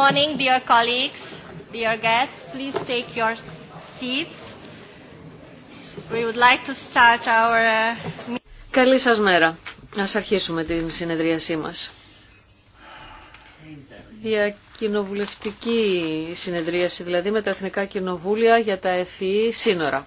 morning, dear take your seats. We uh, Καλή σας μέρα. Να αρχίσουμε την συνεδρίασή μας. Διακοινοβουλευτική συνεδρίαση, δηλαδή με τα Εθνικά Κοινοβούλια για τα ΕΦΗ e e σύνορα.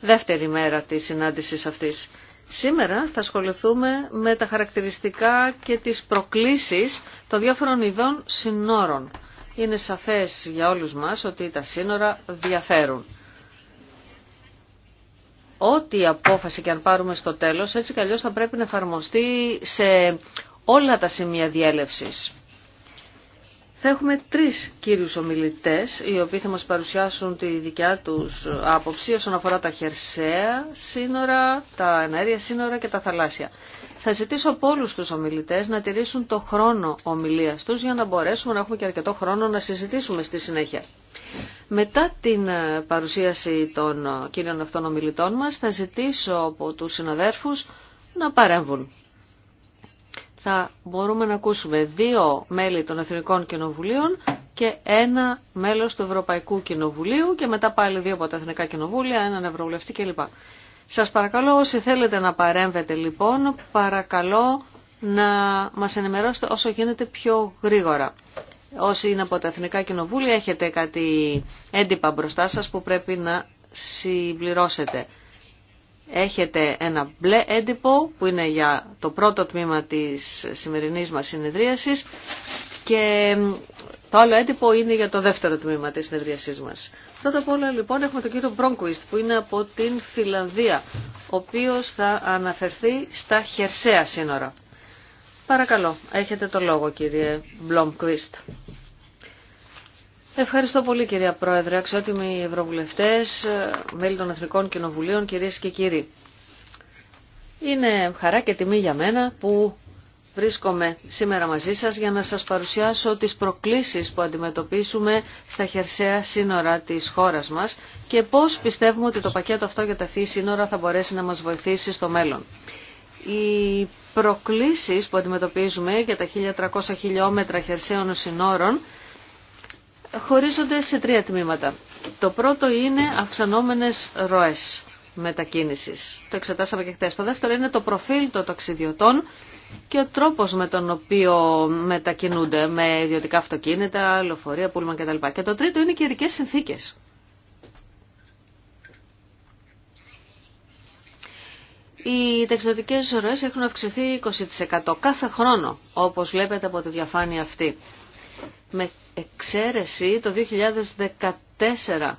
Δεύτερη μέρα της συνάντησης αυτής. Σήμερα θα ασχοληθούμε με τα χαρακτηριστικά και τις προκλήσεις των διάφορων ειδών συνόρων είναι σαφές για όλους μας ότι τα σύνορα διαφέρουν. Ό,τι απόφαση και αν πάρουμε στο τέλος, έτσι κι θα πρέπει να εφαρμοστεί σε όλα τα σημεία διέλευσης. Θα έχουμε τρεις κύριους ομιλητές, οι οποίοι θα μας παρουσιάσουν τη δικιά τους άποψη όσον αφορά τα χερσαία σύνορα, τα ενέργεια σύνορα και τα θαλάσσια. Θα ζητήσω από όλους τους ομιλητές να τηρήσουν το χρόνο ομιλίας τους για να μπορέσουμε να έχουμε και αρκετό χρόνο να συζητήσουμε στη συνέχεια. Μετά την ε, παρουσίαση των ε, κύριων αυτών ομιλητών μας θα ζητήσω από τους συναδέρφους να παρέμβουν. Θα μπορούμε να ακούσουμε δύο μέλη των Εθνικών Κοινοβουλίων και ένα μέλος του Ευρωπαϊκού Κοινοβουλίου και μετά πάλι δύο από τα Εθνικά Κοινοβούλια, έναν Ευρωβουλευτή κλπ. Σας παρακαλώ όσοι θέλετε να παρέμβετε λοιπόν, παρακαλώ να μας ενημερώσετε όσο γίνεται πιο γρήγορα. Όσοι είναι από τα Εθνικά Κοινοβούλια έχετε κάτι έντυπα μπροστά σας που πρέπει να συμπληρώσετε. Έχετε ένα μπλε έντυπο που είναι για το πρώτο τμήμα της σημερινής μας συνεδρίασης και το άλλο έντυπο είναι για το δεύτερο τμήμα της συνεδρίασής μας. Πρώτα απ' όλα λοιπόν έχουμε τον κύριο Μπρόγκουιστ που είναι από την Φιλανδία, ο οποίος θα αναφερθεί στα χερσαία σύνορα. Παρακαλώ, έχετε το λόγο κύριε Μπλόμκουιστ. Ευχαριστώ πολύ κυρία Πρόεδρε, αξιότιμοι ευρωβουλευτές, μέλη των Εθνικών Κοινοβουλίων, κυρίες και κύριοι. Είναι χαρά και τιμή για μένα που βρίσκομαι σήμερα μαζί σας για να σας παρουσιάσω τις προκλήσεις που αντιμετωπίσουμε στα χερσαία σύνορα της χώρας μας και πώς πιστεύουμε ότι το πακέτο αυτό για τα φύση σύνορα θα μπορέσει να μας βοηθήσει στο μέλλον. Οι προκλήσεις που αντιμετωπίζουμε για τα 1.300 χιλιόμετρα χερσαίων σύνορων χωρίζονται σε τρία τμήματα. Το πρώτο είναι αυξανόμενες ροές μετακίνησης. Το εξετάσαμε και χθε. Το δεύτερο είναι το προφίλ των ταξιδιωτών και ο τρόπος με τον οποίο μετακινούνται με ιδιωτικά αυτοκίνητα, λεωφορεία, πούλμαν κτλ. Και το τρίτο είναι οι καιρικέ συνθήκες. Οι ταξιδιωτικέ ώρες έχουν αυξηθεί 20% κάθε χρόνο, όπως βλέπετε από τη διαφάνεια αυτή. Με εξαίρεση το 2014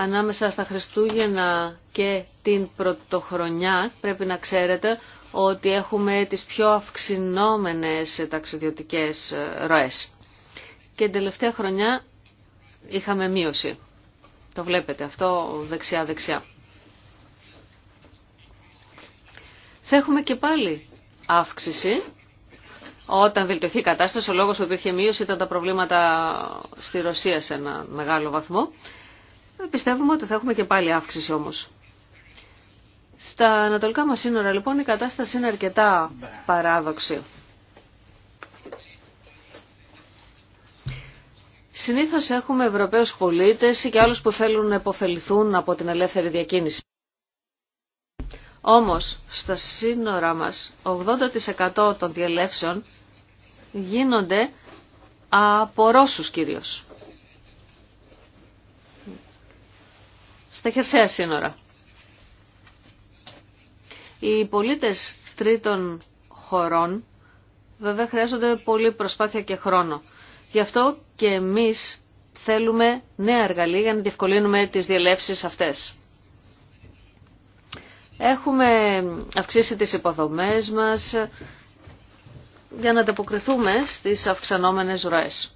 ανάμεσα στα Χριστούγεννα και την Πρωτοχρονιά πρέπει να ξέρετε ότι έχουμε τις πιο αυξηνόμενες ταξιδιωτικές ε, ροές. Και την τελευταία χρονιά είχαμε μείωση. Το βλέπετε αυτό δεξιά-δεξιά. Θα έχουμε και πάλι αύξηση. Όταν βελτιωθεί η κατάσταση, ο λόγος που υπήρχε μείωση ήταν τα προβλήματα στη Ρωσία σε ένα μεγάλο βαθμό. Πιστεύουμε ότι θα έχουμε και πάλι αύξηση όμως. Στα ανατολικά μας σύνορα λοιπόν η κατάσταση είναι αρκετά παράδοξη. Συνήθως έχουμε Ευρωπαίους πολίτες και άλλους που θέλουν να υποφεληθούν από την ελεύθερη διακίνηση. Όμως, στα σύνορά μας, 80% των διελεύσεων γίνονται από Ρώσους κυρίως. στα χερσαία σύνορα. Οι πολίτες τρίτων χωρών βέβαια χρειάζονται πολύ προσπάθεια και χρόνο. Γι' αυτό και εμείς θέλουμε νέα εργαλεία για να διευκολύνουμε τις διελεύσεις αυτές. Έχουμε αυξήσει τις υποδομές μας για να ανταποκριθούμε στις αυξανόμενες ροές.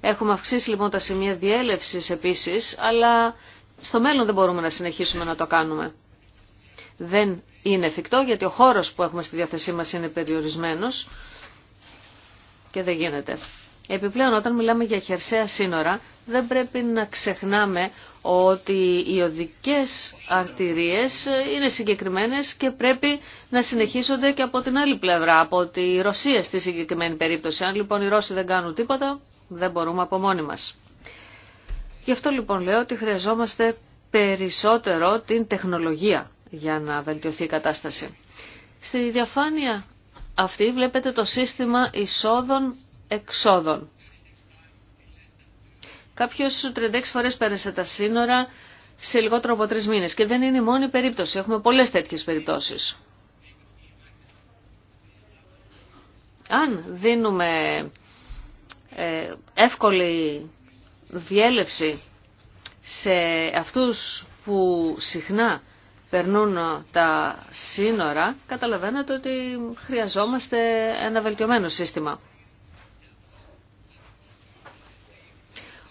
Έχουμε αυξήσει λοιπόν τα σημεία διέλευση επίση, αλλά στο μέλλον δεν μπορούμε να συνεχίσουμε να το κάνουμε. Δεν είναι εφικτό γιατί ο χώρο που έχουμε στη διάθεσή μα είναι περιορισμένο και δεν γίνεται. Επιπλέον όταν μιλάμε για χερσαία σύνορα δεν πρέπει να ξεχνάμε ότι οι οδικές αρτηρίες είναι συγκεκριμένες και πρέπει να συνεχίσονται και από την άλλη πλευρά, από τη Ρωσία στη συγκεκριμένη περίπτωση. Αν λοιπόν οι Ρώσοι δεν κάνουν τίποτα, δεν μπορούμε από μόνοι μας. Γι' αυτό λοιπόν λέω ότι χρειαζόμαστε περισσότερο την τεχνολογία για να βελτιωθεί η κατάσταση. Στη διαφάνεια αυτή βλέπετε το σύστημα εισόδων-εξόδων. Κάποιος 36 φορές πέρασε τα σύνορα σε λιγότερο από τρεις μήνες και δεν είναι η μόνη περίπτωση. Έχουμε πολλές τέτοιες περιπτώσεις. Αν δίνουμε ε, εύκολη διέλευση σε αυτούς που συχνά περνούν ε, τα σύνορα, καταλαβαίνετε ότι χρειαζόμαστε ένα βελτιωμένο σύστημα.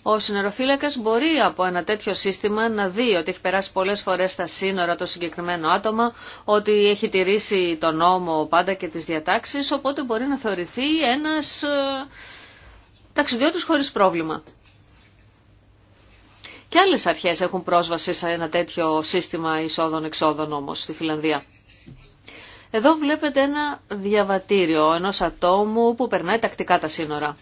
Ο συνεροφύλακας μπορεί από ένα τέτοιο σύστημα να δει ότι έχει περάσει πολλές φορές στα σύνορα το συγκεκριμένο άτομα, ότι έχει τηρήσει τον νόμο πάντα και τις διατάξεις, οπότε μπορεί να θεωρηθεί ένας ε, ταξιδιώτες χωρίς πρόβλημα. Και άλλες αρχές έχουν πρόσβαση σε ένα τέτοιο σύστημα εισόδων-εξόδων όμως στη Φιλανδία. Εδώ βλέπετε ένα διαβατήριο ενός ατόμου που περνάει τακτικά τα σύνορα.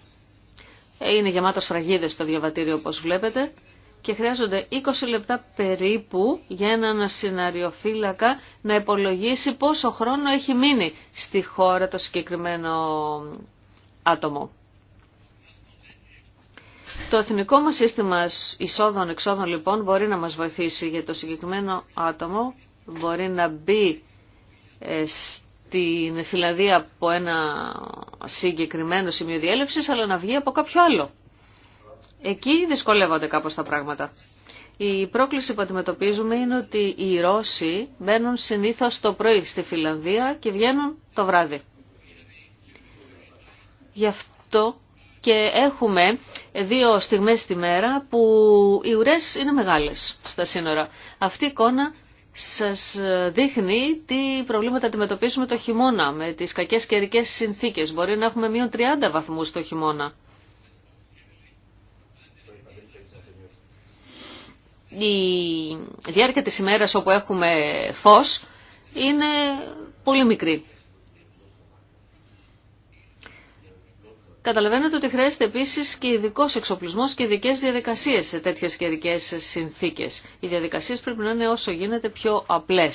Ε, είναι γεμάτο σφραγίδες το διαβατήριο όπως βλέπετε και χρειάζονται 20 λεπτά περίπου για έναν συναριοφύλακα να υπολογίσει πόσο χρόνο έχει μείνει στη χώρα το συγκεκριμένο άτομο. Το εθνικό μας σύστημα εισόδων-εξόδων λοιπόν μπορεί να μας βοηθήσει για το συγκεκριμένο άτομο. Μπορεί να μπει ε, στην Φιλανδία από ένα συγκεκριμένο σημείο διέλευσης αλλά να βγει από κάποιο άλλο. Εκεί δυσκολεύονται κάπως τα πράγματα. Η πρόκληση που αντιμετωπίζουμε είναι ότι οι Ρώσοι μπαίνουν συνήθως το πρωί στη Φιλανδία και βγαίνουν το βράδυ. Γι' αυτό και έχουμε δύο στιγμές τη μέρα που οι ουρές είναι μεγάλες στα σύνορα. Αυτή η εικόνα σας δείχνει τι προβλήματα αντιμετωπίζουμε το χειμώνα με τις κακές καιρικέ συνθήκες. Μπορεί να έχουμε μείον 30 βαθμούς το χειμώνα. Η διάρκεια της ημέρας όπου έχουμε φως είναι πολύ μικρή. Καταλαβαίνετε ότι χρειάζεται επίση και ειδικό εξοπλισμό και ειδικέ διαδικασίε σε τέτοιε καιρικέ συνθήκε. Οι διαδικασίε πρέπει να είναι όσο γίνεται πιο απλέ.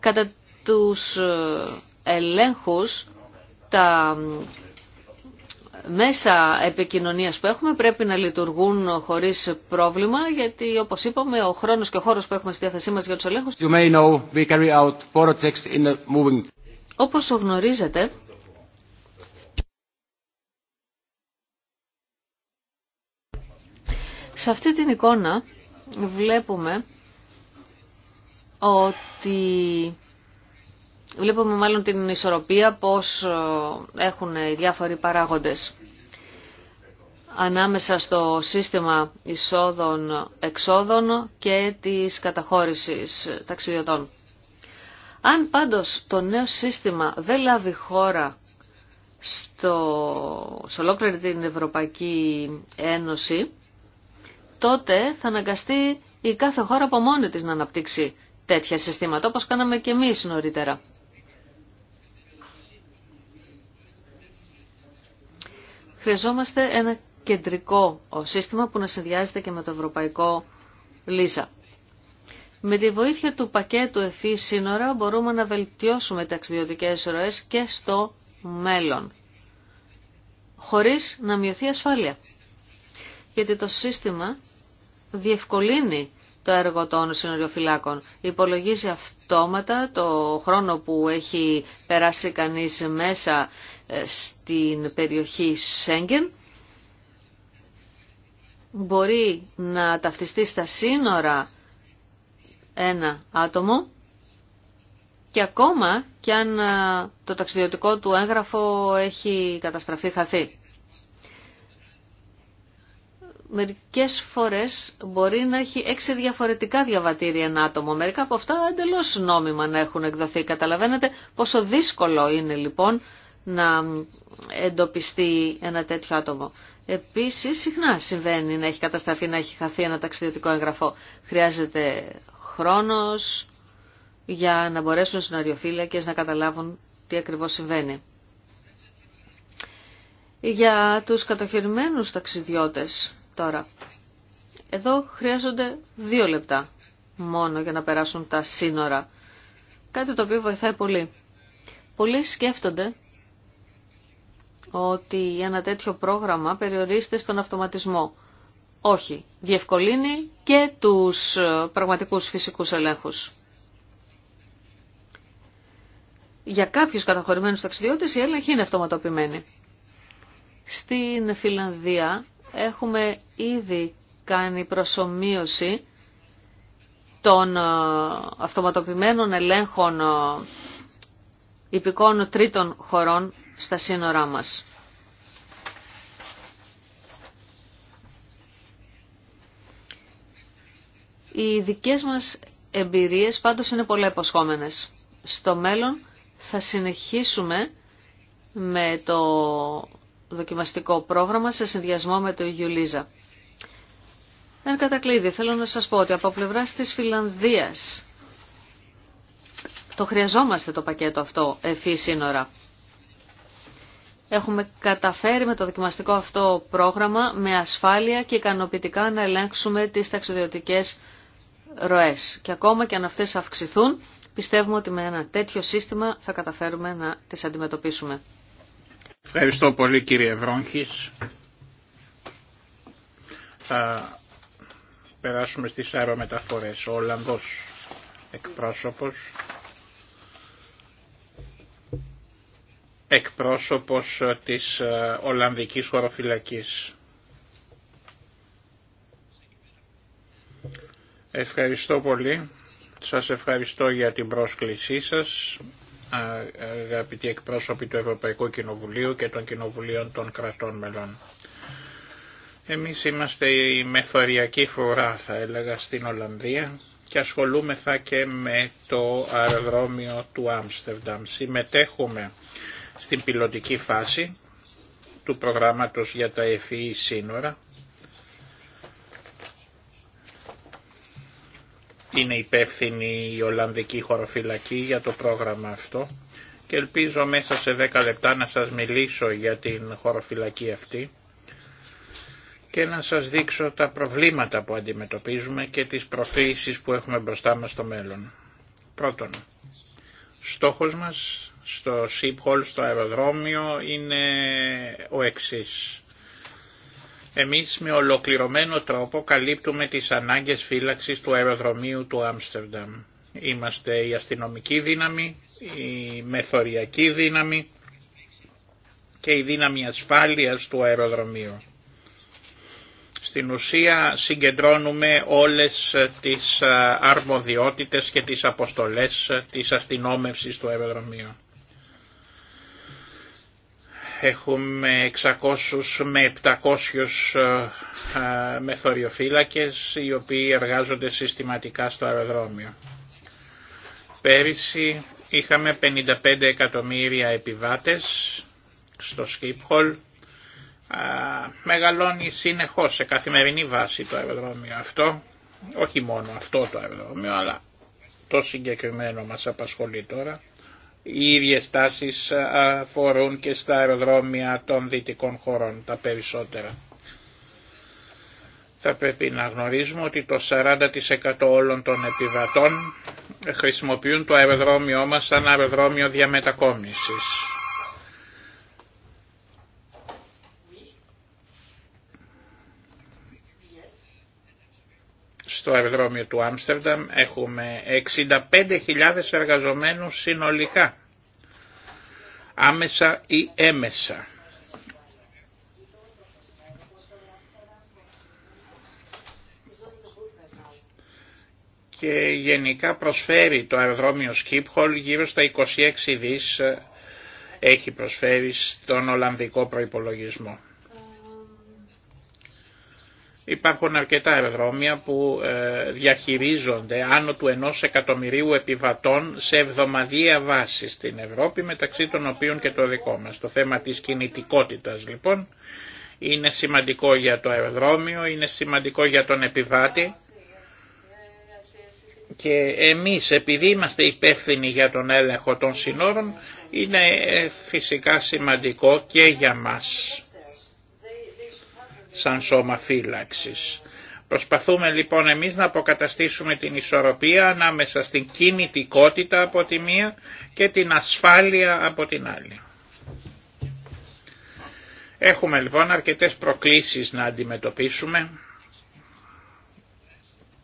Κατά του ε, ελέγχου, τα μέσα επικοινωνίας που έχουμε πρέπει να λειτουργούν χωρίς πρόβλημα γιατί όπως είπαμε ο χρόνος και ο χώρος που έχουμε στη διάθεσή μας για τους ελέγχους know, Όπως γνωρίζετε Σε αυτή την εικόνα βλέπουμε ότι βλέπουμε μάλλον την ισορροπία πώς ε, έχουν οι διάφοροι παράγοντες ανάμεσα στο σύστημα εισόδων-εξόδων και της καταχώρησης ταξιδιωτών. Αν πάντως το νέο σύστημα δεν λάβει χώρα στο, σε ολόκληρη την Ευρωπαϊκή Ένωση, τότε θα αναγκαστεί η κάθε χώρα από μόνη της να αναπτύξει τέτοια συστήματα, όπως κάναμε και εμείς νωρίτερα. Χρειαζόμαστε ένα κεντρικό σύστημα που να συνδυάζεται και με το ευρωπαϊκό ΛΙΖΑ. Με τη βοήθεια του πακέτου ΕΦΗ σύνορα μπορούμε να βελτιώσουμε τα ταξιδιωτικές ροές και στο μέλλον, χωρίς να μειωθεί ασφάλεια. Γιατί το σύστημα διευκολύνει το έργο των συνοριοφυλάκων. Υπολογίζει αυτόματα το χρόνο που έχει περάσει κανείς μέσα ε, στην περιοχή Σέγγεν. Μπορεί να ταυτιστεί στα σύνορα ένα άτομο και ακόμα κι αν ε, το ταξιδιωτικό του έγγραφο έχει καταστραφεί χαθεί μερικές φορές μπορεί να έχει έξι διαφορετικά διαβατήρια ένα άτομο. Μερικά από αυτά εντελώς νόμιμα να έχουν εκδοθεί. Καταλαβαίνετε πόσο δύσκολο είναι λοιπόν να εντοπιστεί ένα τέτοιο άτομο. Επίσης συχνά συμβαίνει να έχει καταστραφεί, να έχει χαθεί ένα ταξιδιωτικό εγγραφό. Χρειάζεται χρόνος για να μπορέσουν οι να καταλάβουν τι ακριβώς συμβαίνει. Για τους κατοχυρημένους ταξιδιώτες Τώρα, εδώ χρειάζονται δύο λεπτά μόνο για να περάσουν τα σύνορα. Κάτι το οποίο βοηθάει πολύ. Πολλοί σκέφτονται ότι ένα τέτοιο πρόγραμμα περιορίζεται στον αυτοματισμό. Όχι. Διευκολύνει και τους ε, πραγματικούς φυσικούς ελέγχους. Για κάποιους καταχωρημένους ταξιδιώτες η έλεγχη είναι αυτοματοποιημένη. Στην Φιλανδία έχουμε ήδη κάνει προσωμείωση των ε, αυτοματοποιημένων ελέγχων ε, υπηκών τρίτων χωρών στα σύνορά μας. Οι δικές μας εμπειρίες πάντως είναι πολλά υποσχόμενες. Στο μέλλον θα συνεχίσουμε με το δοκιμαστικό πρόγραμμα σε συνδυασμό με το Ιουλίζα. E Εν κατακλείδη, θέλω να σας πω ότι από πλευρά της Φιλανδίας το χρειαζόμαστε το πακέτο αυτό εφή σύνορα. Έχουμε καταφέρει με το δοκιμαστικό αυτό πρόγραμμα με ασφάλεια και ικανοποιητικά να ελέγξουμε τις ταξιδιωτικές ροές. Και ακόμα και αν αυτές αυξηθούν, πιστεύουμε ότι με ένα τέτοιο σύστημα θα καταφέρουμε να τις αντιμετωπίσουμε. Ευχαριστώ πολύ κύριε Βρόνχης. Θα περάσουμε στις αερομεταφορές. Ο Ολλανδός εκπρόσωπος εκπρόσωπος της ε, Ολλανδικής χωροφυλακής. Ευχαριστώ πολύ. Σας ευχαριστώ για την πρόσκλησή σας αγαπητοί εκπρόσωποι του Ευρωπαϊκού Κοινοβουλίου και των Κοινοβουλίων των κρατών μελών. Εμείς είμαστε η μεθοριακή φορά θα έλεγα στην Ολλανδία και ασχολούμεθα και με το αεροδρόμιο του Άμστερνταμ. Συμμετέχουμε στην πιλωτική φάση του προγράμματος για τα ΕΦΗ e e σύνορα είναι υπεύθυνη η Ολλανδική χωροφυλακή για το πρόγραμμα αυτό και ελπίζω μέσα σε 10 λεπτά να σας μιλήσω για την χωροφυλακή αυτή και να σας δείξω τα προβλήματα που αντιμετωπίζουμε και τις προθέσεις που έχουμε μπροστά μας στο μέλλον. Πρώτον, στόχος μας στο ΣΥΠΧΟΛ, στο αεροδρόμιο, είναι ο εξής. Εμείς με ολοκληρωμένο τρόπο καλύπτουμε τις ανάγκες φύλαξης του αεροδρομίου του Άμστερνταμ. Είμαστε η αστυνομική δύναμη, η μεθοριακή δύναμη και η δύναμη ασφάλειας του αεροδρομίου. Στην ουσία συγκεντρώνουμε όλες τις αρμοδιότητες και τις αποστολές της αστυνόμευσης του αεροδρομίου. Έχουμε 600 με 700 ε, ε, μεθοριοφύλακες οι οποίοι εργάζονται συστηματικά στο αεροδρόμιο. Πέρυσι είχαμε 55 εκατομμύρια επιβάτες στο Σκύπχολ. Μεγαλώνει συνεχώς σε καθημερινή βάση το αεροδρόμιο αυτό. Όχι μόνο αυτό το αεροδρόμιο αλλά το συγκεκριμένο μας απασχολεί τώρα. Οι ίδιες τάσεις αφορούν και στα αεροδρόμια των δυτικών χωρών, τα περισσότερα. Θα πρέπει να γνωρίζουμε ότι το 40% όλων των επιβατών χρησιμοποιούν το αεροδρόμιό μας σαν αεροδρόμιο διαμετακόμισης. στο αεροδρόμιο του Άμστερνταμ έχουμε 65.000 εργαζομένους συνολικά, άμεσα ή έμεσα. Και γενικά προσφέρει το αεροδρόμιο Σκύπχολ γύρω στα 26 δις ε, έχει προσφέρει στον Ολλανδικό προϋπολογισμό. Υπάρχουν αρκετά αεροδρόμια που ε, διαχειρίζονται άνω του 1 εκατομμυρίου επιβατών σε εβδομαδία βάση στην Ευρώπη μεταξύ των οποίων και το δικό μας. Το θέμα της κινητικότητας λοιπόν είναι σημαντικό για το αεροδρόμιο, είναι σημαντικό για τον επιβάτη και εμείς επειδή είμαστε υπεύθυνοι για τον έλεγχο των συνόρων είναι ε, φυσικά σημαντικό και για μας σαν σώμα φύλαξης. Προσπαθούμε λοιπόν εμείς να αποκαταστήσουμε την ισορροπία ανάμεσα στην κινητικότητα από τη μία και την ασφάλεια από την άλλη. Έχουμε λοιπόν αρκετές προκλήσεις να αντιμετωπίσουμε.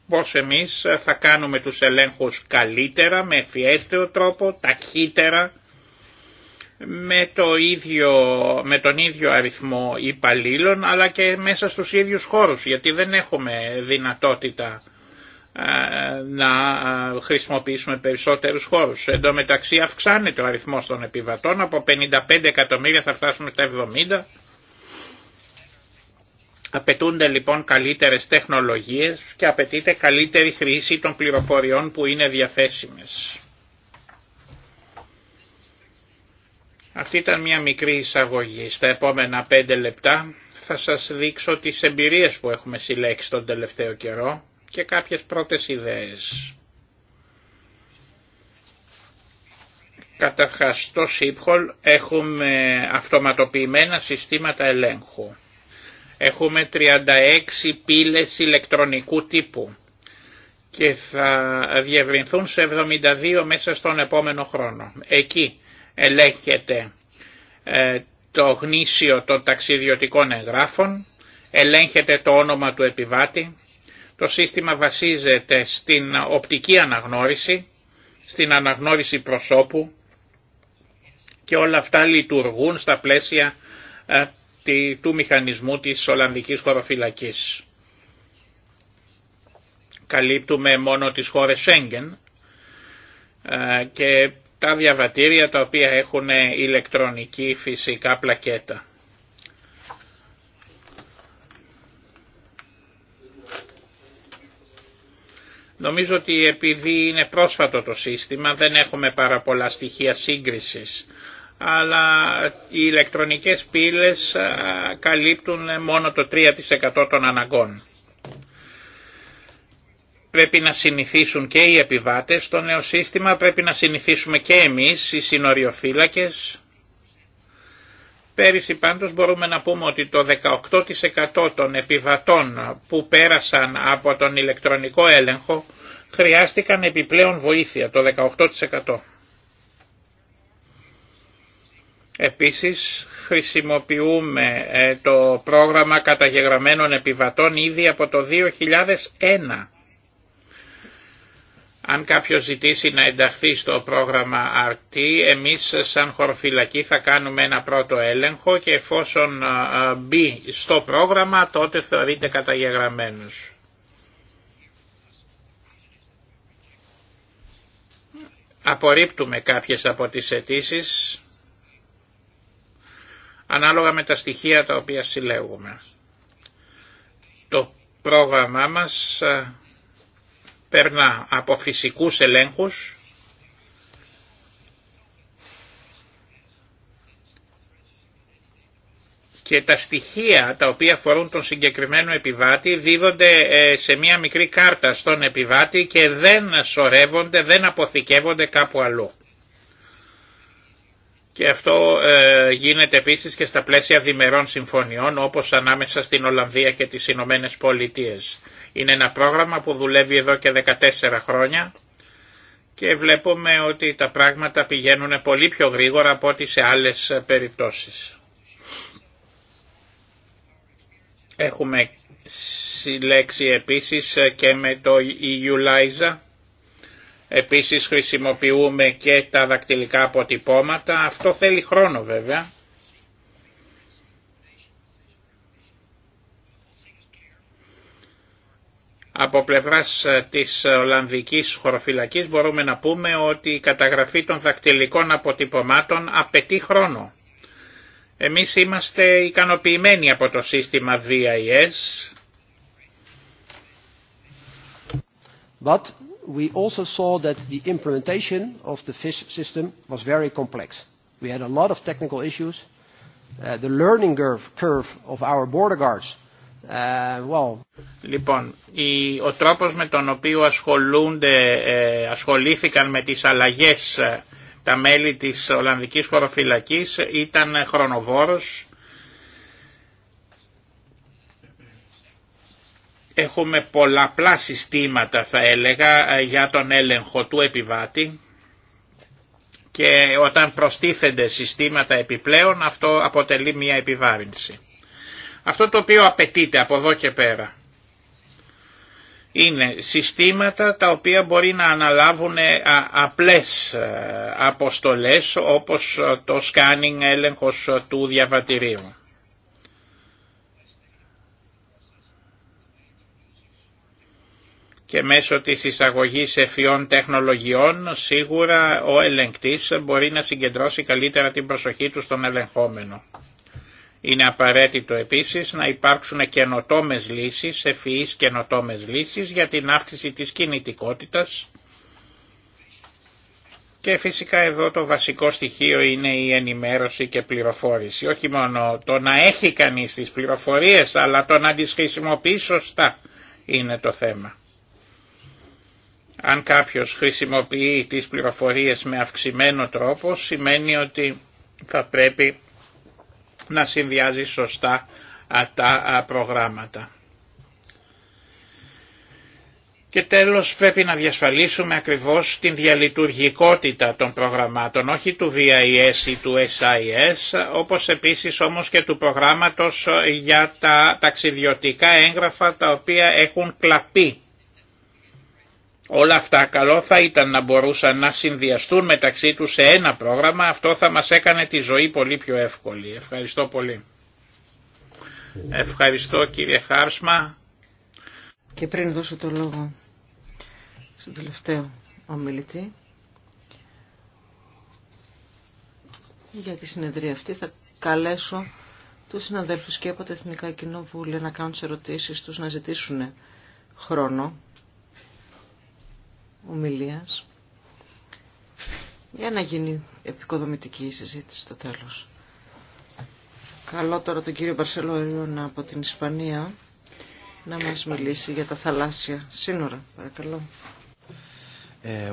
Πώς εμείς θα κάνουμε τους ελέγχους καλύτερα, με ευφιέστερο τρόπο, ταχύτερα, με, το ίδιο, με τον ίδιο αριθμό υπαλλήλων αλλά και μέσα στους ίδιους χώρους γιατί δεν έχουμε δυνατότητα ε, να ε, χρησιμοποιήσουμε περισσότερους χώρους. Εν τω μεταξύ αυξάνεται ο αριθμός των επιβατών, από 55 εκατομμύρια θα φτάσουμε στα 70. Απαιτούνται λοιπόν καλύτερες τεχνολογίες και απαιτείται καλύτερη χρήση των πληροφοριών που είναι διαθέσιμες. Αυτή ήταν μια μικρή εισαγωγή. Στα επόμενα πέντε λεπτά θα σας δείξω τις εμπειρίες που έχουμε συλλέξει τον τελευταίο καιρό και κάποιες πρώτες ιδέες. Καταρχάς στο ΣΥΠΧΟΛ έχουμε αυτοματοποιημένα συστήματα ελέγχου. Έχουμε 36 πύλες ηλεκτρονικού τύπου και θα διευρυνθούν σε 72 μέσα στον επόμενο χρόνο. Εκεί ελέγχεται ε, το γνήσιο των ταξιδιωτικών εγγράφων, ελέγχεται το όνομα του επιβάτη, το σύστημα βασίζεται στην οπτική αναγνώριση, στην αναγνώριση προσώπου και όλα αυτά λειτουργούν στα πλαίσια ε, του μηχανισμού της Ολλανδικής χωροφυλακής. Καλύπτουμε μόνο τις χώρες Σέγγεν ε, και τα διαβατήρια τα οποία έχουν ηλεκτρονική φυσικά πλακέτα. Νομίζω ότι επειδή είναι πρόσφατο το σύστημα δεν έχουμε πάρα πολλά στοιχεία σύγκρισης, αλλά οι ηλεκτρονικές πύλες καλύπτουν μόνο το 3% των αναγκών πρέπει να συνηθίσουν και οι επιβάτες στο νέο σύστημα, πρέπει να συνηθίσουμε και εμείς οι συνοριοφύλακες. Πέρυσι πάντως μπορούμε να πούμε ότι το 18% των επιβατών που πέρασαν από τον ηλεκτρονικό έλεγχο χρειάστηκαν επιπλέον βοήθεια, το 18%. Επίσης χρησιμοποιούμε ε, το πρόγραμμα καταγεγραμμένων επιβατών ήδη από το 2001 αν κάποιος ζητήσει να ενταχθεί στο πρόγραμμα RT, εμείς σαν χωροφυλακή θα κάνουμε ένα πρώτο έλεγχο και εφόσον μπει στο πρόγραμμα τότε θεωρείται καταγεγραμμένος. Απορρίπτουμε κάποιες από τις αιτήσει ανάλογα με τα στοιχεία τα οποία συλλέγουμε. Το πρόγραμμά μας περνά από φυσικούς ελέγχους και τα στοιχεία τα οποία αφορούν τον συγκεκριμένο επιβάτη δίδονται ε, σε μία μικρή κάρτα στον επιβάτη και δεν σωρεύονται, δεν αποθηκεύονται κάπου αλλού. Και αυτό ε, γίνεται επίσης και στα πλαίσια διμερών συμφωνιών όπως ανάμεσα στην Ολλανδία και τις Ηνωμένε Πολιτείες. Είναι ένα πρόγραμμα που δουλεύει εδώ και 14 χρόνια και βλέπουμε ότι τα πράγματα πηγαίνουν πολύ πιο γρήγορα από ό,τι σε άλλες περιπτώσεις. Έχουμε συλλέξει επίσης και με το EU Επίσης χρησιμοποιούμε και τα δακτυλικά αποτυπώματα. Αυτό θέλει χρόνο βέβαια. Από πλευράς ε, της Ολλανδικής χωροφυλακής μπορούμε να πούμε ότι η καταγραφή των δακτυλικών αποτυπωμάτων απαιτεί χρόνο. Εμείς είμαστε ικανοποιημένοι από το σύστημα VIS, But we also saw that the implementation of the FIS system was very complex. We had a lot of technical issues. The learning curve of our border guards, well... Λοιπόν, η, ο τρόπος με τον οποίο ασχολούνται, ασχολήθηκαν με τις αλλαγές τα μέλη της Ολλανδικής χωροφυλακής ήταν χρονοβόρος Έχουμε πολλαπλά συστήματα θα έλεγα ε, για τον έλεγχο του επιβάτη και όταν προστίθενται συστήματα επιπλέον αυτό αποτελεί μια επιβάρυνση. Αυτό το οποίο απαιτείται από εδώ και πέρα είναι συστήματα τα οποία μπορεί να αναλάβουν ε, απλές ε, αποστολές όπως το σκάνινγκ έλεγχος του διαβατηρίου. και μέσω της εισαγωγής εφιών τεχνολογιών σίγουρα ο ελεγκτής μπορεί να συγκεντρώσει καλύτερα την προσοχή του στον ελεγχόμενο. Είναι απαραίτητο επίσης να υπάρξουν καινοτόμες λύσεις, ευφυείς καινοτόμες λύσεις για την αύξηση της κινητικότητας και φυσικά εδώ το βασικό στοιχείο είναι η ενημέρωση και πληροφόρηση. Όχι μόνο το να έχει κανείς τις πληροφορίες αλλά το να τις χρησιμοποιεί σωστά είναι το θέμα. Αν κάποιος χρησιμοποιεί τις πληροφορίες με αυξημένο τρόπο σημαίνει ότι θα πρέπει να συνδυάζει σωστά τα προγράμματα. Και τέλος πρέπει να διασφαλίσουμε ακριβώς την διαλειτουργικότητα των προγραμμάτων, όχι του VIS ή του SIS, όπως επίσης όμως και του προγράμματος για τα ταξιδιωτικά έγγραφα τα οποία έχουν κλαπεί Όλα αυτά καλό θα ήταν να μπορούσαν να συνδυαστούν μεταξύ τους σε ένα πρόγραμμα, αυτό θα μας έκανε τη ζωή πολύ πιο εύκολη. Ευχαριστώ πολύ. Ευχαριστώ κύριε Χάρσμα. Και πριν δώσω το λόγο στον τελευταίο ομιλητή, για τη συνεδρία αυτή θα καλέσω τους συναδέλφους και από τα Εθνικά Κοινοβούλια να κάνουν τις ερωτήσεις τους, να ζητήσουν χρόνο ομιλίας για να γίνει επικοδομητική η συζήτηση στο τέλος. Καλό τώρα τον κύριο Μπαρσελόριον από την Ισπανία να μας μιλήσει για τα θαλάσσια σύνορα. Παρακαλώ. Ε,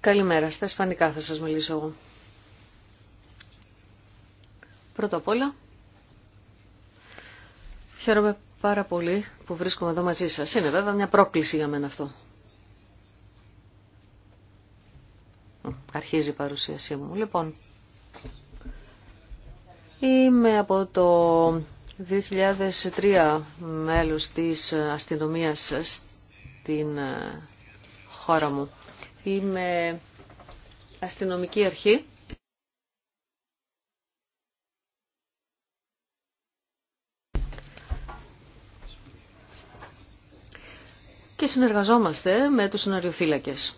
Καλημέρα. Στα ισπανικά θα σας μιλήσω εγώ. Πρώτα απ' όλα, χαίρομαι πάρα πολύ που βρίσκομαι εδώ μαζί σας. Είναι βέβαια μια πρόκληση για μένα αυτό. Αρχίζει η παρουσίασή μου. Λοιπόν, είμαι από το 2003 μέλος της αστυνομίας στην ε, χώρα μου. Είμαι αστυνομική αρχή και συνεργαζόμαστε με τους σενάριοφύλακες.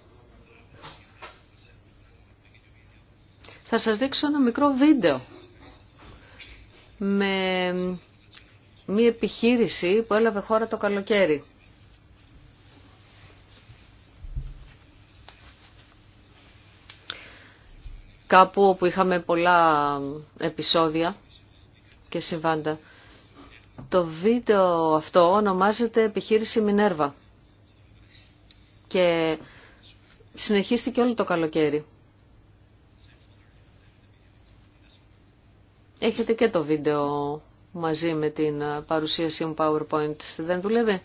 Θα σας δείξω ένα μικρό βίντεο με μία επιχείρηση που έλαβε χώρα το καλοκαίρι. Κάπου όπου είχαμε πολλά επεισόδια και συμβάντα. Το βίντεο αυτό ονομάζεται επιχείρηση Μινέρβα και συνεχίστηκε όλο το καλοκαίρι. Έχετε και το βίντεο μαζί με την παρουσίαση μου PowerPoint. Δεν δουλεύει.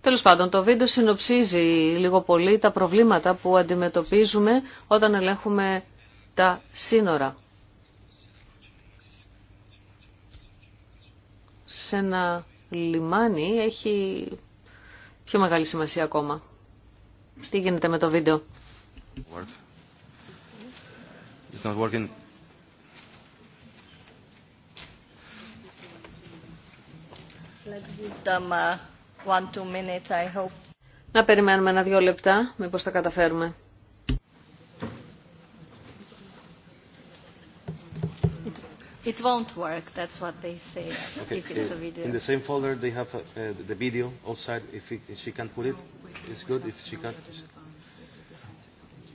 Τέλος πάντων, το βίντεο συνοψίζει λίγο πολύ τα προβλήματα που αντιμετωπίζουμε όταν ελέγχουμε τα σύνορα. Σε ένα λιμάνι έχει πιο μεγάλη σημασία ακόμα. Τι γίνεται με το βίντεο. Να περιμένουμε ένα-δύο λεπτά, μήπως τα καταφέρουμε. It won't work. That's what they say. If it's a video. In the same folder, they have the video outside. If she can put it, it's good. If she can,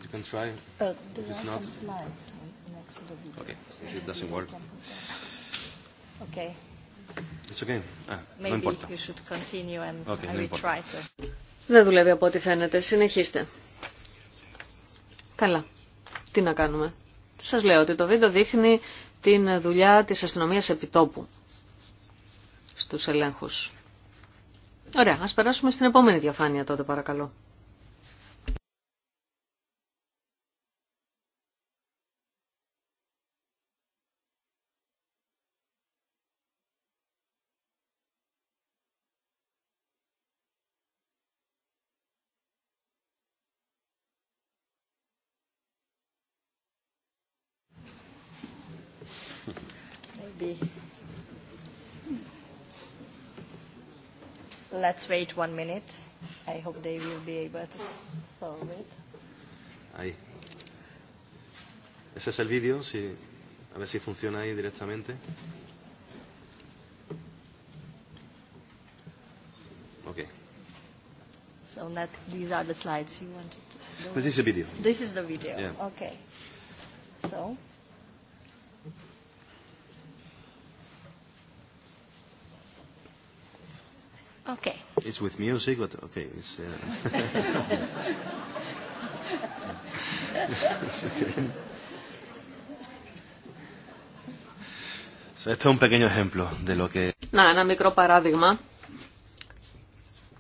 you can try. It's not. Okay. If it doesn't work. Okay. It's okay. Ah, Maybe you should continue and okay, no try to. Δεν δουλεύει από ό,τι φαίνεται. Συνεχίστε. Καλά. Τι να κάνουμε. Σας λέω ότι το βίντεο δείχνει την δουλειά της αστυνομίας επιτόπου στους ελέγχους. Ωραία, ας περάσουμε στην επόμενη διαφάνεια τότε παρακαλώ. Let's wait one minute. I hope they will be able to solve it. Ahí. Ese es el vídeo, si, a ver si funciona ahí directamente. Okay. So that, these are the slides you wanted to This is the video. This is the video. Okay. So. Okay. It's with music, but okay. It's, Να, ένα μικρό παράδειγμα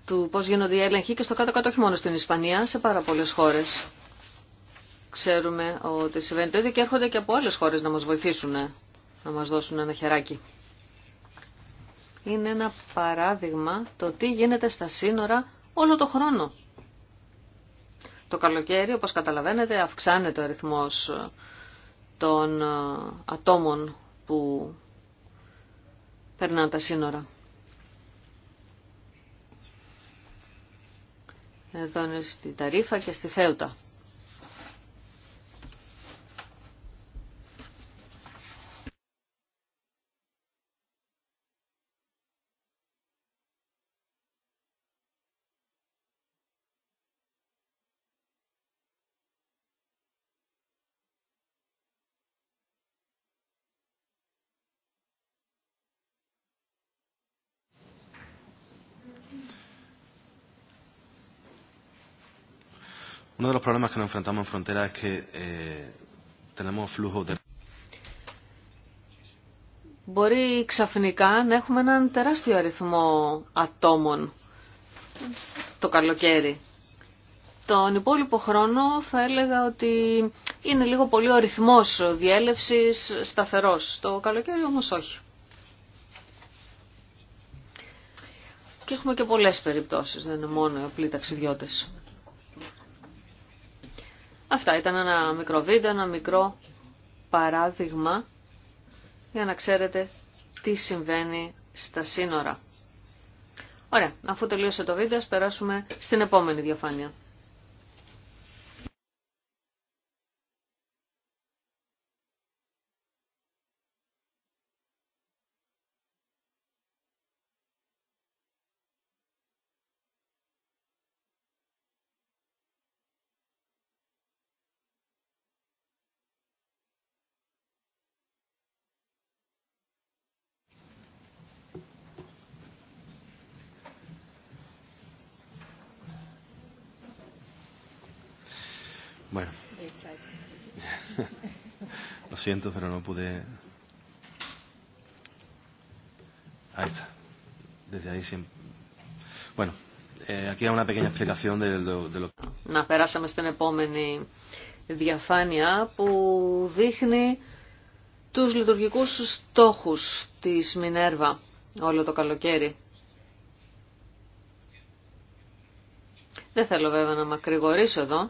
του πώς γίνονται οι έλεγχοι και στο κάτω-κάτω όχι μόνο στην Ισπανία, σε πάρα πολλές χώρες. Ξέρουμε ότι συμβαίνει το και έρχονται και από άλλες χώρες να μας βοηθήσουν, να μας δώσουν ένα χεράκι είναι ένα παράδειγμα το τι γίνεται στα σύνορα όλο το χρόνο. Το καλοκαίρι, όπως καταλαβαίνετε, αυξάνεται ο αριθμός ε, των ε, ατόμων που περνάνε τα σύνορα. Εδώ είναι στη Ταρίφα και στη Θέουτα. Uno de los problemas que nos enfrentamos en frontera es que eh, tenemos flujo de... Μπορεί ξαφνικά να έχουμε έναν τεράστιο αριθμό ατόμων το καλοκαίρι. Τον υπόλοιπο χρόνο θα έλεγα ότι είναι λίγο πολύ ο ρυθμός διέλευσης σταθερός. Το καλοκαίρι όμως όχι. Και έχουμε και πολλές περιπτώσεις, δεν είναι μόνο οι απλοί ταξιδιώτες. Αυτά ήταν ένα μικρό βίντεο, ένα μικρό παράδειγμα για να ξέρετε τι συμβαίνει στα σύνορα. Ωραία, αφού τελείωσε το βίντεο, ας περάσουμε στην επόμενη διαφάνεια. Να περάσαμε στην επόμενη διαφάνεια που δείχνει τους λειτουργικούς στόχους της Μινέρβα όλο το καλοκαίρι. Δεν θέλω βέβαια να μακρηγορήσω εδώ,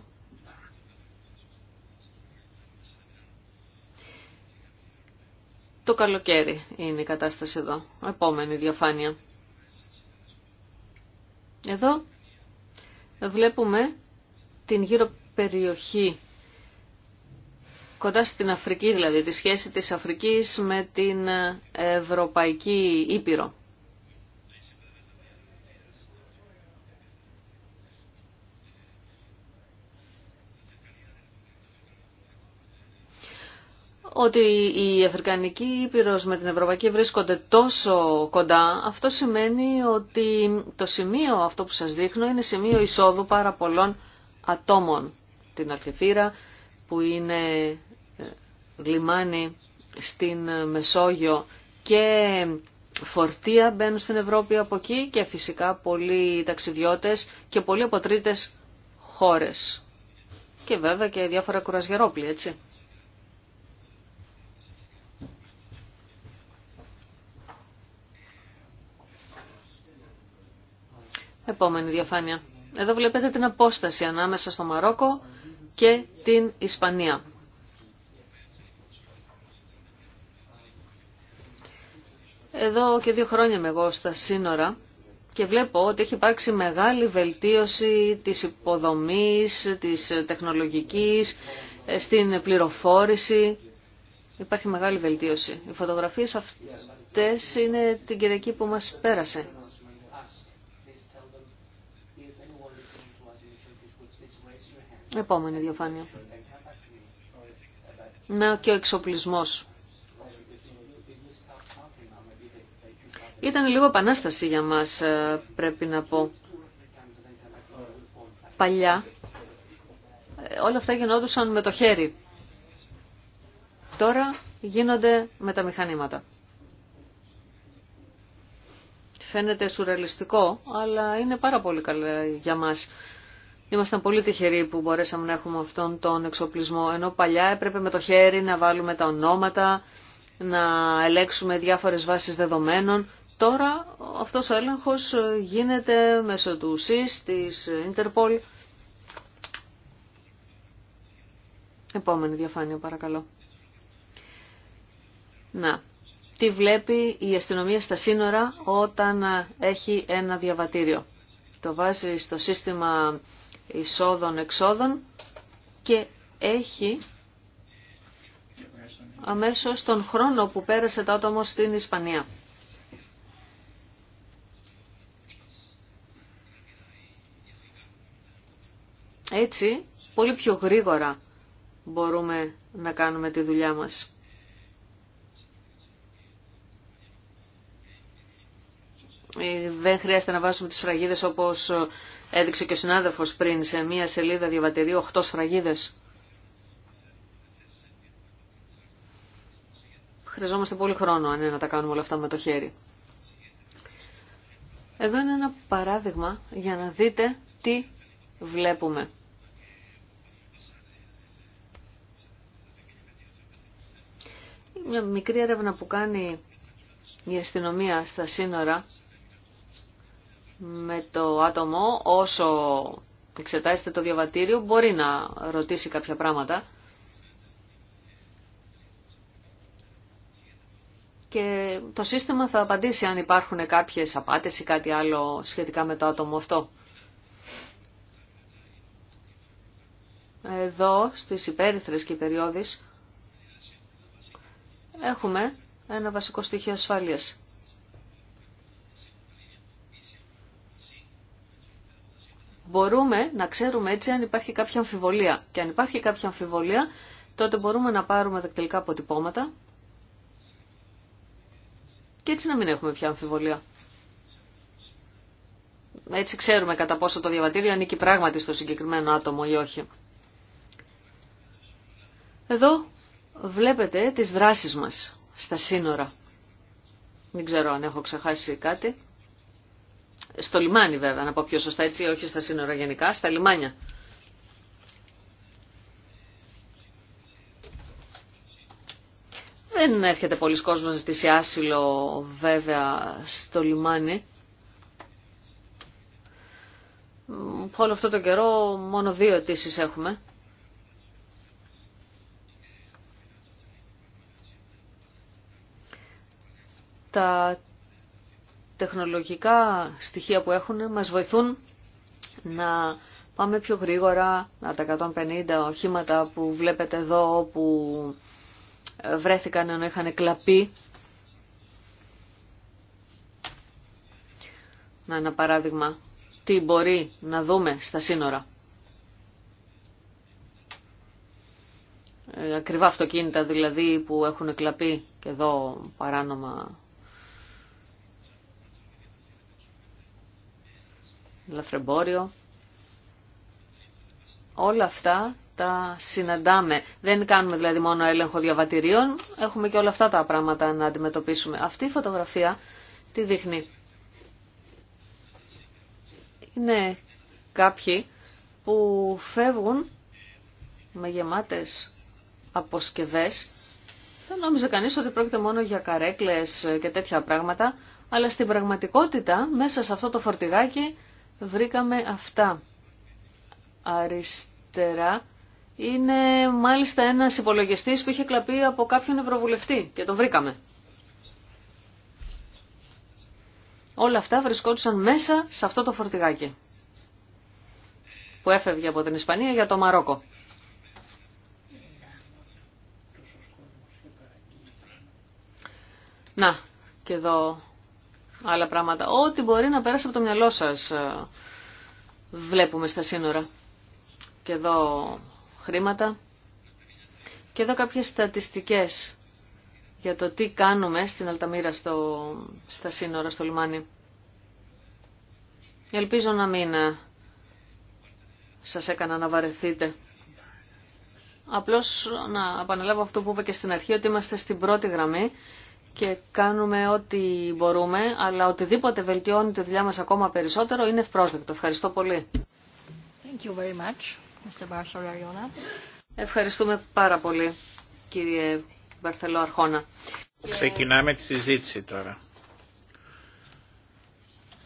Το καλοκαίρι είναι η κατάσταση εδώ. Επόμενη διαφάνεια. Εδώ βλέπουμε την γύρω περιοχή κοντά στην Αφρική δηλαδή, τη σχέση της Αφρικής με την Ευρωπαϊκή Ήπειρο. ότι η Αφρικανική Ήπειρος με την Ευρωπαϊκή βρίσκονται τόσο κοντά, αυτό σημαίνει ότι το σημείο αυτό που σας δείχνω είναι σημείο εισόδου πάρα πολλών ατόμων. Την Αλφιφύρα που είναι ε, λιμάνι στην ε, Μεσόγειο και φορτία μπαίνουν στην Ευρώπη από εκεί και φυσικά πολλοί ταξιδιώτες και πολλοί αποτρίτες χώρες. Και βέβαια και διάφορα κουρασγερόπλοι, έτσι. Επόμενη διαφάνεια. Εδώ βλέπετε την απόσταση ανάμεσα στο Μαρόκο και την Ισπανία. Εδώ και δύο χρόνια είμαι εγώ στα σύνορα και βλέπω ότι έχει υπάρξει μεγάλη βελτίωση της υποδομής, της τεχνολογικής, στην πληροφόρηση. Υπάρχει μεγάλη βελτίωση. Οι φωτογραφίες αυτές είναι την Κυριακή που μας πέρασε. Επόμενη διαφάνεια. Να και ο εξοπλισμός. Ήταν λίγο επανάσταση για μας, ε, πρέπει να πω. Παλιά, ε, όλα αυτά γινόντουσαν με το χέρι. Τώρα γίνονται με τα μηχανήματα. Φαίνεται σουρελιστικό, αλλά είναι πάρα πολύ καλό για μας. Ήμασταν πολύ τυχεροί που μπορέσαμε να έχουμε αυτόν τον εξοπλισμό, ενώ παλιά έπρεπε με το χέρι να βάλουμε τα ονόματα, να ελέξουμε διάφορες βάσεις δεδομένων. Τώρα αυτός ο έλεγχος γίνεται μέσω του ΣΥΣ, της Interpol. Επόμενη διαφάνεια παρακαλώ. Να, τι βλέπει η αστυνομία στα σύνορα όταν έχει ένα διαβατήριο. Το βάζει στο σύστημα εισόδων-εξόδων και έχει αμέσως τον χρόνο που πέρασε το άτομο στην Ισπανία. Έτσι, πολύ πιο γρήγορα μπορούμε να κάνουμε τη δουλειά μας. Ε, δεν χρειάζεται να βάζουμε τις φραγίδες όπως έδειξε και ο συνάδελφος πριν σε μία σελίδα διαβατηρίου 8 σφραγίδες. Χρειαζόμαστε πολύ χρόνο αν είναι να τα κάνουμε όλα αυτά με το χέρι. Εδώ είναι ένα παράδειγμα για να δείτε τι βλέπουμε. Μια μικρή έρευνα που κάνει η αστυνομία στα σύνορα με το άτομο όσο εξετάζεται το διαβατήριο μπορεί να ρωτήσει κάποια πράγματα. Και το σύστημα θα απαντήσει αν υπάρχουν κάποιες απάτες ή κάτι άλλο σχετικά με το άτομο αυτό. Εδώ, στις υπέρυθρες και περιόδεις, έχουμε ένα βασικό στοιχείο ασφάλειας. μπορούμε να ξέρουμε έτσι αν υπάρχει κάποια αμφιβολία. Και αν υπάρχει κάποια αμφιβολία, τότε μπορούμε να πάρουμε δακτυλικά αποτυπώματα και έτσι να μην έχουμε πια αμφιβολία. Έτσι ξέρουμε κατά πόσο το διαβατήριο ανήκει πράγματι στο συγκεκριμένο άτομο ή όχι. Εδώ βλέπετε τις δράσεις μας στα σύνορα. Δεν ξέρω αν έχω ξεχάσει κάτι στο λιμάνι βέβαια, να πω πιο σωστά έτσι, όχι στα σύνορα γενικά, στα λιμάνια. Δεν έρχεται πολλοί κόσμος να ζητήσει άσυλο βέβαια στο λιμάνι. Όλο αυτό το καιρό μόνο δύο αιτήσει έχουμε. Τα τεχνολογικά στοιχεία που έχουν μας βοηθούν να πάμε πιο γρήγορα, να τα 150 οχήματα που βλέπετε εδώ που βρέθηκαν ενώ είχαν κλαπεί. Να ένα παράδειγμα, τι μπορεί να δούμε στα σύνορα. Ε, ακριβά αυτοκίνητα δηλαδή που έχουν κλαπεί και εδώ παράνομα λαφρεμπόριο. Όλα αυτά τα συναντάμε. Δεν κάνουμε δηλαδή μόνο έλεγχο διαβατηρίων, έχουμε και όλα αυτά τα πράγματα να αντιμετωπίσουμε. Αυτή η φωτογραφία τι δείχνει. Είναι κάποιοι που φεύγουν με γεμάτες αποσκευές. Δεν νόμιζε κανείς ότι πρόκειται μόνο για καρέκλες και τέτοια πράγματα, αλλά στην πραγματικότητα μέσα σε αυτό το φορτηγάκι βρήκαμε αυτά. Αριστερά είναι μάλιστα ένας υπολογιστή που είχε κλαπεί από κάποιον ευρωβουλευτή και τον βρήκαμε. Όλα αυτά βρισκόντουσαν μέσα σε αυτό το φορτηγάκι που έφευγε από την Ισπανία για το Μαρόκο. Να, και εδώ άλλα πράγματα. Ό,τι μπορεί να πέρασε από το μυαλό σας ε, βλέπουμε στα σύνορα. Και εδώ χρήματα. Και εδώ κάποιες στατιστικές για το τι κάνουμε στην Αλταμύρα στο, στα σύνορα, στο λιμάνι. Ελπίζω να μην ε, σας έκανα να βαρεθείτε. Απλώς να επαναλάβω αυτό που είπα και στην αρχή, ότι είμαστε στην πρώτη γραμμή και κάνουμε ό,τι μπορούμε, αλλά οτιδήποτε βελτιώνει τη δουλειά μας ακόμα περισσότερο είναι ευπρόσδεκτο. Ευχαριστώ πολύ. you very much, Mr. Ευχαριστούμε πάρα πολύ, κύριε Μπαρθελό Αρχώνα. Ξεκινάμε τη συζήτηση τώρα.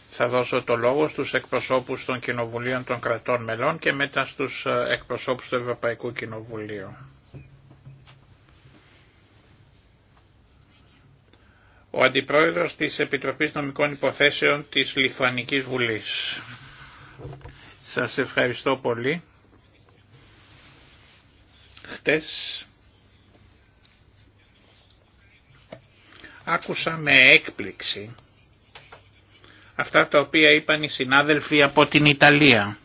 Θα δώσω το λόγο στους εκπροσώπους των Κοινοβουλίων των Κρατών Μελών και μετά στους ε, εκπροσώπους του Ευρωπαϊκού Κοινοβουλίου. ο Αντιπρόεδρος της Επιτροπής Νομικών Υποθέσεων της Λιθουανικής Βουλής. Σας ευχαριστώ πολύ. Χτες άκουσα με έκπληξη αυτά τα οποία είπαν οι συνάδελφοι από την Ιταλία.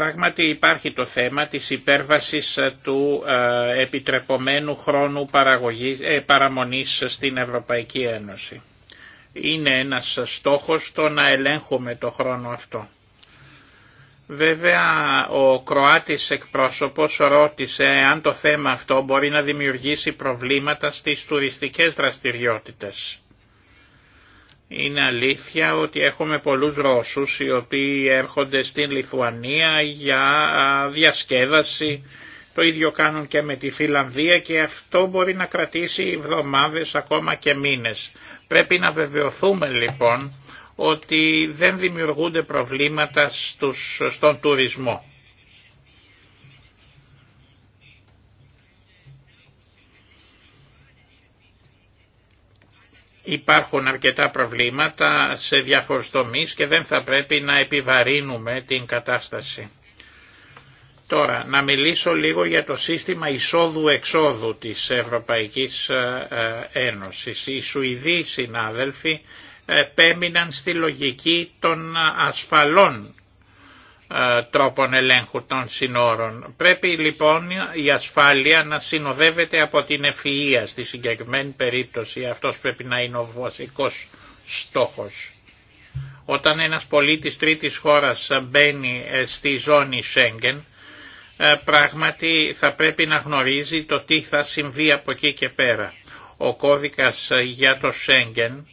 Πράγματι υπάρχει το θέμα της υπέρβασης ε, του ε, επιτρεπομένου χρόνου ε, παραμονής στην Ευρωπαϊκή Ένωση. Είναι ένας στόχος το να ελέγχουμε το χρόνο αυτό. Βέβαια ο Κροάτης εκπρόσωπος ρώτησε αν το θέμα αυτό μπορεί να δημιουργήσει προβλήματα στις τουριστικές δραστηριότητες. Είναι αλήθεια ότι έχουμε πολλούς Ρώσους οι οποίοι έρχονται στην Λιθουανία για διασκέδαση. Το ίδιο κάνουν και με τη Φιλανδία και αυτό μπορεί να κρατήσει εβδομάδες ακόμα και μήνες. Πρέπει να βεβαιωθούμε λοιπόν ότι δεν δημιουργούνται προβλήματα στους, στον τουρισμό. Υπάρχουν αρκετά προβλήματα σε διάφορους τομείς και δεν θα πρέπει να επιβαρύνουμε την κατάσταση. Τώρα, να μιλήσω λίγο για το σύστημα εισόδου-εξόδου της Ευρωπαϊκής ε, ε, Ένωσης. Οι Σουηδοί συνάδελφοι επέμειναν στη λογική των ασφαλών ε, τρόπων ελέγχου των συνόρων. Πρέπει λοιπόν η ασφάλεια να συνοδεύεται από την ευφυΐα στη συγκεκριμένη περίπτωση. Αυτός πρέπει να είναι ο βασικός στόχος. Όταν ένας πολίτης τρίτης χώρας μπαίνει ε, στη ζώνη Σέγγεν, ε, πράγματι θα πρέπει να γνωρίζει το τι θα συμβεί από εκεί και πέρα. Ο κώδικας για το Σέγγεν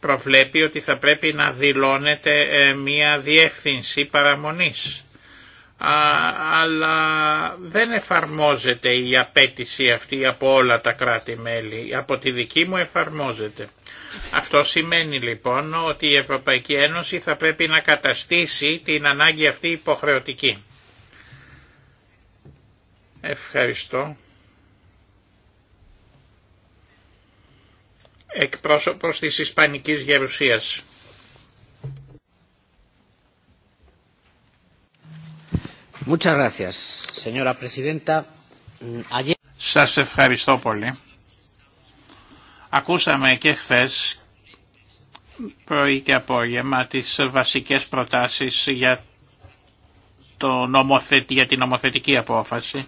προβλέπει ότι θα πρέπει να δηλώνεται ε, μία διεύθυνση παραμονής. αλλά δεν εφαρμόζεται η απέτηση αυτή από όλα τα κράτη-μέλη. Από τη δική μου εφαρμόζεται. Αυτό σημαίνει λοιπόν ότι η Ευρωπαϊκή Ένωση θα πρέπει να καταστήσει την ανάγκη αυτή υποχρεωτική. Ευχαριστώ. εκπρόσωπος της Ισπανικής Γερουσίας. Σας ευχαριστώ πολύ. Ακούσαμε και χθες πρωί και απόγευμα τις βασικές προτάσεις για, το για την νομοθετική απόφαση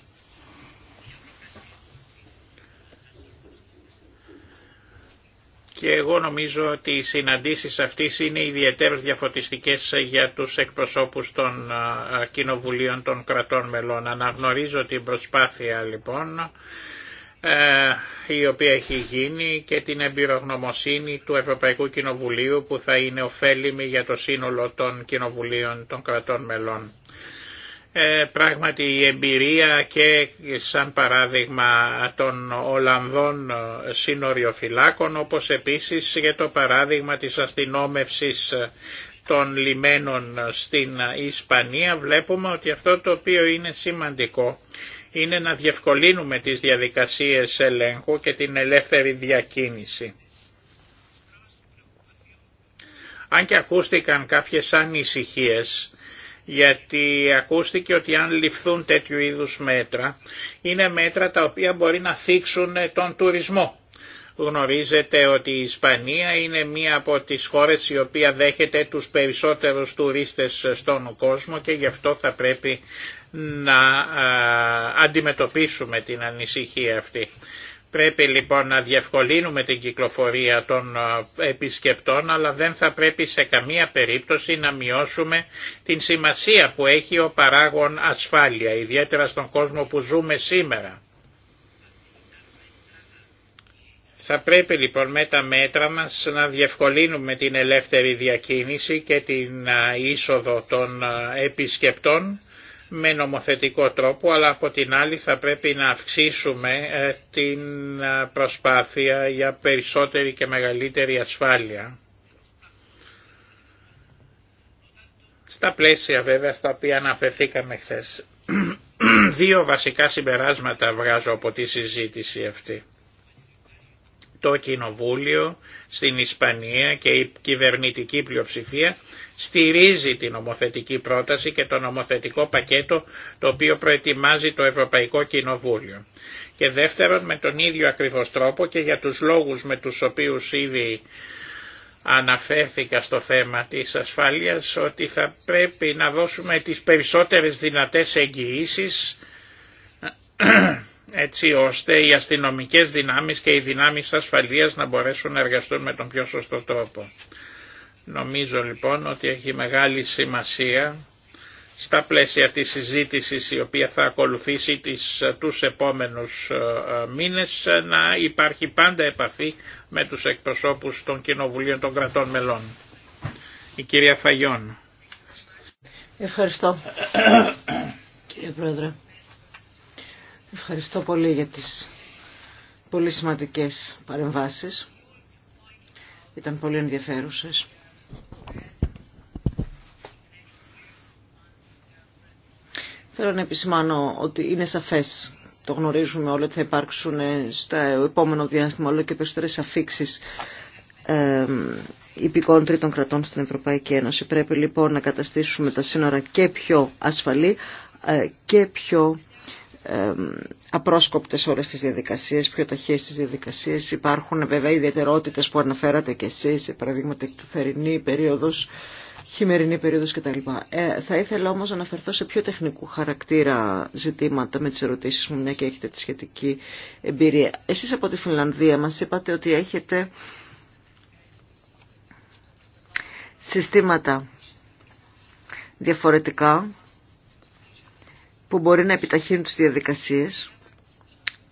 και εγώ νομίζω ότι οι συναντήσεις αυτής είναι ιδιαίτερε διαφωτιστικές για τους εκπροσώπους των κοινοβουλίων των κρατών μελών. Αναγνωρίζω την προσπάθεια λοιπόν ε, η οποία έχει γίνει και την εμπειρογνωμοσύνη του Ευρωπαϊκού Κοινοβουλίου που θα είναι ωφέλιμη για το σύνολο των κοινοβουλίων των κρατών μελών. Ε, πράγματι η εμπειρία και σαν παράδειγμα των Ολλανδών ε, σύνοριοφυλάκων όπως επίσης για το παράδειγμα της αστυνόμευσης ε, των λιμένων στην Ισπανία βλέπουμε ότι αυτό το οποίο είναι σημαντικό είναι να διευκολύνουμε τις διαδικασίες ελέγχου και την ελεύθερη διακίνηση. Αν και ακούστηκαν κάποιες ανησυχίες γιατί ακούστηκε ότι αν ληφθούν τέτοιου είδους μέτρα, είναι μέτρα τα οποία μπορεί να θίξουν ε, τον τουρισμό. Γνωρίζετε ότι η Ισπανία είναι μία από τις χώρες η οποία δέχεται τους περισσότερους τουρίστες ε, στον κόσμο και γι' αυτό θα πρέπει να ε, αντιμετωπίσουμε την ανησυχία αυτή. Πρέπει λοιπόν να διευκολύνουμε την κυκλοφορία των ε, επισκεπτών αλλά δεν θα πρέπει σε καμία περίπτωση να μειώσουμε την σημασία που έχει ο παράγων ασφάλεια, ιδιαίτερα στον κόσμο που ζούμε σήμερα. Θα πρέπει λοιπόν με τα μέτρα μας να διευκολύνουμε την ελεύθερη διακίνηση και την ε, είσοδο των ε, επισκεπτών με νομοθετικό τρόπο, αλλά από την άλλη θα πρέπει να αυξήσουμε ε, την ε, προσπάθεια για περισσότερη και μεγαλύτερη ασφάλεια. Στα πλαίσια βέβαια στα οποία αναφερθήκαμε χθε. Δύο βασικά συμπεράσματα βγάζω από τη συζήτηση αυτή το κοινοβούλιο στην Ισπανία και η κυβερνητική πλειοψηφία στηρίζει την ομοθετική πρόταση και το νομοθετικό πακέτο το οποίο προετοιμάζει το Ευρωπαϊκό Κοινοβούλιο. Και δεύτερον με τον ίδιο ακριβώς τρόπο και για τους λόγους με τους οποίους ήδη αναφέρθηκα στο θέμα της ασφάλειας ότι θα πρέπει να δώσουμε τις περισσότερες δυνατές εγγυήσεις έτσι ώστε οι αστυνομικές δυνάμεις και οι δυνάμεις ασφαλείας να μπορέσουν να εργαστούν με τον πιο σωστό τρόπο. Νομίζω λοιπόν ότι έχει μεγάλη σημασία στα πλαίσια της συζήτησης η οποία θα ακολουθήσει τις, τους επόμενους ε, ε, μήνες ε, να υπάρχει πάντα επαφή με τους εκπροσώπους των κοινοβουλίων των κρατών μελών. Η κυρία Φαγιών. Ευχαριστώ. Κύριε Πρόεδρε. Ευχαριστώ πολύ για τις πολύ σημαντικές παρεμβάσεις. Ήταν πολύ ενδιαφέρουσες. Θέλω να επισημάνω ότι είναι σαφές, το γνωρίζουμε όλοι, ότι θα υπάρξουν στο επόμενο διάστημα όλο και περισσότερες αφήξεις ε, υπηκών τρίτων κρατών στην Ευρωπαϊκή Ένωση. Πρέπει λοιπόν να καταστήσουμε τα σύνορα και πιο ασφαλή ε, και πιο απρόσκοπτες όλες τις διαδικασίες, πιο ταχύες τις διαδικασίες. Υπάρχουν βέβαια ιδιαιτερότητες που αναφέρατε και εσείς, σε παραδείγματα θερινή περίοδος, χειμερινή περίοδος κτλ. Ε, θα ήθελα όμως να αναφερθώ σε πιο τεχνικού χαρακτήρα ζητήματα με τις ερωτήσεις μου, μια και έχετε τη σχετική εμπειρία. Εσείς από τη Φινλανδία μας είπατε ότι έχετε συστήματα διαφορετικά που μπορεί να επιταχύνουν τις διαδικασίες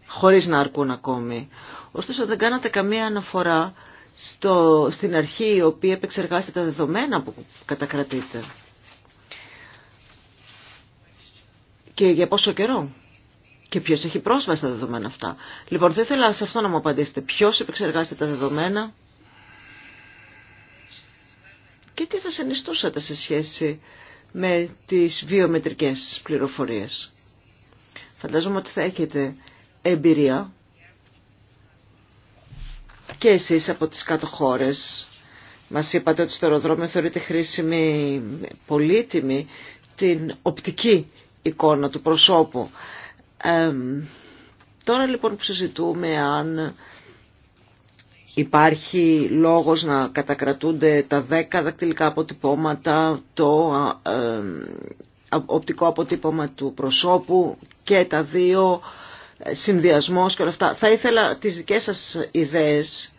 χωρίς να αρκούν ακόμη. Ωστόσο δεν κάνατε καμία αναφορά στο, στην αρχή η οποία επεξεργάζεται τα δεδομένα που κατακρατείτε. Και για πόσο καιρό. Και ποιος έχει πρόσβαση στα δεδομένα αυτά. Λοιπόν, θα ήθελα σε αυτό να μου απαντήσετε. Ποιος επεξεργάζεται τα δεδομένα και τι θα συνιστούσατε σε σχέση με τις βιομετρικές πληροφορίες. Φαντάζομαι ότι θα έχετε εμπειρία και εσείς από τις κάτω χώρες. Μας είπατε ότι στο αεροδρόμιο θεωρείται χρήσιμη, πολύτιμη, την οπτική εικόνα του προσώπου. τώρα λοιπόν που συζητούμε αν Υπάρχει λόγος να κατακρατούνται τα 10 δακτυλικά αποτυπώματα, το ε, οπτικό αποτύπωμα του προσώπου και τα δύο ε, συνδυασμός και όλα αυτά. Θα ήθελα τις δικές σας ιδέες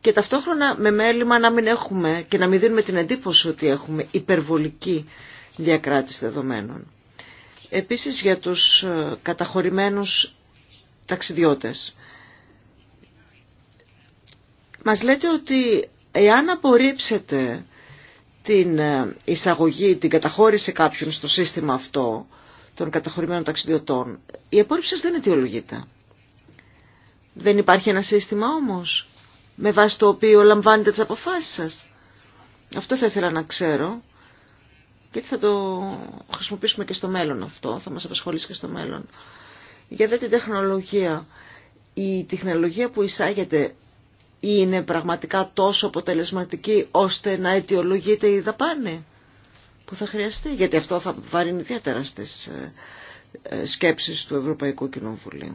και ταυτόχρονα με μέλημα να μην έχουμε και να μην δίνουμε την εντύπωση ότι έχουμε υπερβολική διακράτηση δεδομένων. Επίσης για τους ε, καταχωρημένους ταξιδιώτες μας λέτε ότι εάν απορρίψετε την ε, εισαγωγή, την καταχώρηση κάποιων στο σύστημα αυτό των καταχωρημένων ταξιδιωτών, η απόρριψη δεν αιτιολογείται. Δεν υπάρχει ένα σύστημα όμως με βάση το οποίο λαμβάνετε τις αποφάσεις σας. Αυτό θα ήθελα να ξέρω και θα το χρησιμοποιήσουμε και στο μέλλον αυτό, θα μας απασχολήσει και στο μέλλον. Για δε την τεχνολογία. Η τεχνολογία που εισάγεται είναι πραγματικά τόσο αποτελεσματική ώστε να αιτιολογείται η δαπάνη που θα χρειαστεί. Γιατί αυτό θα βαρύνει ιδιαίτερα στις ε, ε, σκέψεις του Ευρωπαϊκού Κοινοβουλίου.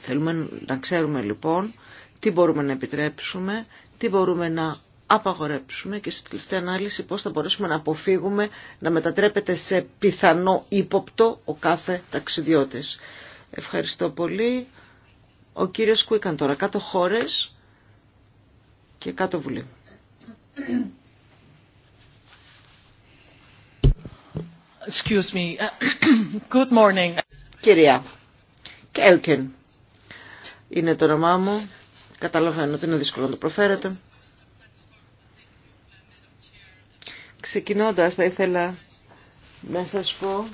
Θέλουμε να ξέρουμε λοιπόν τι μπορούμε να επιτρέψουμε, τι μπορούμε να απαγορέψουμε και στη τελευταία ανάλυση πώς θα μπορέσουμε να αποφύγουμε να μετατρέπεται σε πιθανό ύποπτο ο κάθε ταξιδιώτης. Ευχαριστώ πολύ. Ο κύριος Κούικαν τώρα, κάτω χώρες και κάτω βουλή. Excuse me. Good morning. Κυρία Κέλκεν, είναι το όνομά μου. Καταλαβαίνω ότι είναι δύσκολο να το προφέρετε. Ξεκινώντας θα ήθελα να σας πω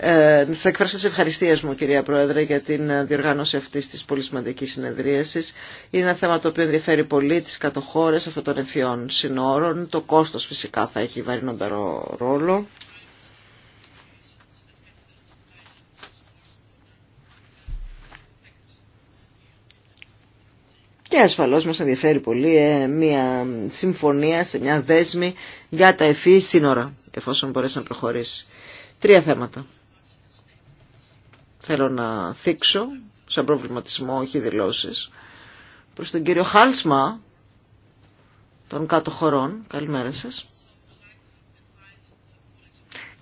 ε, σας εκφράσω τις ευχαριστίες μου κυρία Πρόεδρε για την ε, διοργάνωση αυτής της πολύ σημαντική συνεδρίασης. Είναι ένα θέμα το οποίο ενδιαφέρει πολύ τις κατοχώρες αυτών των ευφυών συνόρων. Το κόστος φυσικά θα έχει βαρύνοντα ρόλο. Και ασφαλώς μας ενδιαφέρει πολύ ε, μια συμφωνία σε μια δέσμη για τα ευφύ σύνορα, εφόσον μπορέσει να προχωρήσει. Τρία θέματα θέλω να θίξω σαν προβληματισμό, όχι δηλώσει. προς τον κύριο Χάλσμα των κάτω χωρών. Καλημέρα σα.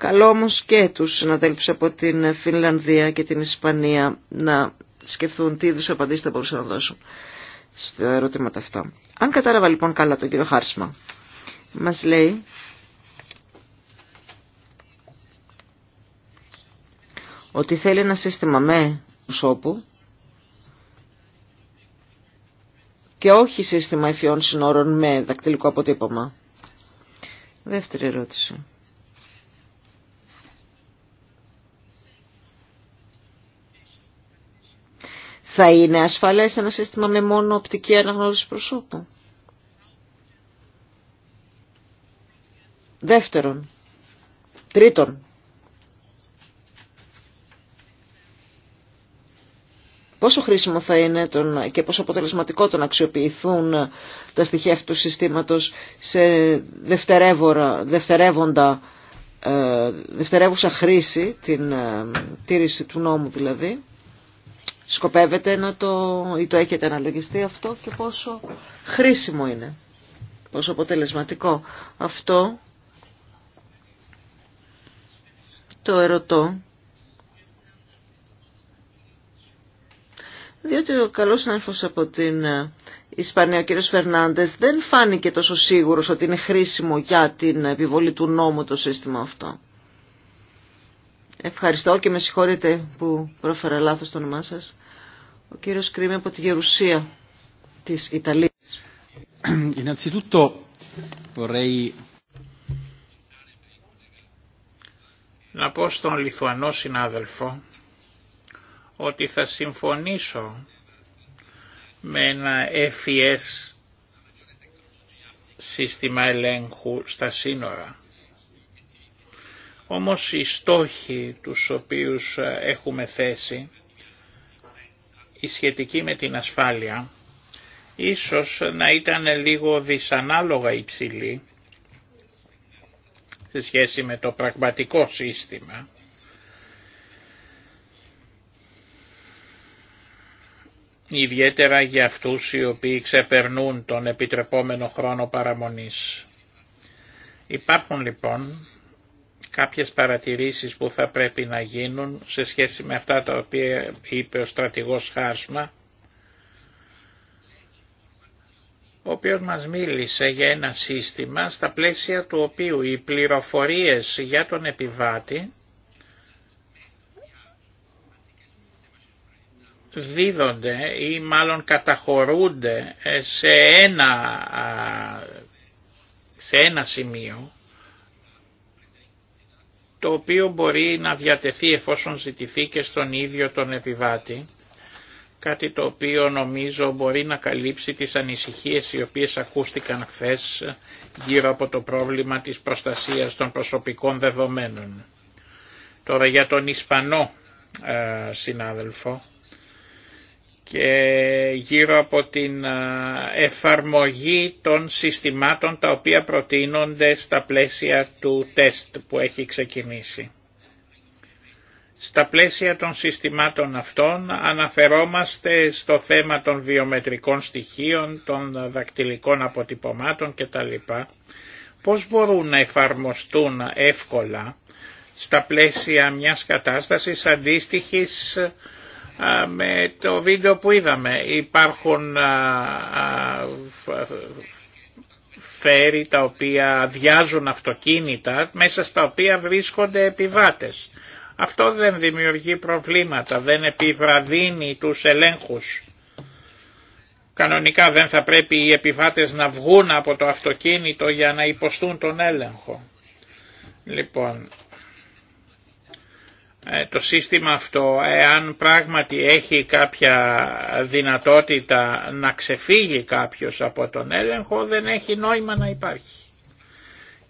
Καλό όμω και τους συναδέλφου από την Φινλανδία και την Ισπανία να σκεφτούν τι είδου απαντήσει θα μπορούσαν να δώσουν στα ερωτήματα αυτά. Αν κατάλαβα λοιπόν καλά τον κύριο Χάρσμα, μα λέει ότι θέλει ένα σύστημα με προσώπου και όχι σύστημα εφιών συνόρων με δακτυλικό αποτύπωμα. Δεύτερη ερώτηση. Θα είναι ασφαλές ένα σύστημα με μόνο οπτική αναγνώριση προσώπου. Δεύτερον. Τρίτον. πόσο χρήσιμο θα είναι τον, και πόσο αποτελεσματικό το να αξιοποιηθούν τα στοιχεία αυτού του συστήματος σε δευτερεύοντα, ε, δευτερεύουσα χρήση, την ε, τήρηση του νόμου δηλαδή. Σκοπεύετε να το, ή το έχετε αναλογιστεί αυτό και πόσο χρήσιμο είναι, πόσο αποτελεσματικό. Αυτό το ερωτώ διότι ο καλός συνάδελφος από την ε, Ισπανία, ο κ. Φερνάντες, δεν φάνηκε τόσο σίγουρος ότι είναι χρήσιμο για την επιβολή του νόμου το σύστημα αυτό. Ευχαριστώ και με συγχωρείτε που πρόφερα λάθος το όνομά σας. Ο κύριος Κρίμη από τη Γερουσία της Ιταλίας. Να πω στον Λιθουανό συνάδελφο ότι θα συμφωνήσω με ένα FES σύστημα ελέγχου στα σύνορα. Όμως οι στόχοι τους οποίους ε, έχουμε θέσει, οι σχετικοί με την ασφάλεια, ίσως να ήταν λίγο δυσανάλογα υψηλή σε σχέση με το πραγματικό σύστημα ιδιαίτερα για αυτούς οι οποίοι ξεπερνούν τον επιτρεπόμενο χρόνο παραμονής. Υπάρχουν λοιπόν κάποιες παρατηρήσεις που θα πρέπει να γίνουν σε σχέση με αυτά τα οποία είπε ο στρατηγός Χάρσμα, ο οποίος μας μίλησε για ένα σύστημα στα πλαίσια του οποίου οι πληροφορίες για τον επιβάτη δίδονται ή μάλλον καταχωρούνται σε ένα, σε ένα σημείο το οποίο μπορεί να διατεθεί εφόσον ζητηθεί και στον ίδιο τον επιβάτη, κάτι το οποίο νομίζω μπορεί να καλύψει τις ανησυχίες οι οποίες ακούστηκαν χθε γύρω από το πρόβλημα της προστασίας των προσωπικών δεδομένων. Τώρα για τον Ισπανό ε, συνάδελφο, και γύρω από την εφαρμογή των συστημάτων τα οποία προτείνονται στα πλαίσια του τεστ που έχει ξεκινήσει. Στα πλαίσια των συστημάτων αυτών αναφερόμαστε στο θέμα των βιομετρικών στοιχείων, των δακτυλικών αποτυπωμάτων κτλ. Πώς μπορούν να εφαρμοστούν εύκολα στα πλαίσια μιας κατάστασης αντίστοιχης με το βίντεο που είδαμε. Υπάρχουν φέρι τα οποία αδειάζουν αυτοκίνητα μέσα στα οποία βρίσκονται επιβάτες. Αυτό δεν δημιουργεί προβλήματα, δεν επιβραδύνει τους ελέγχους. Κανονικά δεν θα πρέπει οι επιβάτες να βγουν από το αυτοκίνητο για να υποστούν τον έλεγχο. Λοιπόν, ε, το σύστημα αυτό, εάν πράγματι έχει κάποια δυνατότητα να ξεφύγει κάποιος από τον έλεγχο, δεν έχει νόημα να υπάρχει.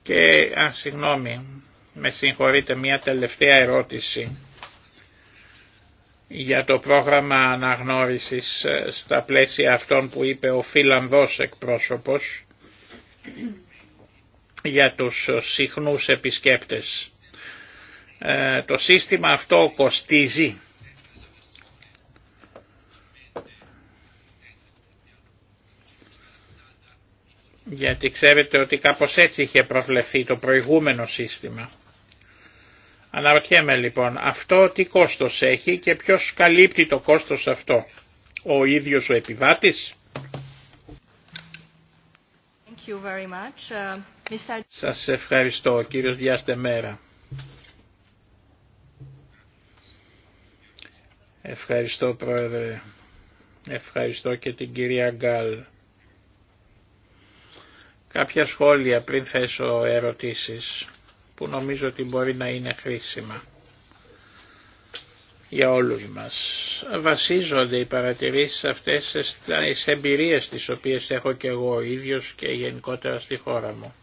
Και, α, συγγνώμη, με συγχωρείτε, μια τελευταία ερώτηση για το πρόγραμμα αναγνώρισης ε, στα πλαίσια αυτών που είπε ο Φιλανδός εκπρόσωπος για τους συχνούς επισκέπτες. Ε, το σύστημα αυτό κοστίζει. Γιατί ξέρετε ότι κάπως έτσι είχε προβλεφθεί το προηγούμενο σύστημα. Αναρωτιέμαι λοιπόν αυτό τι κόστος έχει και ποιος καλύπτει το κόστος αυτό. Ο ίδιος ο επιβάτης. Thank ε, Σας ευχαριστώ κύριος Διάστε Μέρα. Ευχαριστώ Πρόεδρε. Ευχαριστώ και την κυρία Γκάλ. Κάποια σχόλια πριν θέσω ερωτήσεις που νομίζω ότι μπορεί να είναι χρήσιμα για όλους μας. Βασίζονται οι παρατηρήσεις αυτές στις εμπειρίες τις οποίες έχω και εγώ ίδιος και γενικότερα στη χώρα μου.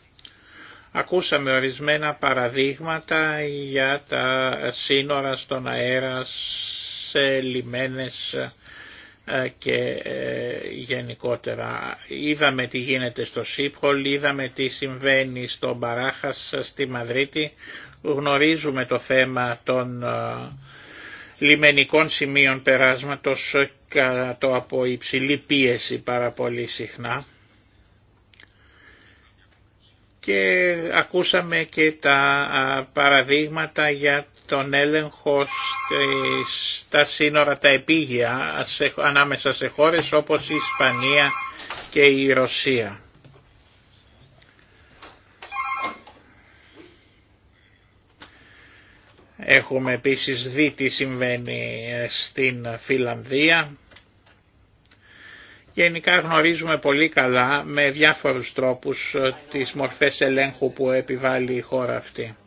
Ακούσαμε ορισμένα παραδείγματα για τα σύνορα στον αέρα σε λιμένες ε, και ε, γενικότερα. Είδαμε τι γίνεται στο Σίπχολ, είδαμε τι συμβαίνει στο Μπαράχας, στη Μαδρίτη. Γνωρίζουμε το θέμα των ε, λιμενικών σημείων περάσματος το από υψηλή πίεση πάρα πολύ συχνά και ακούσαμε και τα παραδείγματα για τον έλεγχο στα σύνορα τα επίγεια ανάμεσα σε χώρες όπως η Ισπανία και η Ρωσία. Έχουμε επίσης δει τι συμβαίνει στην Φιλανδία Γενικά γνωρίζουμε πολύ καλά με διάφορους τρόπους ε, τις μορφές ελέγχου που επιβάλλει η χώρα αυτή.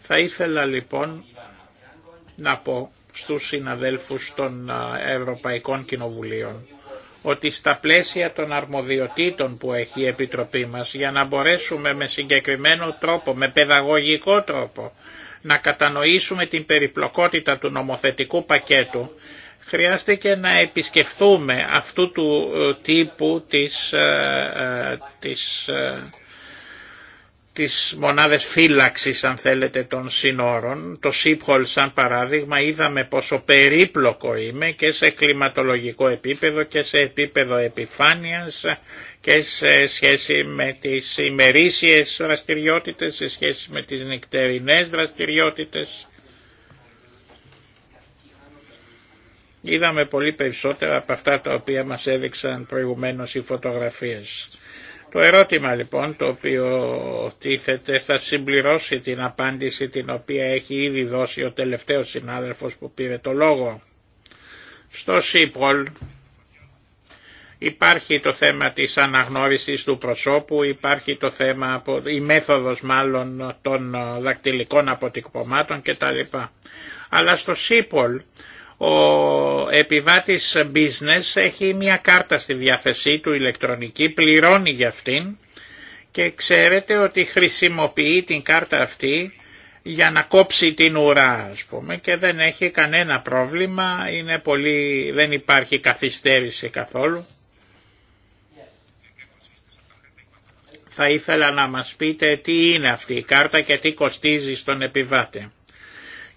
Θα ήθελα λοιπόν να πω στους συναδέλφους των ε, Ευρωπαϊκών Κοινοβουλίων ότι στα πλαίσια των αρμοδιοτήτων που έχει η Επιτροπή μας για να μπορέσουμε με συγκεκριμένο τρόπο, με παιδαγωγικό τρόπο να κατανοήσουμε την περιπλοκότητα του νομοθετικού πακέτου χρειάστηκε να επισκεφθούμε αυτού του ε, τύπου της, ε, ε, της, της μονάδες φύλαξης αν θέλετε των σύνορων. Το Σίπχολ σαν παράδειγμα είδαμε πόσο περίπλοκο είμαι και σε κλιματολογικό επίπεδο και σε επίπεδο επιφάνειας και σε σχέση με τις ημερήσιες δραστηριότητες, σε σχέση με τις νυκτερινές δραστηριότητες Είδαμε πολύ περισσότερα από αυτά τα οποία μας έδειξαν προηγουμένως οι φωτογραφίες. Το ερώτημα λοιπόν το οποίο τίθεται θα συμπληρώσει την απάντηση την οποία έχει ήδη δώσει ο τελευταίος συνάδελφος που πήρε το λόγο. Στο ΣΥΠΟΛ υπάρχει το θέμα της αναγνώρισης του προσώπου, υπάρχει το θέμα, η μέθοδος μάλλον των δακτυλικών αποτυπωμάτων κτλ. Αλλά στο ΣΥΠΟΛ ο επιβάτης business έχει μια κάρτα στη διάθεσή του ηλεκτρονική, πληρώνει για αυτήν και ξέρετε ότι χρησιμοποιεί την κάρτα αυτή για να κόψει την ουρά ας πούμε και δεν έχει κανένα πρόβλημα, είναι πολύ, δεν υπάρχει καθυστέρηση καθόλου. θα ήθελα να μας πείτε τι είναι αυτή η κάρτα και τι κοστίζει στον επιβάτη.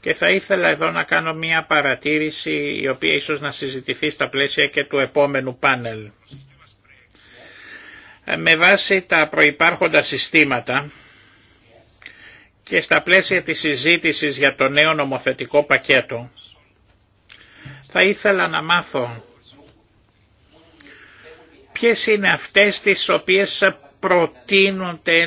Και θα ήθελα εδώ να κάνω μία παρατήρηση η οποία ίσως να συζητηθεί στα πλαίσια και του επόμενου πάνελ. Ε, με βάση τα προϋπάρχοντα συστήματα και στα πλαίσια της συζήτησης για το νέο νομοθετικό πακέτο θα ήθελα να μάθω ποιες είναι αυτές τις οποίες προτείνονται ε,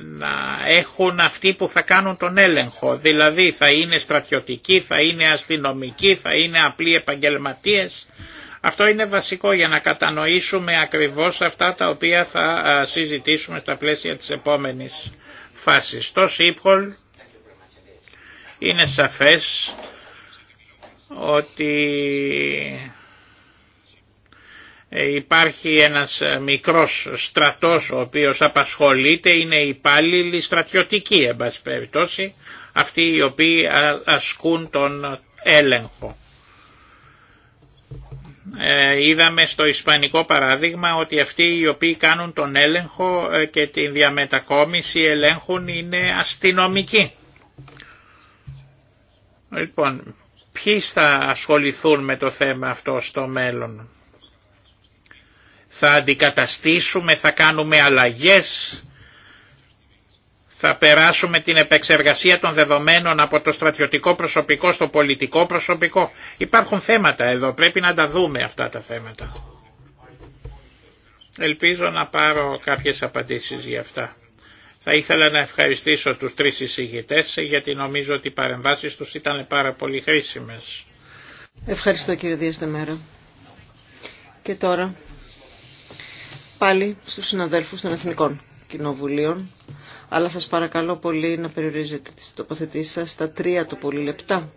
να, έχουν αυτοί που θα κάνουν τον έλεγχο. Δηλαδή θα είναι στρατιωτικοί, θα είναι αστυνομικοί, θα είναι απλοί επαγγελματίες. Αυτό είναι βασικό για να κατανοήσουμε ακριβώς αυτά τα οποία θα συζητήσουμε στα πλαίσια της επόμενης φάσης. Το ΣΥΠΧΟΛ είναι σαφές ότι ε, υπάρχει ένας ε, μικρός στρατός ο οποίος απασχολείται, είναι υπάλληλοι στρατιωτικοί εν πάση περιπτώσει, αυτοί οι οποίοι ασκούν τον έλεγχο. Ε, είδαμε στο ισπανικό παράδειγμα ότι αυτοί οι οποίοι κάνουν τον έλεγχο και την διαμετακόμιση ελέγχουν είναι αστυνομικοί. Λοιπόν, ποιοι θα ασχοληθούν με το θέμα αυτό στο μέλλον θα αντικαταστήσουμε, θα κάνουμε αλλαγές, θα περάσουμε την επεξεργασία των δεδομένων από το στρατιωτικό προσωπικό στο πολιτικό προσωπικό. Υπάρχουν θέματα εδώ, πρέπει να τα δούμε αυτά τα θέματα. Ελπίζω να πάρω κάποιες απαντήσεις για αυτά. Θα ήθελα να ευχαριστήσω τους τρεις εισηγητές γιατί νομίζω ότι οι παρεμβάσεις τους ήταν πάρα πολύ χρήσιμες. Ευχαριστώ κύριε Δίας Και τώρα πάλι στους συναδέλφους των Εθνικών Κοινοβουλίων. Αλλά σας παρακαλώ πολύ να περιορίζετε τις τοποθετήσεις σας στα τρία το πολύ λεπτά.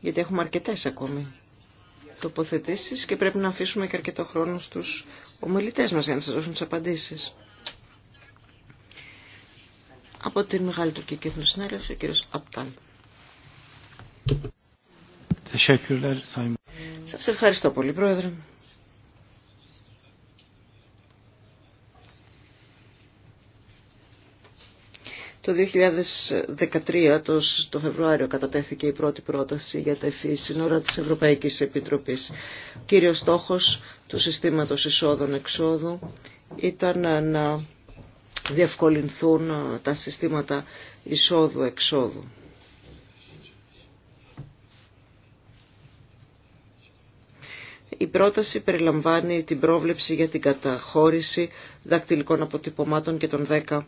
Γιατί έχουμε αρκετές ακόμη τοποθετήσεις και πρέπει να αφήσουμε και αρκετό χρόνο στους ομιλητές μας για να σας δώσουν τις απαντήσεις. Από την Μεγάλη Τουρκική Εθνοσυνέλευση, ο κύριος Απτάλ. Σας ευχαριστώ πολύ, Πρόεδρε. Το 2013, το, το Φεβρουάριο, κατατέθηκε η πρώτη πρόταση για τα ευφύ σύνορα της Ευρωπαϊκής Επιτροπής. κύριος στόχος του συστήματος εισόδων-εξόδου ήταν να διευκολυνθούν τα συστήματα εισόδου-εξόδου. Η πρόταση περιλαμβάνει την πρόβλεψη για την καταχώρηση δακτυλικών αποτυπωμάτων και των 10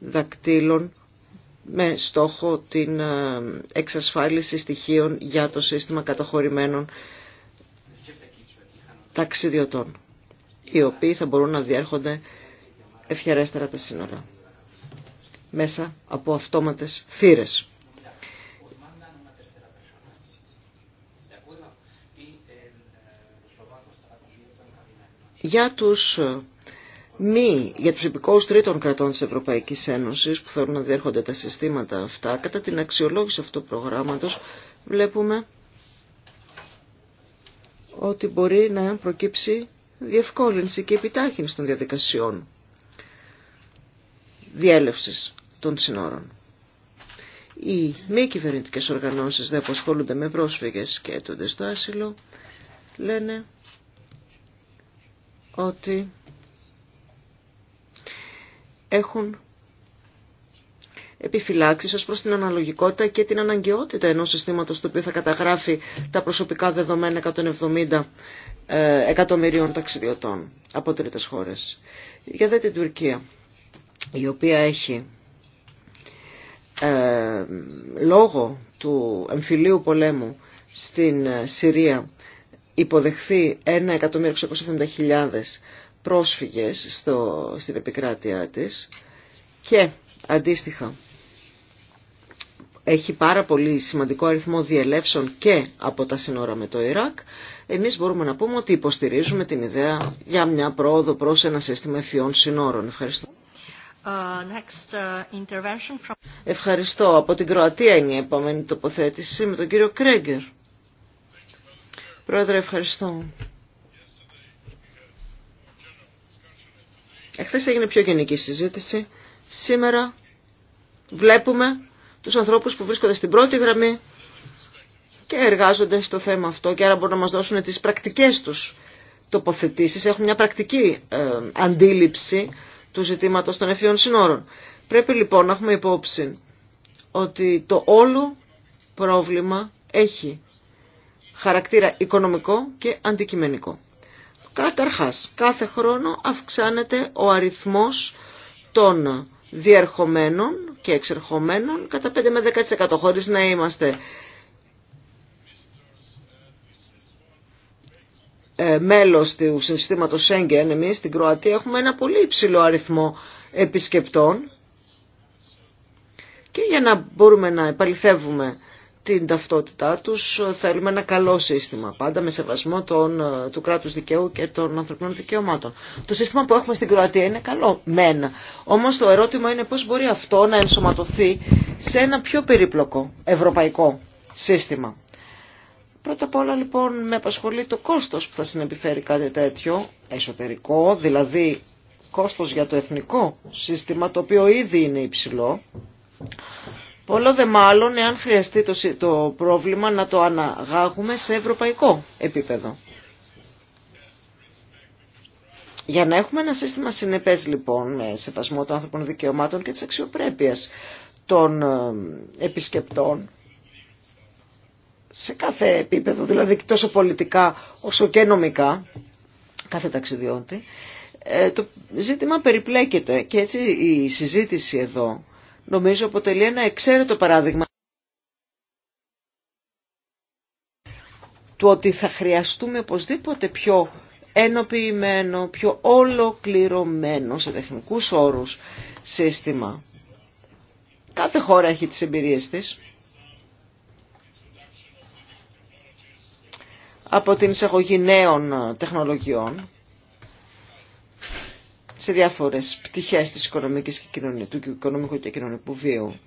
δακτύλων με στόχο την ε, εξασφάλιση στοιχείων για το σύστημα καταχωρημένων ταξιδιωτών, οι οποίοι θα μπορούν να διέρχονται ευχερέστερα τα σύνορα μέσα από αυτόματες θύρες. για τους ε, μη για τους υπηκόους τρίτων κρατών της Ευρωπαϊκής Ένωσης που θέλουν να διέρχονται τα συστήματα αυτά, κατά την αξιολόγηση αυτού του προγράμματος βλέπουμε ότι μπορεί να προκύψει διευκόλυνση και επιτάχυνση των διαδικασιών διέλευσης των συνόρων. Οι μη κυβερνητικές οργανώσεις δεν ασχολούνται με πρόσφυγες και έτονται στο άσυλο λένε ότι έχουν επιφυλάξεις ως προς την αναλογικότητα και την αναγκαιότητα ενός συστήματος το οποίο θα καταγράφει τα προσωπικά δεδομένα 170 ε, εκατομμυρίων ταξιδιωτών από τρίτες χώρες. Για δε την Τουρκία, η οποία έχει ε, λόγω του εμφυλίου πολέμου στην ε, Συρία υποδεχθεί 1.670.000 πρόσφυγες στο, στην επικράτειά της και αντίστοιχα έχει πάρα πολύ σημαντικό αριθμό διελεύσεων και από τα σύνορα με το Ιράκ, εμείς μπορούμε να πούμε ότι υποστηρίζουμε την ιδέα για μια πρόοδο προς ένα σύστημα ευφυών σύνορων. Ευχαριστώ. Uh, next, uh, from... Ευχαριστώ. Από την Κροατία είναι η επόμενη τοποθέτηση με τον κύριο Κρέγκερ. Πρόεδρε, ευχαριστώ. Εχθές έγινε πιο γενική συζήτηση. Σήμερα βλέπουμε τους ανθρώπους που βρίσκονται στην πρώτη γραμμή και εργάζονται στο θέμα αυτό και άρα μπορούν να μας δώσουν τις πρακτικές τους τοποθετήσεις. Έχουν μια πρακτική ε, αντίληψη του ζητήματος των ευφυών συνόρων. Πρέπει λοιπόν να έχουμε υπόψη ότι το όλο πρόβλημα έχει χαρακτήρα οικονομικό και αντικειμενικό. Καταρχάς, κάθε χρόνο αυξάνεται ο αριθμός των διερχομένων και εξερχομένων κατά 5 με 10% χωρίς να είμαστε ε, μέλος του συστήματος Σέγγεν, εμείς στην Κροατία έχουμε ένα πολύ υψηλό αριθμό επισκεπτών και για να μπορούμε να επαληθεύουμε την ταυτότητά τους. Θέλουμε ένα καλό σύστημα πάντα με σεβασμό των, ε, του κράτους δικαίου και των ανθρωπινών δικαιωμάτων. Το σύστημα που έχουμε στην Κροατία είναι καλό, μεν. Όμως το ερώτημα είναι πώς μπορεί αυτό να ενσωματωθεί σε ένα πιο περίπλοκο ευρωπαϊκό σύστημα. Πρώτα απ' όλα λοιπόν με απασχολεί το κόστος που θα συνεπιφέρει κάτι τέτοιο, εσωτερικό, δηλαδή κόστος για το εθνικό σύστημα, το οποίο ήδη είναι υψηλό όλο δε μάλλον εάν χρειαστεί το, το πρόβλημα να το αναγάγουμε σε ευρωπαϊκό επίπεδο. Για να έχουμε ένα σύστημα συνεπές λοιπόν με σεβασμό των άνθρωπων δικαιωμάτων και της αξιοπρέπειας των ε, επισκεπτών σε κάθε επίπεδο, δηλαδή και τόσο πολιτικά όσο και νομικά, κάθε ταξιδιώτη, ε, το ζήτημα περιπλέκεται και έτσι η συζήτηση εδώ νομίζω αποτελεί ένα εξαίρετο παράδειγμα του ότι θα χρειαστούμε οπωσδήποτε πιο ενοποιημένο, πιο ολοκληρωμένο σε τεχνικούς όρους σύστημα. Κάθε χώρα έχει τις εμπειρίες της. Από την εισαγωγή νέων τεχνολογιών σε διάφορες πτυχές της οικονομικής και του οικονομικού και κοινωνικού βίου.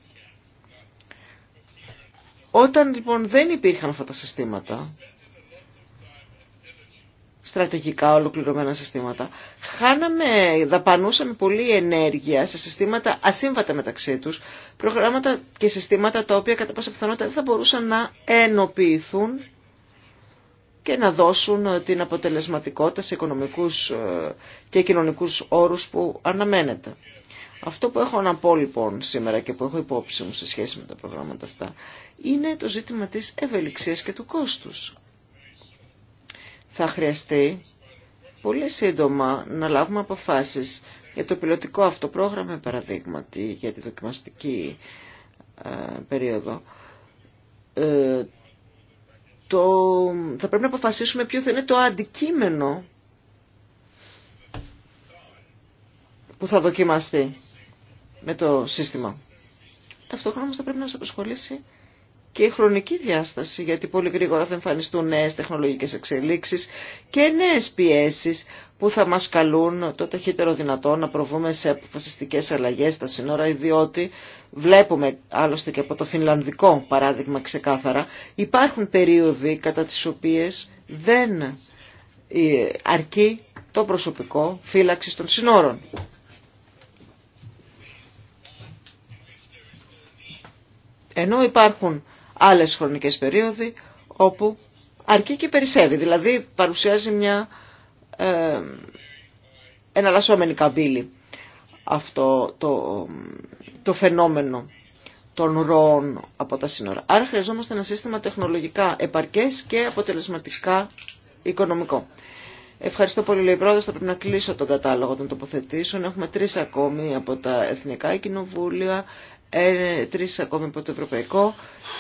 Όταν λοιπόν δεν υπήρχαν αυτά τα συστήματα, στρατηγικά ολοκληρωμένα συστήματα, χάναμε, δαπανούσαμε πολύ ενέργεια σε συστήματα ασύμβατα μεταξύ τους, προγράμματα και συστήματα τα οποία κατά πάσα πιθανότητα δεν θα μπορούσαν να ενοποιηθούν και να δώσουν ε, την αποτελεσματικότητα σε οικονομικούς ε, και κοινωνικούς όρους που αναμένεται. Αυτό που έχω να πω λοιπόν σήμερα και που έχω υπόψη μου σε σχέση με τα προγράμματα αυτά είναι το ζήτημα της ευελιξίας και του κόστους. Θα χρειαστεί πολύ σύντομα να λάβουμε αποφάσεις για το πιλωτικό αυτό πρόγραμμα παραδείγματι για τη δοκιμαστική ε, περίοδο το, θα πρέπει να αποφασίσουμε ποιο θα είναι το αντικείμενο που θα δοκιμαστεί με το σύστημα. Ταυτόχρονα όμως θα πρέπει να μας απασχολήσει και η χρονική διάσταση, γιατί πολύ γρήγορα θα εμφανιστούν νέες τεχνολογικές εξελίξεις και νέες πιέσεις που θα μας καλούν το ταχύτερο δυνατό να προβούμε σε αποφασιστικές αλλαγές στα σύνορα, διότι βλέπουμε άλλωστε και από το φινλανδικό παράδειγμα ξεκάθαρα, υπάρχουν περίοδοι κατά τις οποίες δεν ε, αρκεί το προσωπικό φύλαξη των σύνορων. Ενώ υπάρχουν άλλες χρονικές περίοδοι όπου αρκεί και περισσεύει. Δηλαδή παρουσιάζει μια ε, εναλλασσόμενη καμπύλη αυτό το, το φαινόμενο των ροών από τα σύνορα. Άρα χρειαζόμαστε ένα σύστημα τεχνολογικά επαρκές και αποτελεσματικά οικονομικό. Ευχαριστώ πολύ, λέει Θα πρέπει να κλείσω τον κατάλογο των τοποθετήσεων. Έχουμε τρει ακόμη από τα εθνικά κοινοβούλια, ε, τρεις ακόμη από το Ευρωπαϊκό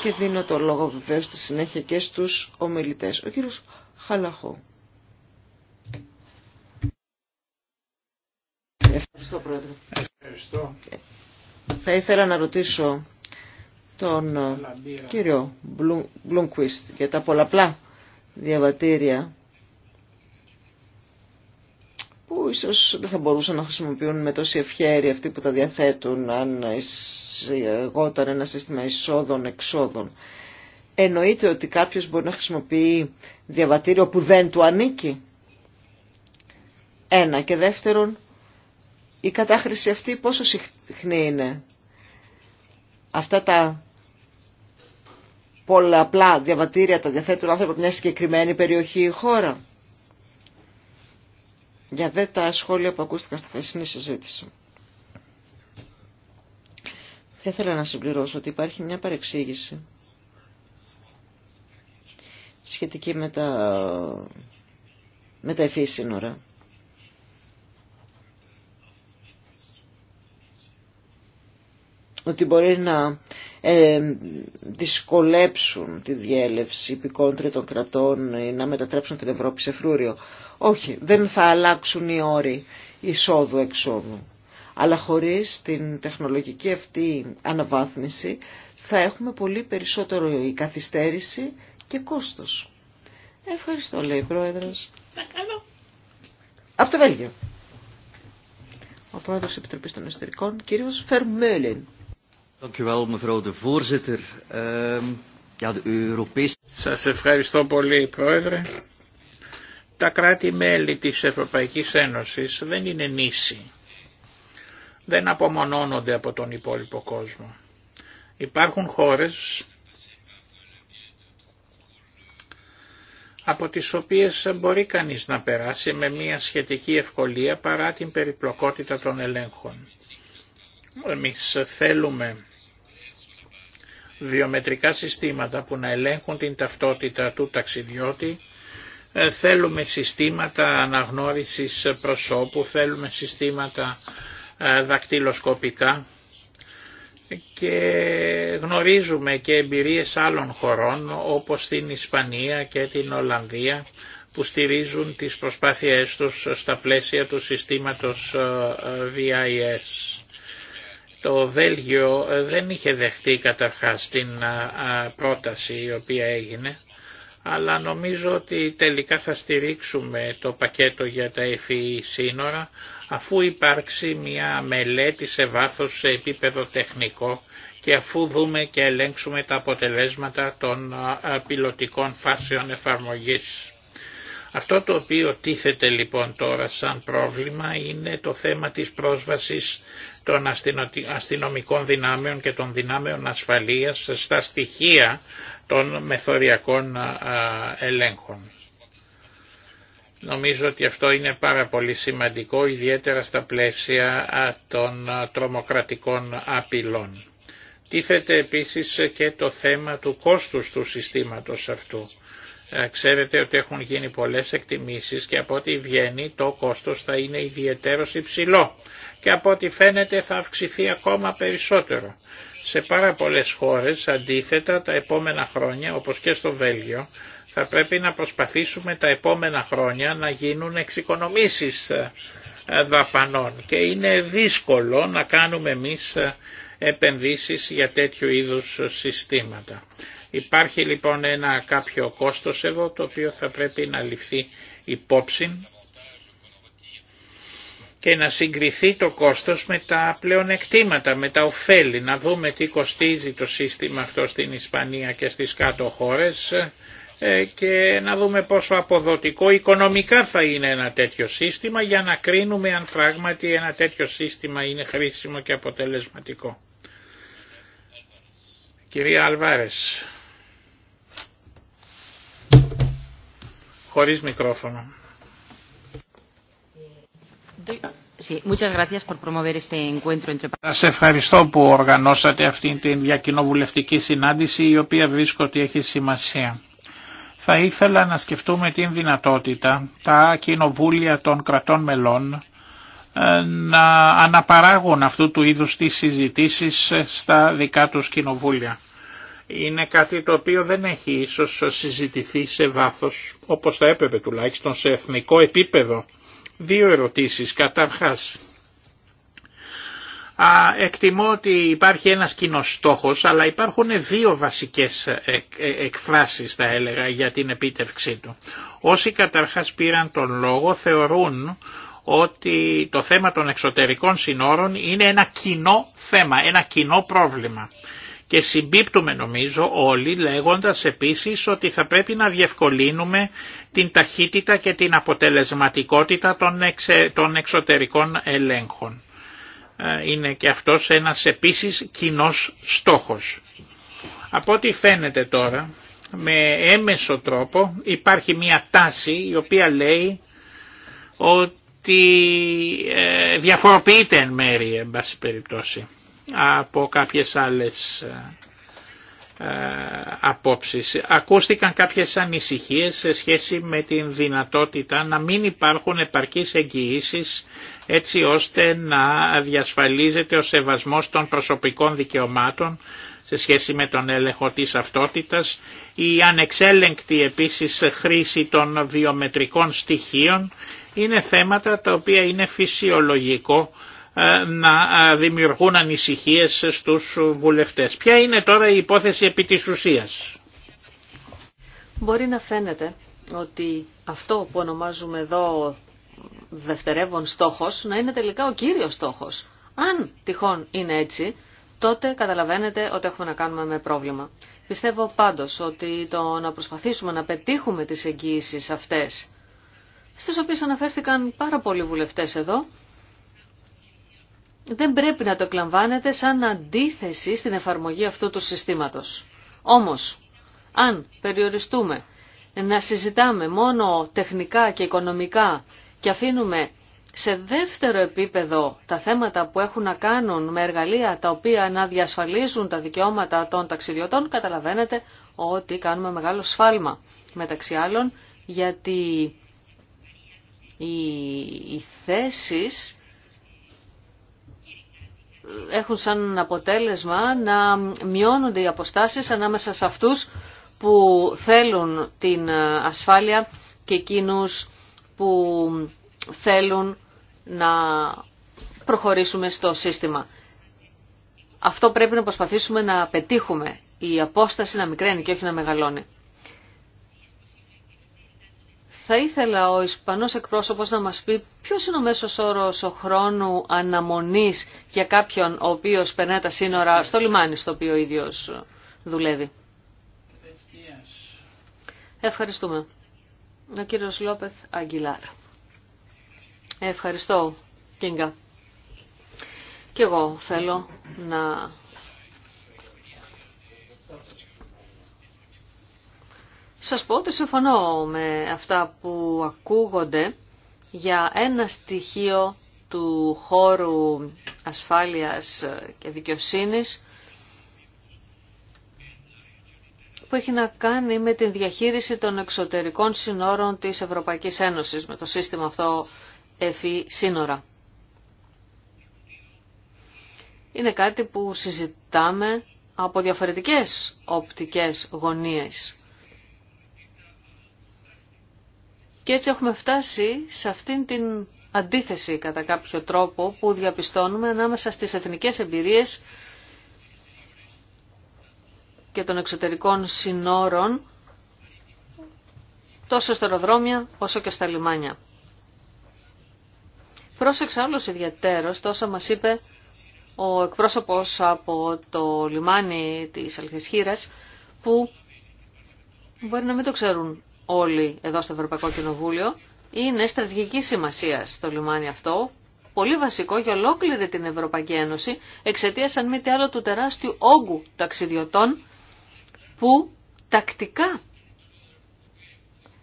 και δίνω το λόγο βεβαίω στη συνέχεια και στους ομιλητές. Ο κύριος Χαλαχό. Ευχαριστώ Πρόεδρε. Ευχαριστώ. Θα ήθελα να ρωτήσω τον ε, κύριο Μπλουμκουίστ για τα πολλαπλά διαβατήρια που ίσως δεν θα μπορούσαν να χρησιμοποιούν με τόση ευχαίρεια αυτοί που τα διαθέτουν αν εισηγόταν ένα σύστημα εισόδων-εξόδων. Εννοείται ότι κάποιος μπορεί να χρησιμοποιεί διαβατήριο που δεν του ανήκει. Ένα. Και δεύτερον, η κατάχρηση αυτή πόσο συχνή είναι. Αυτά τα πολλαπλά διαβατήρια τα διαθέτουν άνθρωποι από μια συγκεκριμένη περιοχή ή χώρα για δε τα σχόλια που ακούστηκαν στη χθεσινή συζήτηση. Θα ήθελα να συμπληρώσω ότι υπάρχει μια παρεξήγηση σχετική με τα, με τα ευφύ σύνορα. Ότι μπορεί να ε, δυσκολέψουν τη διέλευση υπηκόντρων των κρατών ή να μετατρέψουν την Ευρώπη σε φρούριο. Όχι, δεν θα αλλάξουν οι όροι εισόδου-εξόδου. Αλλά χωρίς την τεχνολογική αυτή αναβάθμιση θα έχουμε πολύ περισσότερο η καθυστέρηση και κόστος. Ευχαριστώ, λέει η Πρόεδρος. Να κάνω. Από το Βέλγιο. Ο Πρόεδρος Επιτροπής των Εσωτερικών, κύριος Φερμέλιν. Σας ευχαριστώ πολύ, Πρόεδρε. Τα κράτη-μέλη της Ευρωπαϊκής Ένωσης δεν είναι νήσι. Δεν απομονώνονται από τον υπόλοιπο κόσμο. Υπάρχουν χώρες από τις οποίες μπορεί κανείς να περάσει με μια σχετική ευκολία παρά την περιπλοκότητα των ελέγχων. Εμείς θέλουμε βιομετρικά συστήματα που να ελέγχουν την ταυτότητα του ταξιδιώτη ε, θέλουμε συστήματα αναγνώρισης προσώπου, θέλουμε συστήματα ε, δακτυλοσκοπικά και γνωρίζουμε και εμπειρίες άλλων χωρών όπως την Ισπανία και την Ολλανδία που στηρίζουν τις προσπάθειές τους στα πλαίσια του συστήματος VIS. Ε, Το Βέλγιο δεν είχε δεχτεί καταρχάς την πρόταση η οποία έγινε αλλά νομίζω ότι τελικά θα στηρίξουμε το πακέτο για τα FEE e σύνορα αφού υπάρξει μια μελέτη σε βάθος σε επίπεδο τεχνικό και αφού δούμε και ελέγξουμε τα αποτελέσματα των πιλωτικών φάσεων εφαρμογής. Αυτό το οποίο τίθεται λοιπόν τώρα σαν πρόβλημα είναι το θέμα της πρόσβασης των αστυνομικών δυνάμεων και των δυνάμεων ασφαλείας στα στοιχεία των μεθοριακών ελέγχων. Νομίζω ότι αυτό είναι πάρα πολύ σημαντικό, ιδιαίτερα στα πλαίσια των τρομοκρατικών απειλών. Τίθεται επίσης και το θέμα του κόστους του συστήματος αυτού. Ε, ξέρετε ότι έχουν γίνει πολλές εκτιμήσεις και από ό,τι βγαίνει το κόστος θα είναι ιδιαίτερος υψηλό και από ό,τι φαίνεται θα αυξηθεί ακόμα περισσότερο. Σε πάρα πολλές χώρες αντίθετα τα επόμενα χρόνια όπως και στο Βέλγιο θα πρέπει να προσπαθήσουμε τα επόμενα χρόνια να γίνουν εξοικονομήσεις ε, ε, δαπανών και είναι δύσκολο να κάνουμε εμείς επενδύσεις για τέτοιου είδους συστήματα. Υπάρχει λοιπόν ένα κάποιο κόστος εδώ το οποίο θα πρέπει να ληφθεί υπόψη και να συγκριθεί το κόστος με τα πλεονεκτήματα, με τα ωφέλη, να δούμε τι κοστίζει το σύστημα αυτό στην Ισπανία και στις κάτω χώρες ε, και να δούμε πόσο αποδοτικό οικονομικά θα είναι ένα τέτοιο σύστημα για να κρίνουμε αν πράγματι ένα τέτοιο σύστημα είναι χρήσιμο και αποτελεσματικό. Κυρία Αλβάρες. Χωρίς μικρόφωνο. Σας ευχαριστώ που οργανώσατε αυτήν την διακοινοβουλευτική συνάντηση η οποία βρίσκω ότι έχει σημασία. Θα ήθελα να σκεφτούμε την δυνατότητα τα κοινοβούλια των κρατών μελών ε, να αναπαράγουν αυτού του είδους τις συζητήσεις στα δικά τους κοινοβούλια είναι κάτι το οποίο δεν έχει ίσως συζητηθεί σε βάθος όπως θα έπρεπε τουλάχιστον σε εθνικό επίπεδο. Δύο ερωτήσεις. Καταρχάς, α, εκτιμώ ότι υπάρχει ένας κοινός στόχος αλλά υπάρχουν δύο βασικές ε, εκφράσεις θα έλεγα για την επίτευξή του. Όσοι καταρχάς πήραν τον λόγο θεωρούν ότι το θέμα των εξωτερικών συνόρων είναι ένα κοινό θέμα, ένα κοινό πρόβλημα και συμπίπτουμε νομίζω όλοι λέγοντας επίσης ότι θα πρέπει να διευκολύνουμε την ταχύτητα και την αποτελεσματικότητα των εξωτερικών ελέγχων. Ε, είναι και αυτός ένας επίσης κοινός στόχος. Από ό,τι φαίνεται τώρα, με έμεσο τρόπο υπάρχει μια τάση η οποία λέει ότι ε, διαφοροποιείται εν μέρη, εν πάση περιπτώσει από κάποιες άλλες ε, απόψεις. Ακούστηκαν κάποιες ανησυχίες σε σχέση με την δυνατότητα να μην υπάρχουν επαρκείς εγγυήσει έτσι ώστε να διασφαλίζεται ο σεβασμός των προσωπικών δικαιωμάτων σε σχέση με τον έλεγχο της αυτότητας, η ανεξέλεγκτη επίσης χρήση των βιομετρικών στοιχείων είναι θέματα τα οποία είναι φυσιολογικό ε, να ε, δημιουργούν ανησυχίες στους βουλευτές. Ποια είναι τώρα η υπόθεση επί της ουσίας. Μπορεί να φαίνεται ότι αυτό που ονομάζουμε εδώ δευτερεύον στόχος να είναι τελικά ο κύριος στόχος. Αν τυχόν είναι έτσι, τότε καταλαβαίνετε ότι έχουμε να κάνουμε με πρόβλημα. Πιστεύω πάντως ότι το να προσπαθήσουμε να πετύχουμε τις εγγύησεις αυτές, στις οποίες αναφέρθηκαν πάρα πολλοί βουλευτές εδώ, δεν πρέπει να το εκλαμβάνετε σαν αντίθεση στην εφαρμογή αυτού του συστήματος. Όμως, αν περιοριστούμε να συζητάμε μόνο τεχνικά και οικονομικά και αφήνουμε σε δεύτερο επίπεδο τα θέματα που έχουν να κάνουν με εργαλεία τα οποία να διασφαλίζουν τα δικαιώματα των ταξιδιωτών, καταλαβαίνετε ότι κάνουμε μεγάλο σφάλμα. Μεταξύ άλλων, γιατί οι, οι θέσεις έχουν σαν αποτέλεσμα να μειώνονται οι αποστάσεις ανάμεσα σε αυτούς που θέλουν την ε, ασφάλεια και εκείνους που θέλουν να προχωρήσουμε στο σύστημα. Αυτό πρέπει να προσπαθήσουμε να πετύχουμε. Η απόσταση να μικραίνει και όχι να μεγαλώνει. Θα ήθελα ο Ισπανός εκπρόσωπος να μας πει ποιος είναι ο μέσος όρος ο χρόνου αναμονής για κάποιον ο οποίος περνά τα σύνορα στο λιμάνι στο οποίο ο ίδιος δουλεύει. Ευχαριστούμε. Ο κύριος Λόπεθ Αγγιλάρ. Ευχαριστώ, Κίνγκα. Και εγώ θέλω να σας πω ότι συμφωνώ με αυτά που ακούγονται για ένα στοιχείο του χώρου ασφάλειας και δικαιοσύνης που έχει να κάνει με την διαχείριση των εξωτερικών συνόρων της Ευρωπαϊκής Ένωσης με το σύστημα αυτό ΕΦΗ e σύνορα. Είναι κάτι που συζητάμε από διαφορετικές οπτικές γωνίες Και έτσι έχουμε φτάσει σε αυτήν την αντίθεση κατά κάποιο τρόπο που διαπιστώνουμε ανάμεσα στις εθνικές εμπειρίες και των εξωτερικών συνόρων τόσο στα αεροδρόμια όσο και στα λιμάνια. Πρόσεξα όλος ιδιαίτερο, τόσα μας είπε ο εκπρόσωπος από το λιμάνι της Αλχεσχύρας που μπορεί να μην το ξέρουν όλοι εδώ στο Ευρωπαϊκό Κοινοβούλιο, είναι στρατηγική σημασία στο λιμάνι αυτό, πολύ βασικό για ολόκληρη την Ευρωπαϊκή Ένωση, εξαιτία αν μη τι άλλο του τεράστιου όγκου ταξιδιωτών που τακτικά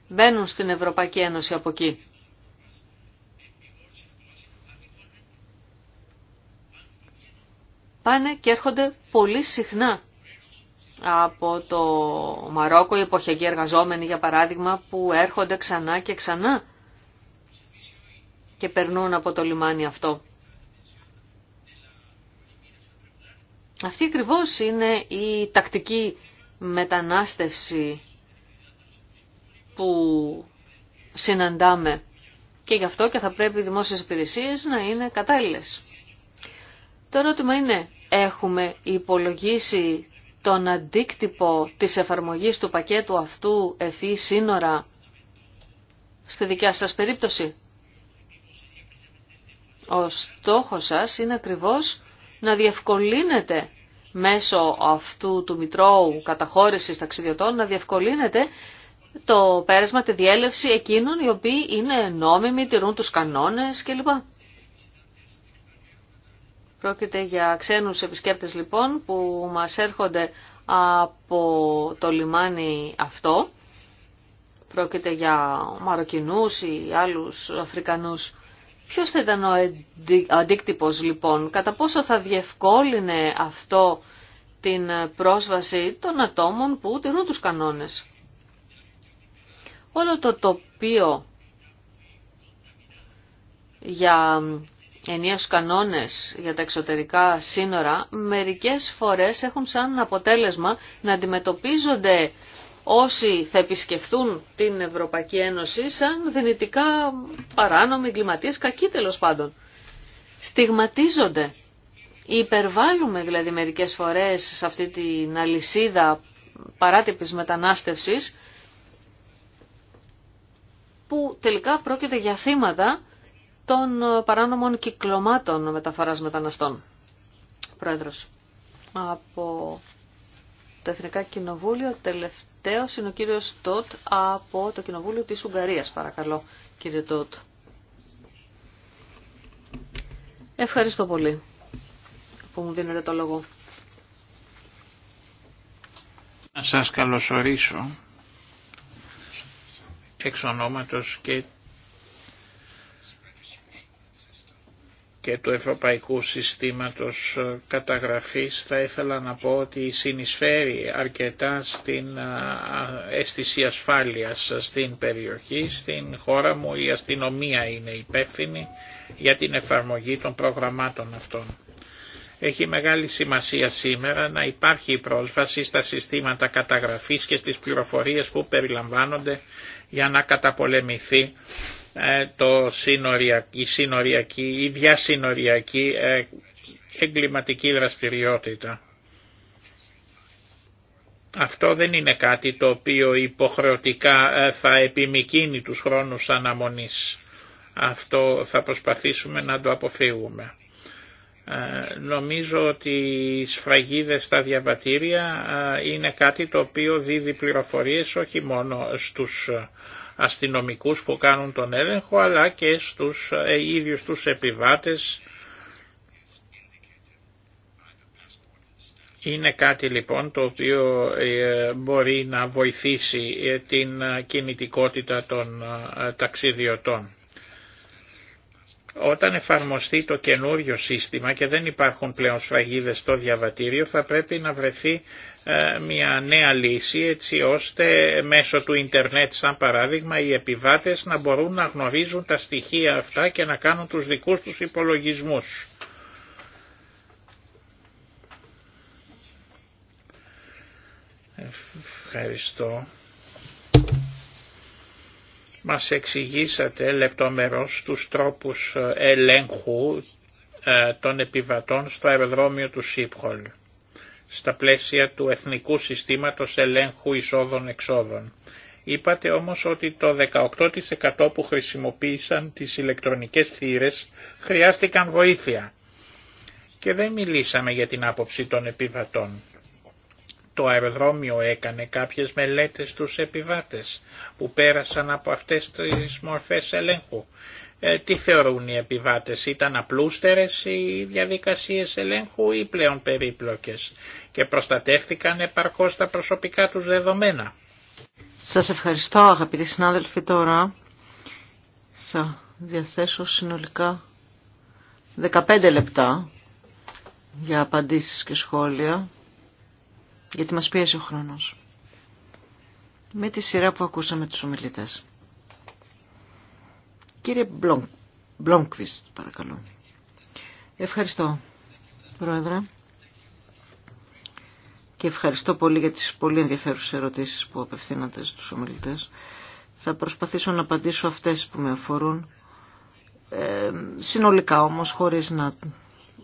μπαίνουν στην Ευρωπαϊκή Ένωση από εκεί. Πάνε και έρχονται πολύ συχνά από το Μαρόκο, οι εποχιακοί εργαζόμενοι για παράδειγμα που έρχονται ξανά και ξανά και περνούν από το λιμάνι αυτό. Αυτή ακριβώ είναι η τακτική μετανάστευση που συναντάμε και γι' αυτό και θα πρέπει οι δημόσιες υπηρεσίες να είναι κατάλληλες. Το ερώτημα είναι, έχουμε υπολογίσει τον αντίκτυπο της εφαρμογής του πακέτου αυτού ευθύ σύνορα στη δικιά σας περίπτωση. Ο στόχος σας είναι ακριβώς να διευκολύνετε μέσω αυτού του Μητρώου καταχώρησης ταξιδιωτών, να διευκολύνετε το πέρασμα, τη διέλευση εκείνων οι οποίοι είναι νόμιμοι, τηρούν τους κανόνες κλπ. Πρόκειται για ξένους επισκέπτες λοιπόν που μας έρχονται από το λιμάνι αυτό. Πρόκειται για Μαροκινούς ή άλλους Αφρικανούς. Ποιος θα ήταν ο αντίκτυπος λοιπόν, κατά πόσο θα διευκόλυνε αυτό την πρόσβαση των ατόμων που τηρούν τους κανόνες. Όλο το τοπίο για ενίους κανόνες για τα εξωτερικά σύνορα μερικές φορές έχουν σαν αποτέλεσμα να αντιμετωπίζονται όσοι θα επισκεφθούν την Ευρωπαϊκή Ένωση σαν δυνητικά παράνομοι εγκληματίες, κακοί τέλο πάντων. Στιγματίζονται. Υπερβάλλουμε δηλαδή μερικές φορές σε αυτή την αλυσίδα παράτυπης μετανάστευσης που τελικά πρόκειται για θύματα των ε, παράνομων κυκλωμάτων μεταφοράς μεταναστών. Πρόεδρος, από το Εθνικά Κοινοβούλιο, τελευταίο είναι ο κύριος Τότ από το Κοινοβούλιο της Ουγγαρίας, παρακαλώ, κύριε Τότ. Ευχαριστώ πολύ που μου δίνετε το λόγο. Να σας καλωσορίσω εξ ονόματος και και του Ευρωπαϊκού Συστήματος ε, Καταγραφής θα ήθελα να πω ότι συνεισφέρει αρκετά στην ε, ε, αίσθηση ασφάλειας στην περιοχή, στην χώρα μου η αστυνομία είναι υπεύθυνη για την εφαρμογή των προγραμμάτων αυτών. Έχει μεγάλη σημασία σήμερα να υπάρχει πρόσβαση στα συστήματα καταγραφής και στις πληροφορίες που περιλαμβάνονται για να καταπολεμηθεί ε, το η συνοριακή ή διασυνοριακή ε, εγκληματική δραστηριότητα. Αυτό δεν είναι κάτι το οποίο υποχρεωτικά ε, θα επιμηκύνει τους χρόνους αναμονής. Αυτό θα προσπαθήσουμε να το αποφύγουμε. Νομίζω ότι οι σφραγίδες στα διαβατήρια είναι κάτι το οποίο δίδει πληροφορίες όχι μόνο στους αστυνομικούς που κάνουν τον έλεγχο αλλά και στους ε, ίδιους τους επιβάτες. Είναι κάτι λοιπόν το οποίο ε, μπορεί να βοηθήσει ε, την ε, κινητικότητα των ταξιδιωτών. Όταν εφαρμοστεί το καινούριο σύστημα και δεν υπάρχουν πλέον σφαγίδες στο διαβατήριο θα πρέπει να βρεθεί ε, μια νέα λύση έτσι ώστε μέσω του ίντερνετ σαν παράδειγμα οι επιβάτες να μπορούν να γνωρίζουν τα στοιχεία αυτά και να κάνουν τους δικούς τους υπολογισμούς. Ευχαριστώ. Μας εξηγήσατε λεπτομερώς τους τρόπους ελέγχου ε, των επιβατών στο αεροδρόμιο του Σίπχολ στα πλαίσια του Εθνικού Συστήματος Ελέγχου Εισόδων-Εξόδων. Είπατε όμως ότι το 18% που χρησιμοποίησαν τις ηλεκτρονικές θύρες χρειάστηκαν βοήθεια και δεν μιλήσαμε για την άποψη των επιβατών. Το αεροδρόμιο έκανε κάποιες μελέτες στους επιβάτες που πέρασαν από αυτές τις μορφές ελέγχου ε, τι θεωρούν οι επιβάτες, ήταν απλούστερες οι διαδικασίες ελέγχου ή πλέον περίπλοκες και προστατέυθηκαν επαρκώς τα προσωπικά τους δεδομένα. Σας ευχαριστώ αγαπητοί συνάδελφοι τώρα. Θα διαθέσω συνολικά 15 λεπτά για απαντήσεις και σχόλια γιατί μας πίεσε ο χρόνος. Με τη σειρά που ακούσαμε τους ομιλητές. Κύριε Μπλόγκβιστ, παρακαλώ. Ευχαριστώ, Πρόεδρε. Και ευχαριστώ πολύ για τις πολύ ενδιαφέρουσες ερωτήσεις που απευθύνατε στους ομιλητές. Θα προσπαθήσω να απαντήσω αυτές που με αφορούν. Ε, συνολικά όμως, χωρίς να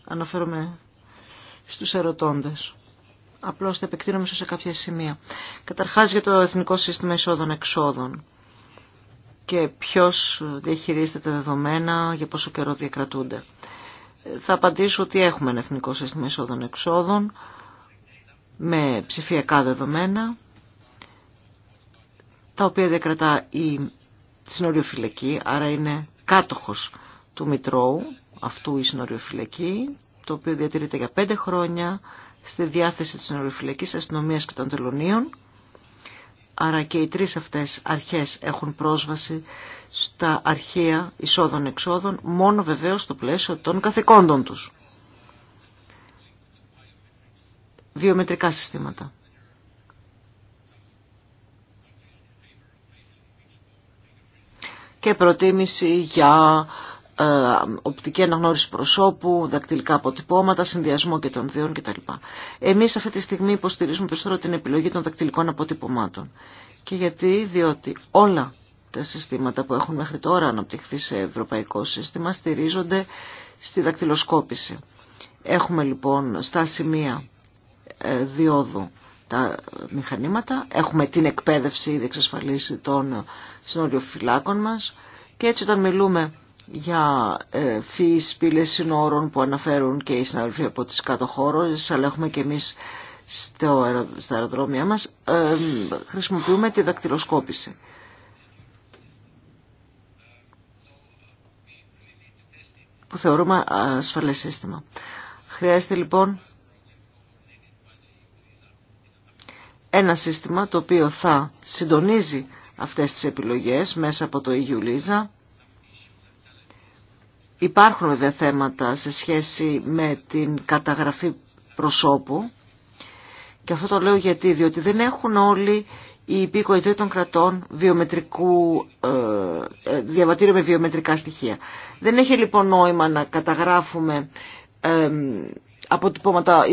αναφέρομαι στους ερωτώντες. Απλώς θα επεκτείνομαι σε κάποια σημεία. Καταρχάς για το Εθνικό Σύστημα Εισόδων-Εξόδων και ποιος διαχειρίζεται τα δεδομένα, για πόσο καιρό διακρατούνται. Θα απαντήσω ότι έχουμε ένα εθνικό σύστημα εισόδων-εξόδων με ψηφιακά δεδομένα, τα οποία διακρατά η συνοριοφυλακή, άρα είναι κάτοχος του Μητρώου, αυτού η συνοριοφυλακή, το οποίο διατηρείται για πέντε χρόνια στη διάθεση της συνοριοφυλακής αστυνομίας και των τελωνίων Άρα και οι τρεις αυτές αρχές έχουν πρόσβαση στα αρχεία εισόδων-εξόδων, μόνο βεβαίως στο πλαίσιο των καθηκόντων τους. Βιομετρικά συστήματα. Και προτίμηση για ε, οπτική αναγνώριση προσώπου, δακτυλικά αποτυπώματα, συνδυασμό και των δύο κτλ. Εμείς αυτή τη στιγμή υποστηρίζουμε περισσότερο την επιλογή των δακτυλικών αποτυπωμάτων. Και γιατί, διότι όλα τα συστήματα που έχουν μέχρι τώρα αναπτυχθεί σε ευρωπαϊκό σύστημα στηρίζονται στη δακτυλοσκόπηση. Έχουμε λοιπόν στα σημεία ε, διόδου τα μηχανήματα, έχουμε την εκπαίδευση ήδη εξασφαλίσει των συνοριοφυλάκων μας και έτσι όταν μιλούμε για ε, πύλες συνόρων που αναφέρουν και οι συναδελφοί από τις κάτω χώρες, αλλά έχουμε και εμείς στο, στα αεροδρόμια μας, ε, χρησιμοποιούμε τη δακτυλοσκόπηση. που θεωρούμε ασφαλές σύστημα. Χρειάζεται λοιπόν ένα σύστημα το οποίο θα συντονίζει αυτές τις επιλογές μέσα από το EU Υπάρχουν βέβαια θέματα σε σχέση με την καταγραφή προσώπου και αυτό το λέω γιατί, διότι δεν έχουν όλοι οι υπήκοοι των κρατών ε, ε, διαβατήριο με βιομετρικά στοιχεία. Δεν έχει λοιπόν νόημα να καταγράφουμε ε, αποτυπώματα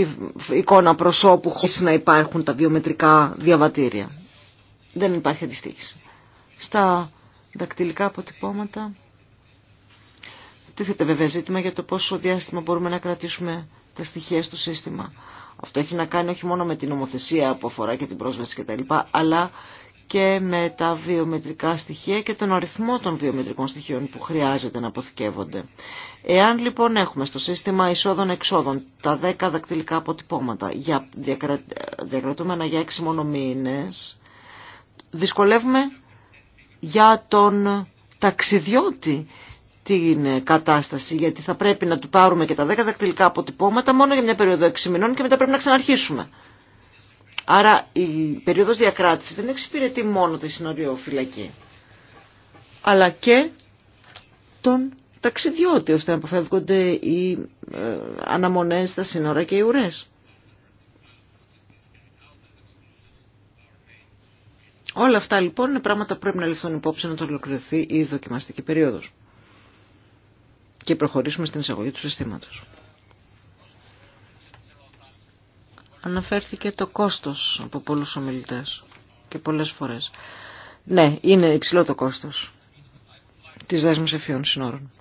εικόνα προσώπου χωρίς να υπάρχουν τα βιομετρικά διαβατήρια. Δεν υπάρχει αντιστοίχηση. Στα δακτυλικά αποτυπώματα Τίθεται βέβαια ζήτημα για το πόσο διάστημα μπορούμε να κρατήσουμε τα στοιχεία στο σύστημα. Αυτό έχει να κάνει όχι μόνο με την νομοθεσία που αφορά και την πρόσβαση κτλ. αλλά και με τα βιομετρικά στοιχεία και τον αριθμό των βιομετρικών στοιχείων που χρειάζεται να αποθηκεύονται. Εάν λοιπόν έχουμε στο σύστημα εισόδων-εξόδων τα 10 δακτυλικά αποτυπώματα για διακρατούμενα για 6 μόνο μήνες, δυσκολεύουμε για τον ταξιδιώτη την ε, κατάσταση, γιατί θα πρέπει να του πάρουμε και τα 10 δακτυλικά αποτυπώματα μόνο για μια περίοδο 6 μηνών και μετά πρέπει να ξαναρχίσουμε. Άρα η περίοδος διακράτησης δεν εξυπηρετεί μόνο τη συνοριοφυλακή, αλλά και τον ταξιδιώτη, ώστε να αποφεύγονται οι ε, αναμονές στα σύνορα και οι ουρές. Όλα αυτά λοιπόν είναι πράγματα που πρέπει να ληφθούν υπόψη να το ολοκληρωθεί η δοκιμαστική περίοδος και προχωρήσουμε στην εισαγωγή του συστήματος. Αναφέρθηκε το κόστος από πολλούς ομιλητές και πολλές φορές. Ναι, είναι υψηλό το κόστος της δέσμης ευφυών συνόρων.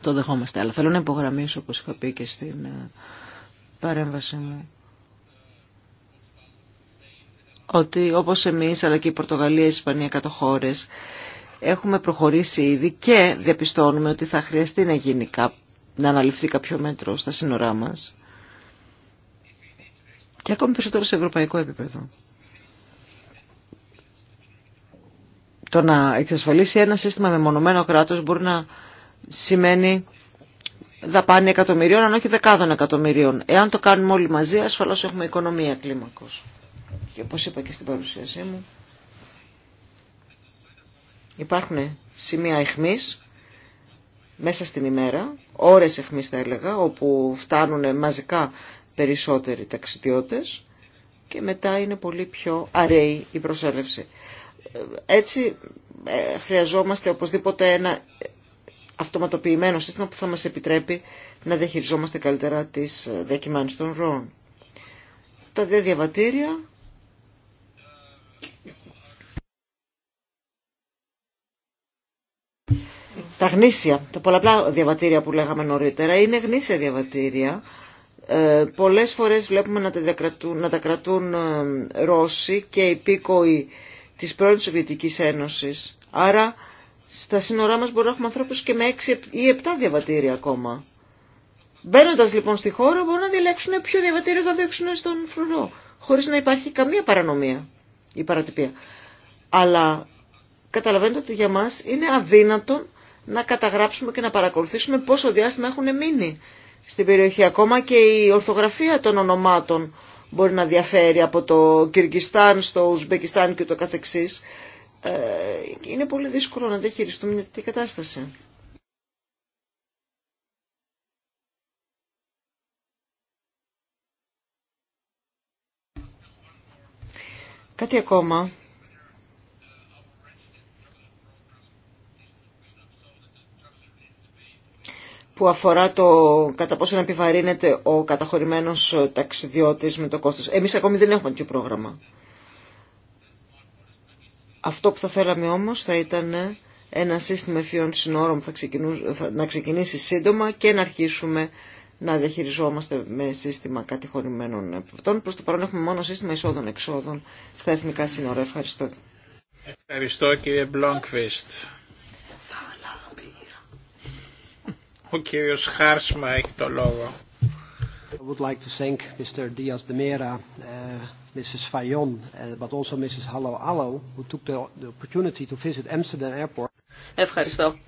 Το δεχόμαστε, αλλά θέλω να υπογραμμίσω, όπως είχα πει και στην ε, παρέμβαση μου, ότι όπως εμείς, αλλά και η Πορτογαλία, η Ισπανία, κάτω χώρες, έχουμε προχωρήσει ήδη και διαπιστώνουμε ότι θα χρειαστεί να, γίνει, να αναλυφθεί κάποιο μέτρο στα σύνορά μας και ακόμη περισσότερο σε ευρωπαϊκό επίπεδο. Το να εξασφαλίσει ένα σύστημα με μονομενό κράτος μπορεί να σημαίνει δαπάνη εκατομμυρίων, αν όχι δεκάδων εκατομμυρίων. Εάν το κάνουμε όλοι μαζί, ασφαλώς έχουμε οικονομία κλίμακος. Και όπως είπα και στην παρουσίασή μου, Υπάρχουν σημεία εχμής μέσα στην ημέρα, ώρες αιχμής θα έλεγα, όπου φτάνουν μαζικά περισσότεροι ταξιδιώτες και μετά είναι πολύ πιο αραιή η προσέλευση. Έτσι ε, χρειαζόμαστε οπωσδήποτε ένα αυτοματοποιημένο σύστημα που θα μας επιτρέπει να διαχειριζόμαστε καλύτερα τις ε, διακυμάνεις των ροών. Τα δύο διαβατήρια Τα γνήσια, τα πολλαπλά διαβατήρια που λέγαμε νωρίτερα, είναι γνήσια διαβατήρια. Ε, πολλές φορές βλέπουμε να τα, να τα κρατούν ε, Ρώσοι και υπήκοοι της πρώην Σοβιετικής Ένωσης. Άρα στα σύνορά μας μπορούμε να έχουμε ανθρώπους και με έξι ή επτά διαβατήρια ακόμα. Μπαίνοντα λοιπόν στη χώρα μπορούν να διαλέξουν ποιο διαβατήριο θα δειξουν στον φρουρό, χωρίς να υπάρχει καμία παρανομία ή παρατυπία. Αλλά καταλαβαίνετε ότι για μας είναι αδύνατον να καταγράψουμε και να παρακολουθήσουμε πόσο διάστημα έχουν μείνει στην περιοχή. Ακόμα και η ορθογραφία των ονομάτων μπορεί να διαφέρει από το Κυργιστάν στο Ουσμπεκιστάν και το καθεξής. Ε, είναι πολύ δύσκολο να διαχειριστούμε μια τέτοια κατάσταση. Κάτι ακόμα που αφορά το κατά πόσο να επιβαρύνεται ο καταχωρημένος ταξιδιώτης με το κόστος. Εμείς ακόμη δεν έχουμε τέτοιο πρόγραμμα. Αυτό που θα θέλαμε όμως θα ήταν ένα σύστημα ευφυών συνόρων που θα, να ξεκινήσει σύντομα και να αρχίσουμε να διαχειριζόμαστε με σύστημα κατηχωρημένων επιβατών. Προς το παρόν έχουμε μόνο σύστημα εισόδων-εξόδων στα εθνικά σύνορα. Ευχαριστώ. Ευχαριστώ κύριε Μπλόγκβιστ. Ο κύριος Χάρσμα έχει το λόγο. I would like to thank Mr. Diaz de Mera, uh, Mrs. Fayon, uh, but also Mrs. Hallo Allo, who took the, the opportunity to visit Amsterdam Airport. Ευχαριστώ.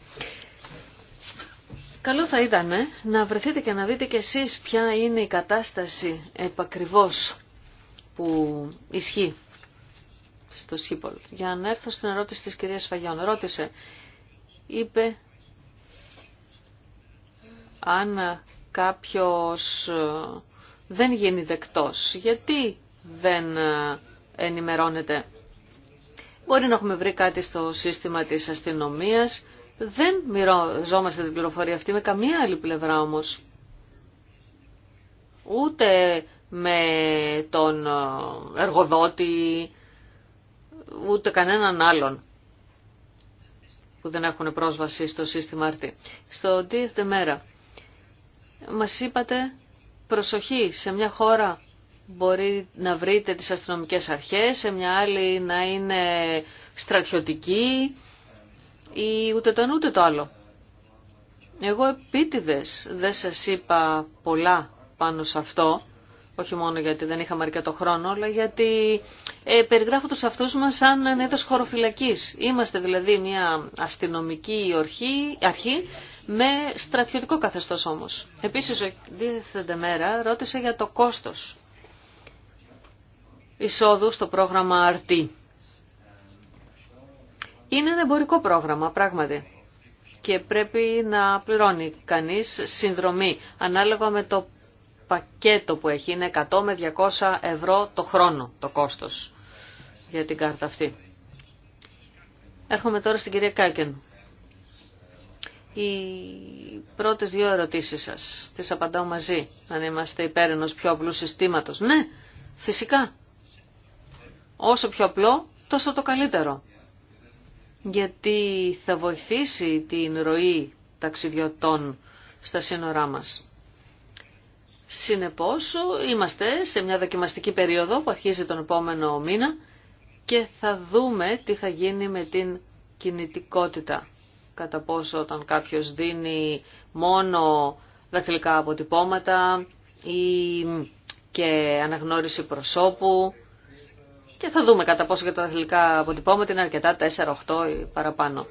Καλό θα ήταν ε, να βρεθείτε και να δείτε κι εσείς ποια είναι η κατάσταση επακριβώς που ισχύει στο Σίπολ. Για να έρθω στην ερώτηση της κυρίας Φαγιών. Ρώτησε, είπε αν κάποιος ε, δεν γίνει δεκτός, γιατί δεν ε, ενημερώνεται. Μπορεί να έχουμε βρει κάτι στο σύστημα της αστυνομίας, δεν μοιραζόμαστε την πληροφορία αυτή με καμία άλλη πλευρά όμως. Ούτε με τον ε, εργοδότη, ούτε κανέναν άλλον που δεν έχουν πρόσβαση στο σύστημα αρτή. Στο τι μέρα μας είπατε προσοχή σε μια χώρα μπορεί να βρείτε τις αστυνομικές αρχές, σε μια άλλη να είναι στρατιωτική ή ούτε το ένα ούτε το άλλο. Εγώ επίτηδες δεν σας είπα πολλά πάνω σε αυτό, όχι μόνο γιατί δεν είχαμε αρκετό χρόνο, αλλά γιατί ε, περιγράφω τους αυτούς μας σαν ένα είδος χωροφυλακής. Είμαστε δηλαδή μια αστυνομική αρχή με στρατιωτικό καθεστώς όμως. Επίσης ο Δίθεντε Μέρα ρώτησε για το κόστος εισόδου στο πρόγραμμα ΑΡΤΗ. Είναι ένα εμπορικό πρόγραμμα, πράγματι. Και πρέπει να πληρώνει κανείς συνδρομή ανάλογα με το πακέτο που έχει. Είναι 100 με 200 ευρώ το χρόνο το κόστος για την κάρτα αυτή. Έρχομαι τώρα στην κυρία Κάκεν οι πρώτες δύο ερωτήσεις σας. Τις απαντάω μαζί, αν είμαστε υπέρ ενός πιο απλού συστήματος. Ναι, φυσικά. Όσο πιο απλό, τόσο το καλύτερο. Γιατί θα βοηθήσει την ροή ταξιδιωτών στα σύνορά μας. Συνεπώς, είμαστε σε μια δοκιμαστική περίοδο που αρχίζει τον επόμενο μήνα και θα δούμε τι θα γίνει με την κινητικότητα κατά πόσο όταν κάποιος δίνει μόνο δαχτυλικά αποτυπώματα ή και αναγνώριση προσώπου και θα δούμε κατά πόσο για τα δαχτυλικά αποτυπώματα είναι αρκετά 4-8 ή παραπάνω.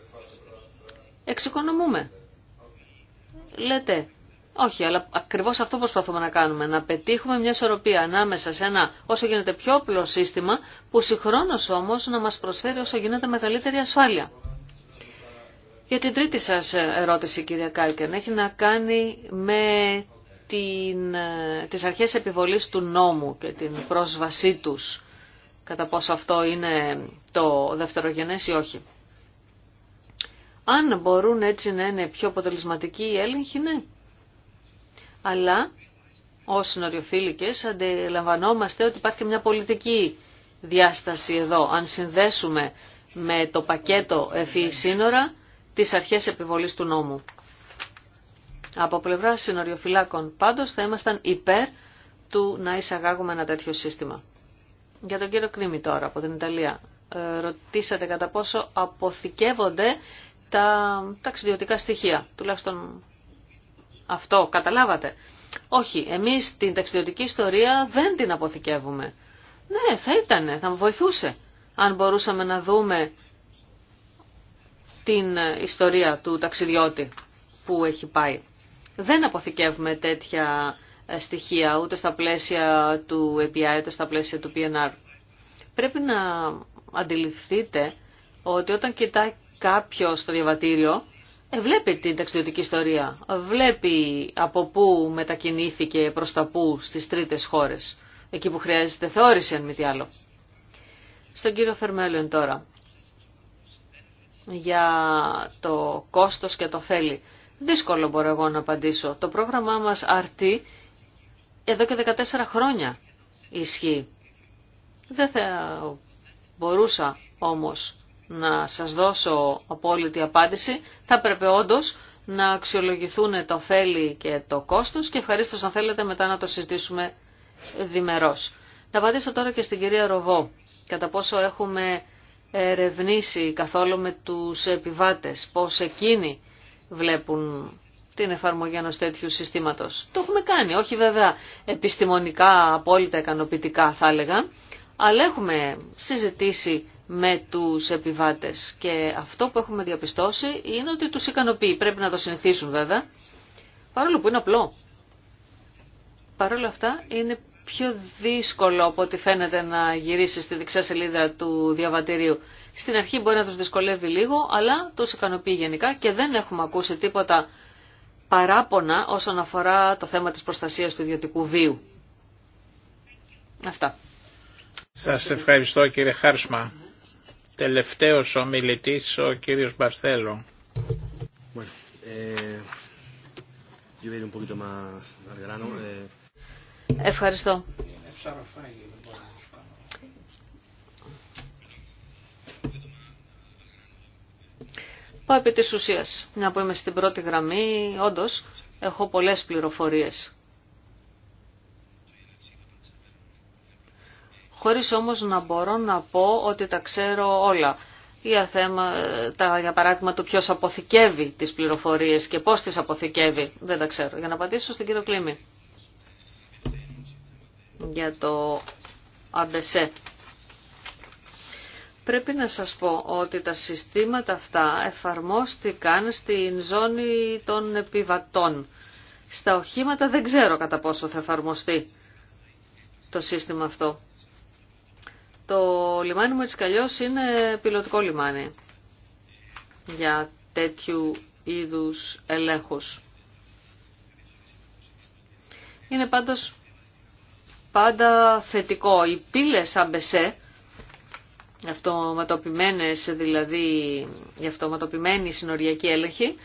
Εξοικονομούμε. Λέτε, όχι, αλλά ακριβώς αυτό προσπαθούμε να κάνουμε, να πετύχουμε μια ισορροπία ανάμεσα σε ένα όσο γίνεται πιο απλό σύστημα, που συγχρόνως όμως να μας προσφέρει όσο γίνεται μεγαλύτερη ασφάλεια. Για την τρίτη σας ερώτηση, κυρία Κάλκεν, έχει να κάνει με την, τις αρχές επιβολής του νόμου και την πρόσβασή τους, κατά πόσο αυτό είναι το δευτερογενές ή όχι. Αν μπορούν έτσι να είναι πιο αποτελεσματικοί οι έλεγχοι, ναι. Αλλά ως συνοριοφίλικες αντιλαμβανόμαστε ότι υπάρχει μια πολιτική διάσταση εδώ. Αν συνδέσουμε με το πακέτο ευφύ σύνορα, τις αρχές επιβολής του νόμου. Από πλευρά συνοριοφυλάκων πάντως θα ήμασταν υπέρ του να εισαγάγουμε ένα τέτοιο σύστημα. Για τον κύριο Κρίμη τώρα από την Ιταλία. Ε, ρωτήσατε κατά πόσο αποθηκεύονται τα ταξιδιωτικά στοιχεία. Τουλάχιστον αυτό καταλάβατε. Όχι, εμείς την ταξιδιωτική ιστορία δεν την αποθηκεύουμε. Ναι, θα ήταν, θα μου βοηθούσε. Αν μπορούσαμε να δούμε την ιστορία του ταξιδιώτη που έχει πάει. Δεν αποθηκεύουμε τέτοια ε, στοιχεία ούτε στα πλαίσια του API ε ούτε στα πλαίσια του PNR. Πρέπει να αντιληφθείτε ότι όταν κοιτάει κάποιος στο διαβατήριο, ε, βλέπει την ταξιδιωτική ιστορία, βλέπει από πού μετακινήθηκε προς τα πού στις τρίτες χώρες, εκεί που χρειάζεται θεώρηση αν μη τι άλλο. Στον κύριο τώρα για το κόστος και το θέλει. Δύσκολο μπορώ εγώ να απαντήσω. Το πρόγραμμά μας RT εδώ και 14 χρόνια ισχύει. Δεν θα μπορούσα όμως να σας δώσω απόλυτη απάντηση. Θα πρέπει όντως να αξιολογηθούν το θέλει και το κόστος και ευχαρίστω αν θέλετε μετά να το συζητήσουμε διμερώς. Να απαντήσω τώρα και στην κυρία Ροβό, κατά πόσο έχουμε ερευνήσει καθόλου με τους επιβάτες πώς εκείνοι βλέπουν την εφαρμογή ενός τέτοιου συστήματος. Το έχουμε κάνει, όχι βέβαια επιστημονικά απόλυτα ικανοποιητικά θα έλεγα, αλλά έχουμε συζητήσει με τους επιβάτες και αυτό που έχουμε διαπιστώσει είναι ότι τους ικανοποιεί. Πρέπει να το συνηθίσουν βέβαια, παρόλο που είναι απλό. Παρ' αυτά είναι πιο δύσκολο από ό,τι φαίνεται να γυρίσει στη δεξιά σελίδα του διαβατηρίου. Στην αρχή μπορεί να του δυσκολεύει λίγο, αλλά του ικανοποιεί γενικά και δεν έχουμε ακούσει τίποτα παράπονα όσον αφορά το θέμα της προστασίας του ιδιωτικού βίου. Αυτά. Σας ευχαριστώ κύριε Χάρσμα. Τελευταίος ο μιλητής, ο κύριος Μπαρθέλο. Bueno, Ευχαριστώ. Πάω επί της ουσίας, Μια που είμαι στην πρώτη γραμμή, όντως έχω πολλές πληροφορίες. Χωρίς όμως να μπορώ να πω ότι τα ξέρω όλα. Για, θέμα, τα, για παράδειγμα το ποιος αποθηκεύει τις πληροφορίες και πώς τις αποθηκεύει, δεν τα ξέρω. Για να απαντήσω στην κύριο Κλήμη για το ΑΜΠΕΣΕ. Πρέπει να σας πω ότι τα συστήματα αυτά εφαρμόστηκαν στην ζώνη των επιβατών. Στα οχήματα δεν ξέρω κατά πόσο θα εφαρμοστεί το σύστημα αυτό. Το λιμάνι μου έτσι είναι πιλωτικό λιμάνι για τέτοιου είδους ελέγχους. Είναι πάντως πάντα θετικό. Οι πύλες αμπεσέ, δηλαδή, η αυτοματοποιημένη συνοριακή έλεγχη,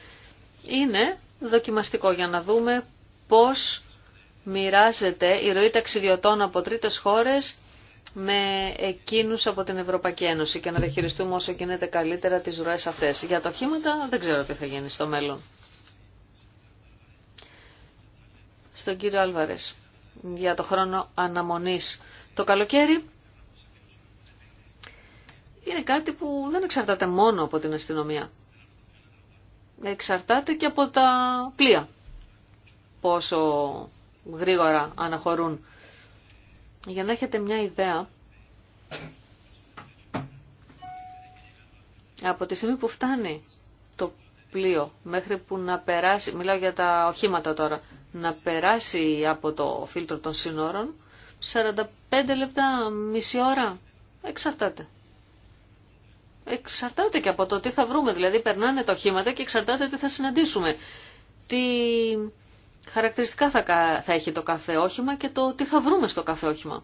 είναι δοκιμαστικό για να δούμε πώς μοιράζεται η ροή ταξιδιωτών από τρίτες χώρες με εκείνους από την Ευρωπαϊκή Ένωση και να διαχειριστούμε όσο γίνεται καλύτερα τις ροές αυτές. Για τα οχήματα δεν ξέρω τι θα γίνει στο μέλλον. Στον κύριο Άλβαρες για το χρόνο αναμονής. Το καλοκαίρι είναι κάτι που δεν εξαρτάται μόνο από την αστυνομία. Εξαρτάται και από τα πλοία. Πόσο γρήγορα αναχωρούν. Για να έχετε μια ιδέα, από τη στιγμή που φτάνει το πλοίο μέχρι που να περάσει, μιλάω για τα οχήματα τώρα, να περάσει από το φίλτρο των σύνορων 45 λεπτά, μισή ώρα. Εξαρτάται. Εξαρτάται και από το τι θα βρούμε. Δηλαδή περνάνε τα οχήματα και εξαρτάται τι θα συναντήσουμε. Τι χαρακτηριστικά θα, έχει το κάθε όχημα και το τι θα βρούμε στο κάθε όχημα.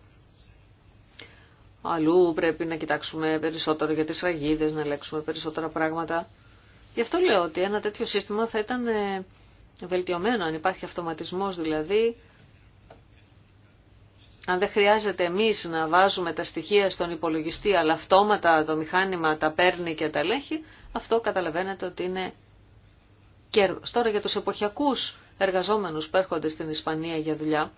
Αλλού πρέπει να κοιτάξουμε περισσότερο για τις ραγίδες, να ελέγξουμε περισσότερα πράγματα. Γι' αυτό λέω ότι ένα τέτοιο σύστημα θα ήταν ε, βελτιωμένο, αν υπάρχει αυτοματισμός δηλαδή, αν δεν χρειάζεται εμείς να βάζουμε τα στοιχεία στον υπολογιστή, αλλά αυτόματα το μηχάνημα τα παίρνει και τα ελέγχει, αυτό καταλαβαίνετε ότι είναι κέρδος. Τώρα για τους εποχιακούς εργαζόμενους που έρχονται στην Ισπανία για δουλειά,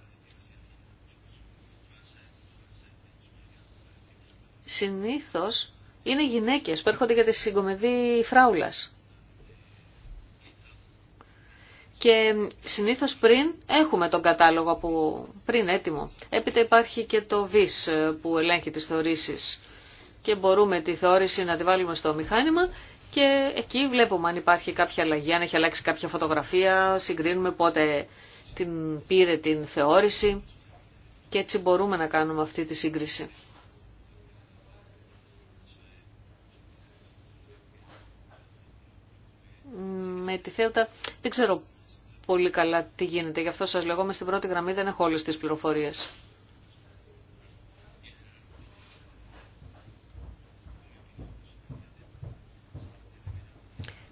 συνήθως είναι γυναίκες που έρχονται για τη συγκομιδή φράουλας και συνήθως πριν έχουμε τον κατάλογο που πριν έτοιμο. Έπειτα υπάρχει και το VIS που ελέγχει τις θεωρήσεις και μπορούμε τη θεώρηση να τη βάλουμε στο μηχάνημα και εκεί βλέπουμε αν υπάρχει κάποια αλλαγή, αν έχει αλλάξει κάποια φωτογραφία, συγκρίνουμε πότε την πήρε την θεώρηση και έτσι μπορούμε να κάνουμε αυτή τη σύγκριση. Με τη θέωτα δεν ξέρω πολύ καλά τι γίνεται. Γι' αυτό σας λέγω, είμαι στην πρώτη γραμμή, δεν έχω όλες τις πληροφορίες.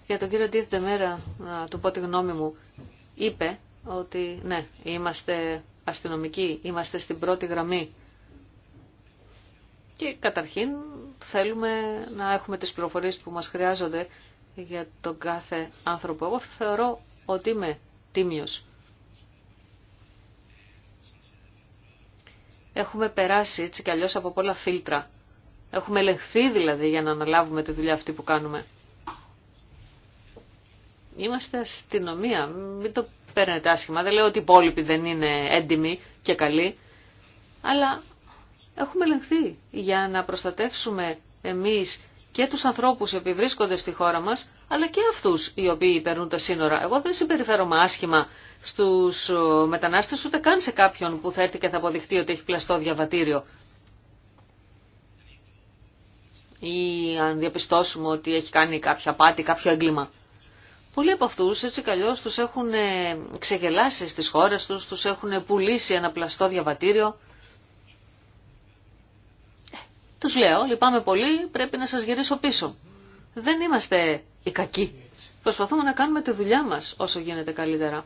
Για τον κύριο Τίθ Δεμέρα, να του πω τη γνώμη μου, είπε ότι ναι, είμαστε αστυνομικοί, είμαστε στην πρώτη γραμμή. Και καταρχήν θέλουμε να έχουμε τις πληροφορίες που μας χρειάζονται για τον κάθε άνθρωπο. Εγώ θεωρώ ότι είμαι τίμιος. Έχουμε περάσει έτσι κι αλλιώς από πολλά φίλτρα. Έχουμε ελεγχθεί δηλαδή για να αναλάβουμε τη δουλειά αυτή που κάνουμε. Είμαστε αστυνομία, μην το παίρνετε άσχημα. Δεν λέω ότι οι υπόλοιποι δεν είναι έντιμοι και καλοί, αλλά έχουμε ελεγχθεί για να προστατεύσουμε εμείς και τους ανθρώπους που βρίσκονται στη χώρα μας, αλλά και αυτούς οι οποίοι περνούν τα σύνορα. Εγώ δεν συμπεριφέρομαι άσχημα στους ε, μετανάστες ούτε καν σε κάποιον που θα έρθει και θα αποδειχτεί ότι έχει πλαστό διαβατήριο ή αν διαπιστώσουμε ότι έχει κάνει κάποια πάτη, κάποιο έγκλημα. Πολλοί από αυτούς έτσι καλώς τους έχουν ε, ξεγελάσει στις χώρες τους, τους έχουν πουλήσει ένα πλαστό διαβατήριο. Ε, τους λέω, λυπάμαι πολύ, πρέπει να σας γυρίσω πίσω. Δεν είμαστε οι κακοί. Προσπαθούμε να κάνουμε τη δουλειά μας όσο γίνεται καλύτερα.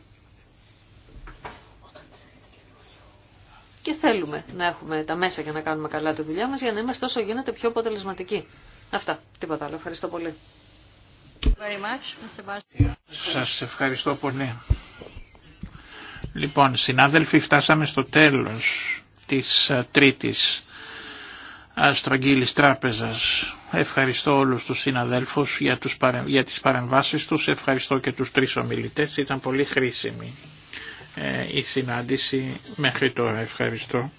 Και θέλουμε να έχουμε τα μέσα για να κάνουμε καλά τη δουλειά μας για να είμαστε όσο γίνεται πιο αποτελεσματικοί. Αυτά. Τίποτα άλλο. Ευχαριστώ πολύ. Σας ευχαριστώ πολύ. Λοιπόν, συνάδελφοι, φτάσαμε στο τέλος της ε, τρίτης ε, στρογγύλης τράπεζας. Ευχαριστώ όλους τους συναδέλφους για, τους παρε... για τις παρεμβάσεις τους. Ευχαριστώ και τους τρεις ομιλητές. Ήταν πολύ χρήσιμη ε, η συνάντηση μέχρι τώρα. Ευχαριστώ.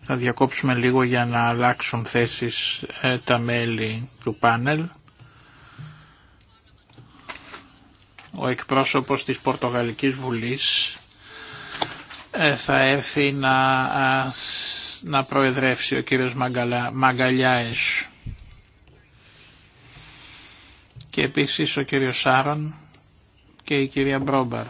Θα διακόψουμε λίγο για να αλλάξουν θέσεις ε, τα μέλη του πάνελ. Ο εκπρόσωπος της Πορτογαλικής Βουλής ε, θα έρθει να να προεδρεύσει ο κύριος Μαγκαλιάης και επίσης ο κύριος Σάρων και η κυρία Μπρόμπαρ.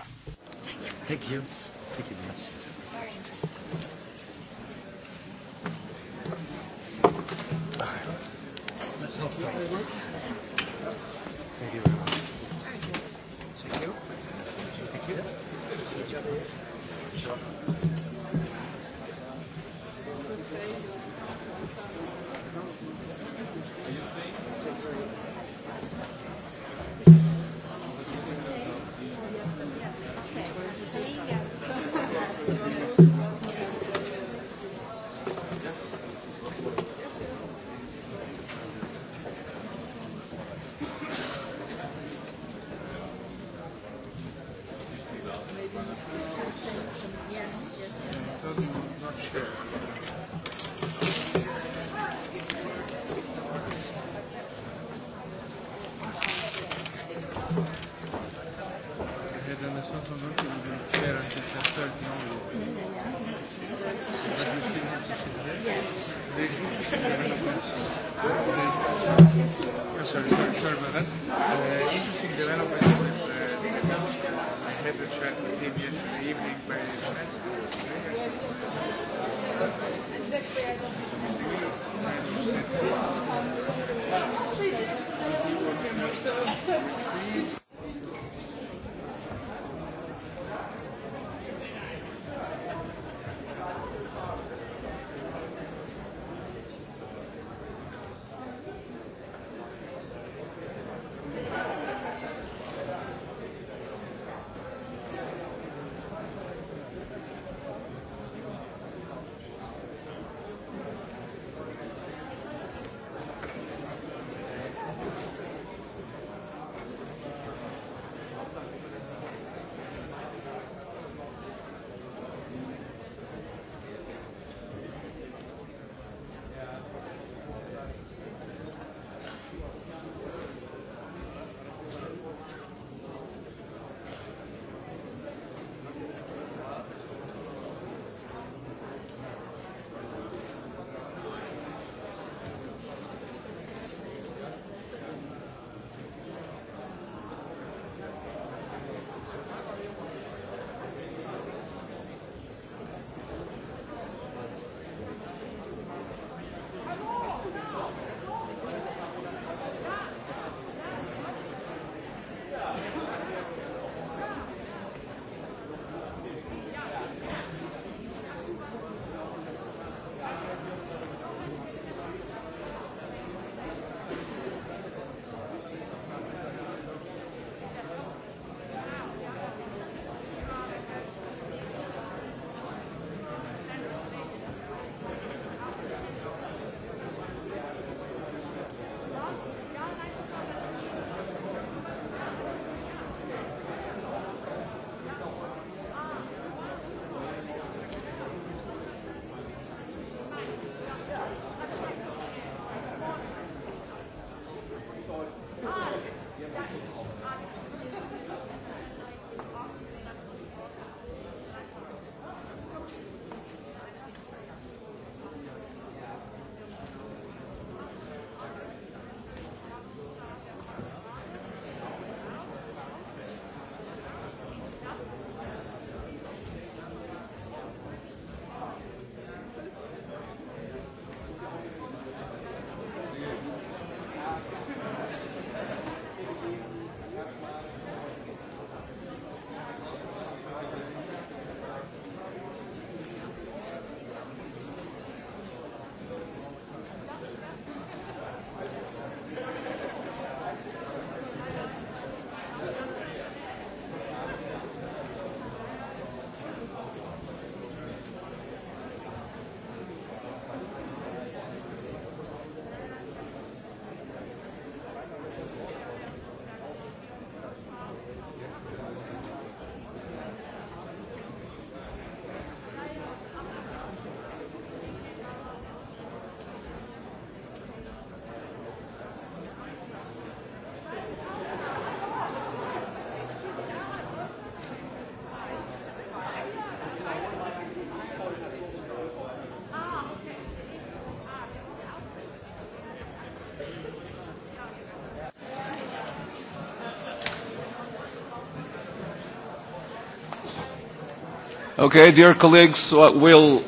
Okay, dear colleagues, uh,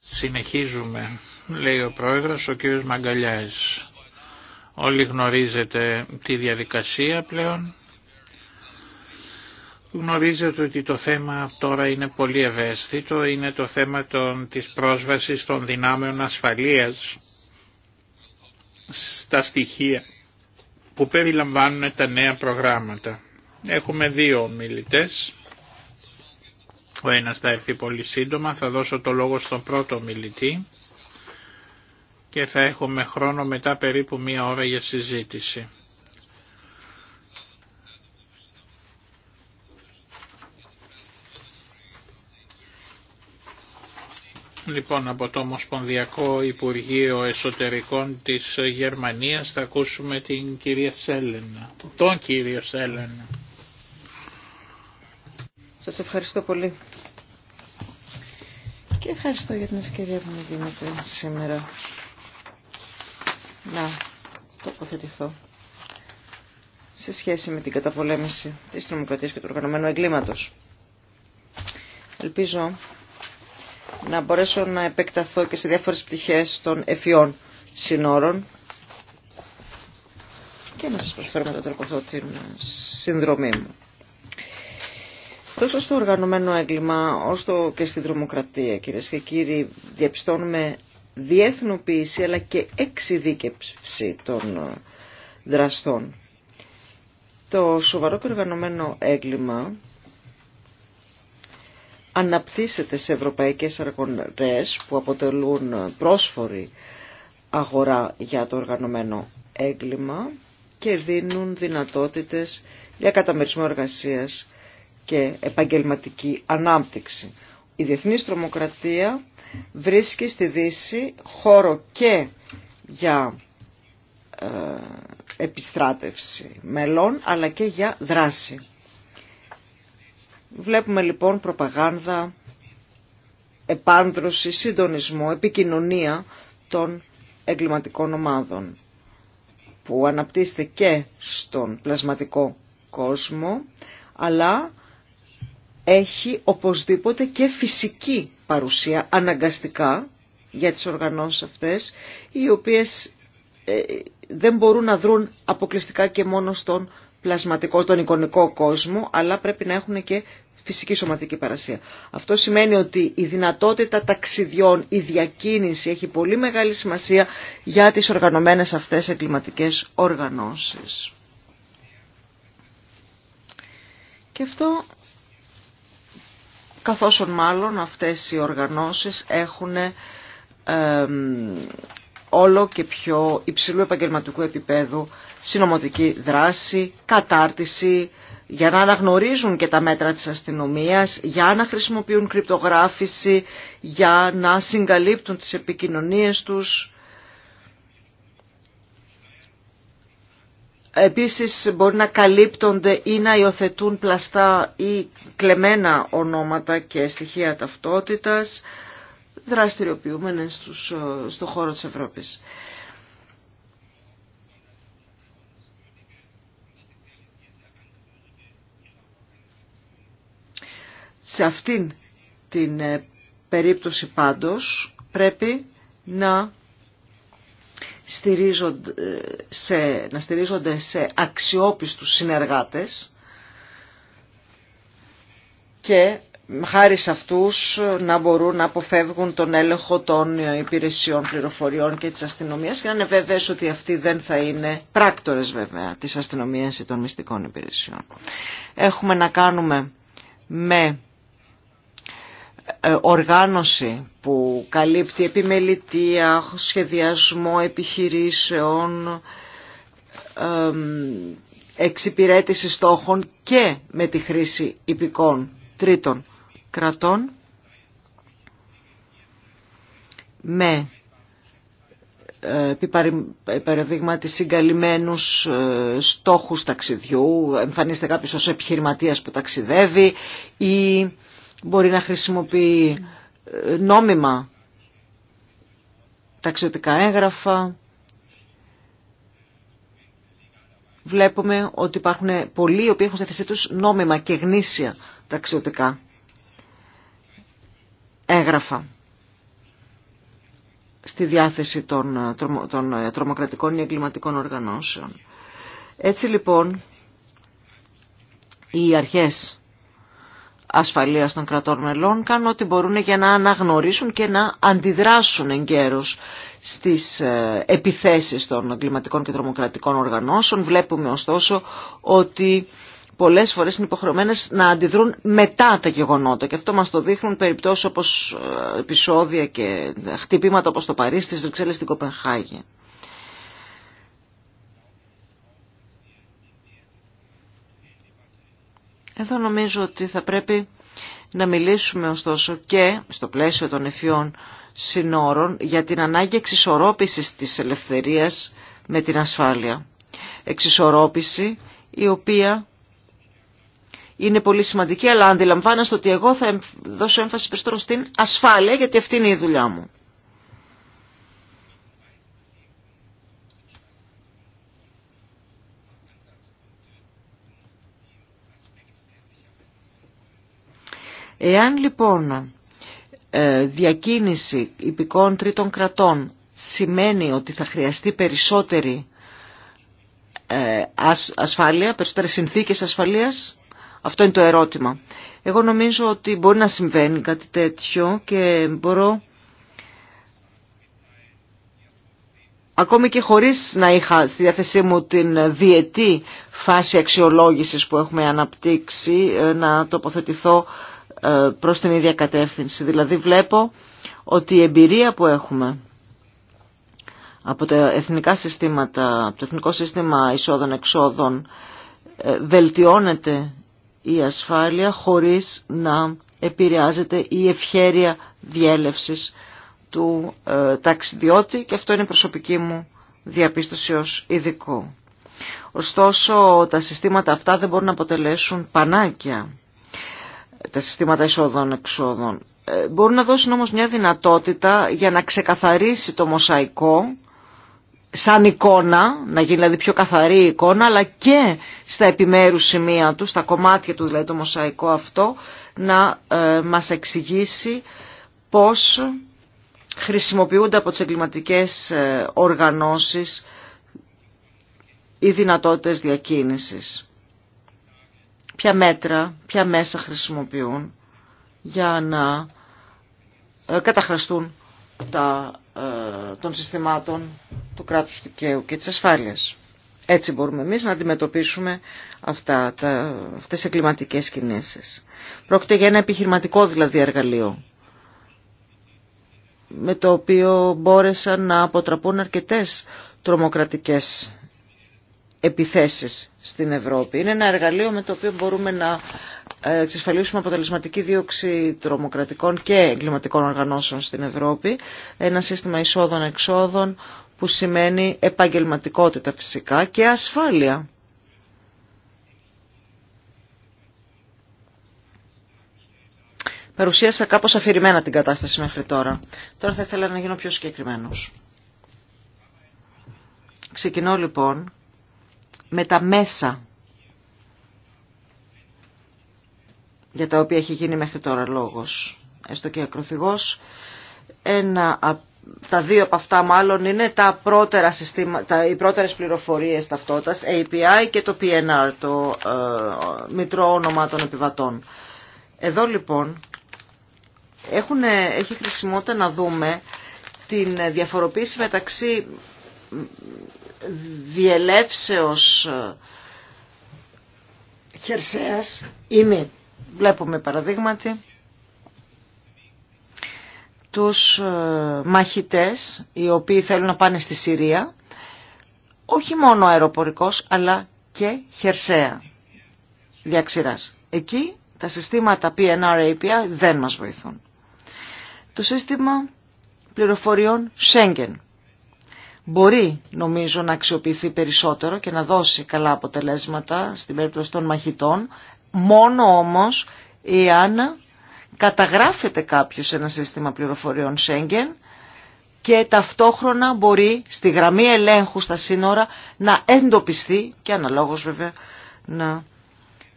Συνεχίζουμε, λέει ο Πρόεδρος, ο κύριος Μαγκαλιάς. Όλοι γνωρίζετε τη διαδικασία πλέον. Γνωρίζετε ότι το θέμα τώρα είναι πολύ ευαίσθητο, είναι το θέμα των, της πρόσβασης των δυνάμεων ασφαλείας στα στοιχεία που περιλαμβάνουν τα νέα προγράμματα. Έχουμε δύο μιλητές. Ο ένας θα έρθει πολύ σύντομα, θα δώσω το λόγο στον πρώτο μιλητή και θα έχουμε χρόνο μετά περίπου μία ώρα για συζήτηση. Λοιπόν, από το Ομοσπονδιακό Υπουργείο Εσωτερικών της Γερμανίας θα ακούσουμε την κυρία Σέλενα. τον κύριο Σέλενα. Σας ευχαριστώ πολύ. Και ευχαριστώ για την ευκαιρία που μου δίνετε σήμερα να τοποθετηθώ σε σχέση με την καταπολέμηση της νομοκρατίας και του οργανωμένου εγκλήματος. Ελπίζω να μπορέσω να επεκταθώ και σε διάφορες πτυχές των εφιών συνόρων και να σας προσφέρω τρόπο το την συνδρομή μου τόσο στο οργανωμένο έγκλημα όσο και στην τρομοκρατία κυρίες και κύριοι διαπιστώνουμε διεθνοποίηση αλλά και εξειδίκευση των ε, δραστών. Το σοβαρό και οργανωμένο έγκλημα αναπτύσσεται σε ευρωπαϊκές αργονές που αποτελούν πρόσφορη αγορά για το οργανωμένο έγκλημα και δίνουν δυνατότητες για καταμερισμό εργασίας και επαγγελματική ανάπτυξη. Η διεθνής τρομοκρατία βρίσκει στη Δύση χώρο και για ε, επιστράτευση μελών αλλά και για δράση. Βλέπουμε λοιπόν προπαγάνδα, επάνδρωση, συντονισμό, επικοινωνία των εγκληματικών ομάδων που αναπτύσσεται και στον πλασματικό κόσμο αλλά έχει οπωσδήποτε και φυσική παρουσία αναγκαστικά για τις οργανώσεις αυτές, οι οποίες ε, δεν μπορούν να δρουν αποκλειστικά και μόνο στον πλασματικό, τον εικονικό κόσμο, αλλά πρέπει να έχουν και φυσική σωματική παρασία. Αυτό σημαίνει ότι η δυνατότητα ταξιδιών, η διακίνηση έχει πολύ μεγάλη σημασία για τις οργανωμένες αυτές εγκληματικές οργανώσεις. Και αυτό καθώς μάλλον αυτές οι οργανώσεις έχουν όλο και πιο υψηλού επαγγελματικού επίπεδου συνομωτική δράση, κατάρτιση, για να αναγνωρίζουν και τα μέτρα της αστυνομίας, για να χρησιμοποιούν κρυπτογράφηση, για να συγκαλύπτουν τις επικοινωνίες τους Επίσης μπορεί να καλύπτονται ή να υιοθετούν πλαστά ή κλεμμένα ονόματα και στοιχεία ταυτότητας δραστηριοποιούμενες στους, ε, στο χώρο της Ευρώπης. Σε αυτήν την ε, περίπτωση πάντως πρέπει να στηρίζονται ε, σε, να στηρίζονται σε αξιόπιστους συνεργάτες και χάρη σε αυτούς να μπορούν να αποφεύγουν τον έλεγχο των υπηρεσιών πληροφοριών και της αστυνομίας και να είναι βέβαιες ότι αυτοί δεν θα είναι πράκτορες βέβαια της αστυνομίας ή των μυστικών υπηρεσιών. Έχουμε να κάνουμε με ε, οργάνωση που καλύπτει επιμελητία, σχεδιασμό επιχειρήσεων, εξυπηρέτηση στόχων και με τη χρήση υπηκών τρίτων κρατών με ε, παραδείγμα τη συγκαλυμμένους ε, στόχους ταξιδιού, Εμφανίστε κάποιος ως επιχειρηματίας που ταξιδεύει ή μπορεί να χρησιμοποιεί ε, νόμιμα ταξιδιωτικά έγγραφα. Βλέπουμε ότι υπάρχουν πολλοί οι οποίοι έχουν στη θέση τους νόμιμα και γνήσια ταξιδιωτικά έγγραφα στη διάθεση των, ε, των ε, τρομοκρατικών ή εγκληματικών οργανώσεων. Έτσι λοιπόν οι αρχές ασφαλείας των κρατών μελών κάνουν ό,τι μπορούν για να αναγνωρίσουν και να αντιδράσουν εγκαίρως στις ε, επιθέσεις των κλιματικών και τρομοκρατικών οργανώσεων. Βλέπουμε ωστόσο ότι πολλές φορές είναι υποχρεωμένες να αντιδρούν μετά τα γεγονότα και αυτό μας το δείχνουν περιπτώσεις όπως ε, επεισόδια και χτυπήματα όπως το Παρίσι, της Βρυξέλλες, στην Κοπενχάγη. Εδώ νομίζω ότι θα πρέπει να μιλήσουμε ωστόσο και στο πλαίσιο των εφιών συνόρων για την ανάγκη εξισορρόπησης της ελευθερίας με την ασφάλεια. Εξισορρόπηση η οποία είναι πολύ σημαντική αλλά αντιλαμβάνεστε ότι εγώ θα δώσω έμφαση περισσότερο στην ασφάλεια γιατί αυτή είναι η δουλειά μου. Εάν λοιπόν ε, διακίνηση υπηκών τρίτων κρατών σημαίνει ότι θα χρειαστεί περισσότερη ε, ασφάλεια, περισσότερες συνθήκες ασφαλείας, αυτό είναι το ερώτημα. Εγώ νομίζω ότι μπορεί να συμβαίνει κάτι τέτοιο και μπορώ ακόμη και χωρίς να είχα στη διάθεσή μου την διετή φάση αξιολόγησης που έχουμε αναπτύξει ε, να τοποθετηθώ ε, προς την ίδια κατεύθυνση. Δηλαδή βλέπω ότι η εμπειρία που έχουμε από τα εθνικά συστήματα, το εθνικό σύστημα εισόδων-εξόδων ε, βελτιώνεται η ασφάλεια χωρίς να επηρεάζεται η ευχέρεια διέλευσης του ε, ταξιδιώτη και αυτό είναι η προσωπική μου διαπίστωση ως ειδικό. Ωστόσο τα συστήματα αυτά δεν μπορούν να αποτελέσουν πανάκια τα συστήματα εισόδων-εξόδων. Ε, Μπορούν να δώσουν όμως μια δυνατότητα για να ξεκαθαρίσει το μοσαϊκό σαν εικόνα, να γίνει δηλαδή πιο καθαρή η εικόνα, αλλά και στα επιμέρους σημεία του, στα κομμάτια του δηλαδή το μοσαϊκό αυτό, να ε, μας εξηγήσει πώς χρησιμοποιούνται από τις εγκληματικές ε, οργανώσεις οι δυνατότητες διακίνησης ποια μέτρα, ποια μέσα χρησιμοποιούν για να ε, καταχραστούν τα, ε, των συστημάτων του κράτους δικαίου και της ασφάλειας. Έτσι μπορούμε εμείς να αντιμετωπίσουμε αυτά, τα, αυτές τις εγκληματικές κινήσεις. Πρόκειται για ένα επιχειρηματικό δηλαδή εργαλείο με το οποίο μπόρεσαν να αποτραπούν αρκετές τρομοκρατικές επιθέσεις στην Ευρώπη. Είναι ένα εργαλείο με το οποίο μπορούμε να ε, εξασφαλίσουμε αποτελεσματική δίωξη τρομοκρατικών και εγκληματικών οργανώσεων στην Ευρώπη. Ένα σύστημα εισόδων-εξόδων που σημαίνει επαγγελματικότητα φυσικά και ασφάλεια. Παρουσίασα κάπως αφηρημένα την κατάσταση μέχρι τώρα. Τώρα θα ήθελα να γίνω πιο συγκεκριμένος. Ξεκινώ λοιπόν με τα μέσα για τα οποία έχει γίνει μέχρι τώρα λόγος, έστω και ακροθυγός. Ένα, τα δύο από αυτά μάλλον είναι τα πρώτερα οι πρώτερες πληροφορίες ταυτότητας, API και το PNR, το ε, Μητρό Όνομα των Επιβατών. Εδώ λοιπόν έχουν, έχει χρησιμότητα να δούμε την διαφοροποίηση μεταξύ διελεύσεως ε, χερσαίας ή Βλέπουμε παραδείγματι τους ε, μαχητές οι οποίοι θέλουν να πάνε στη Συρία όχι μόνο αεροπορικός αλλά και χερσαία διαξηράς. Εκεί τα συστήματα PNR API δεν μας βοηθούν. Το σύστημα πληροφοριών Schengen μπορεί νομίζω να αξιοποιηθεί περισσότερο και να δώσει καλά αποτελέσματα στην περίπτωση των μαχητών, μόνο όμως εάν καταγράφεται κάποιος σε ένα σύστημα πληροφοριών Σέγγεν και ταυτόχρονα μπορεί στη γραμμή ελέγχου στα σύνορα να εντοπιστεί και αναλόγως βέβαια να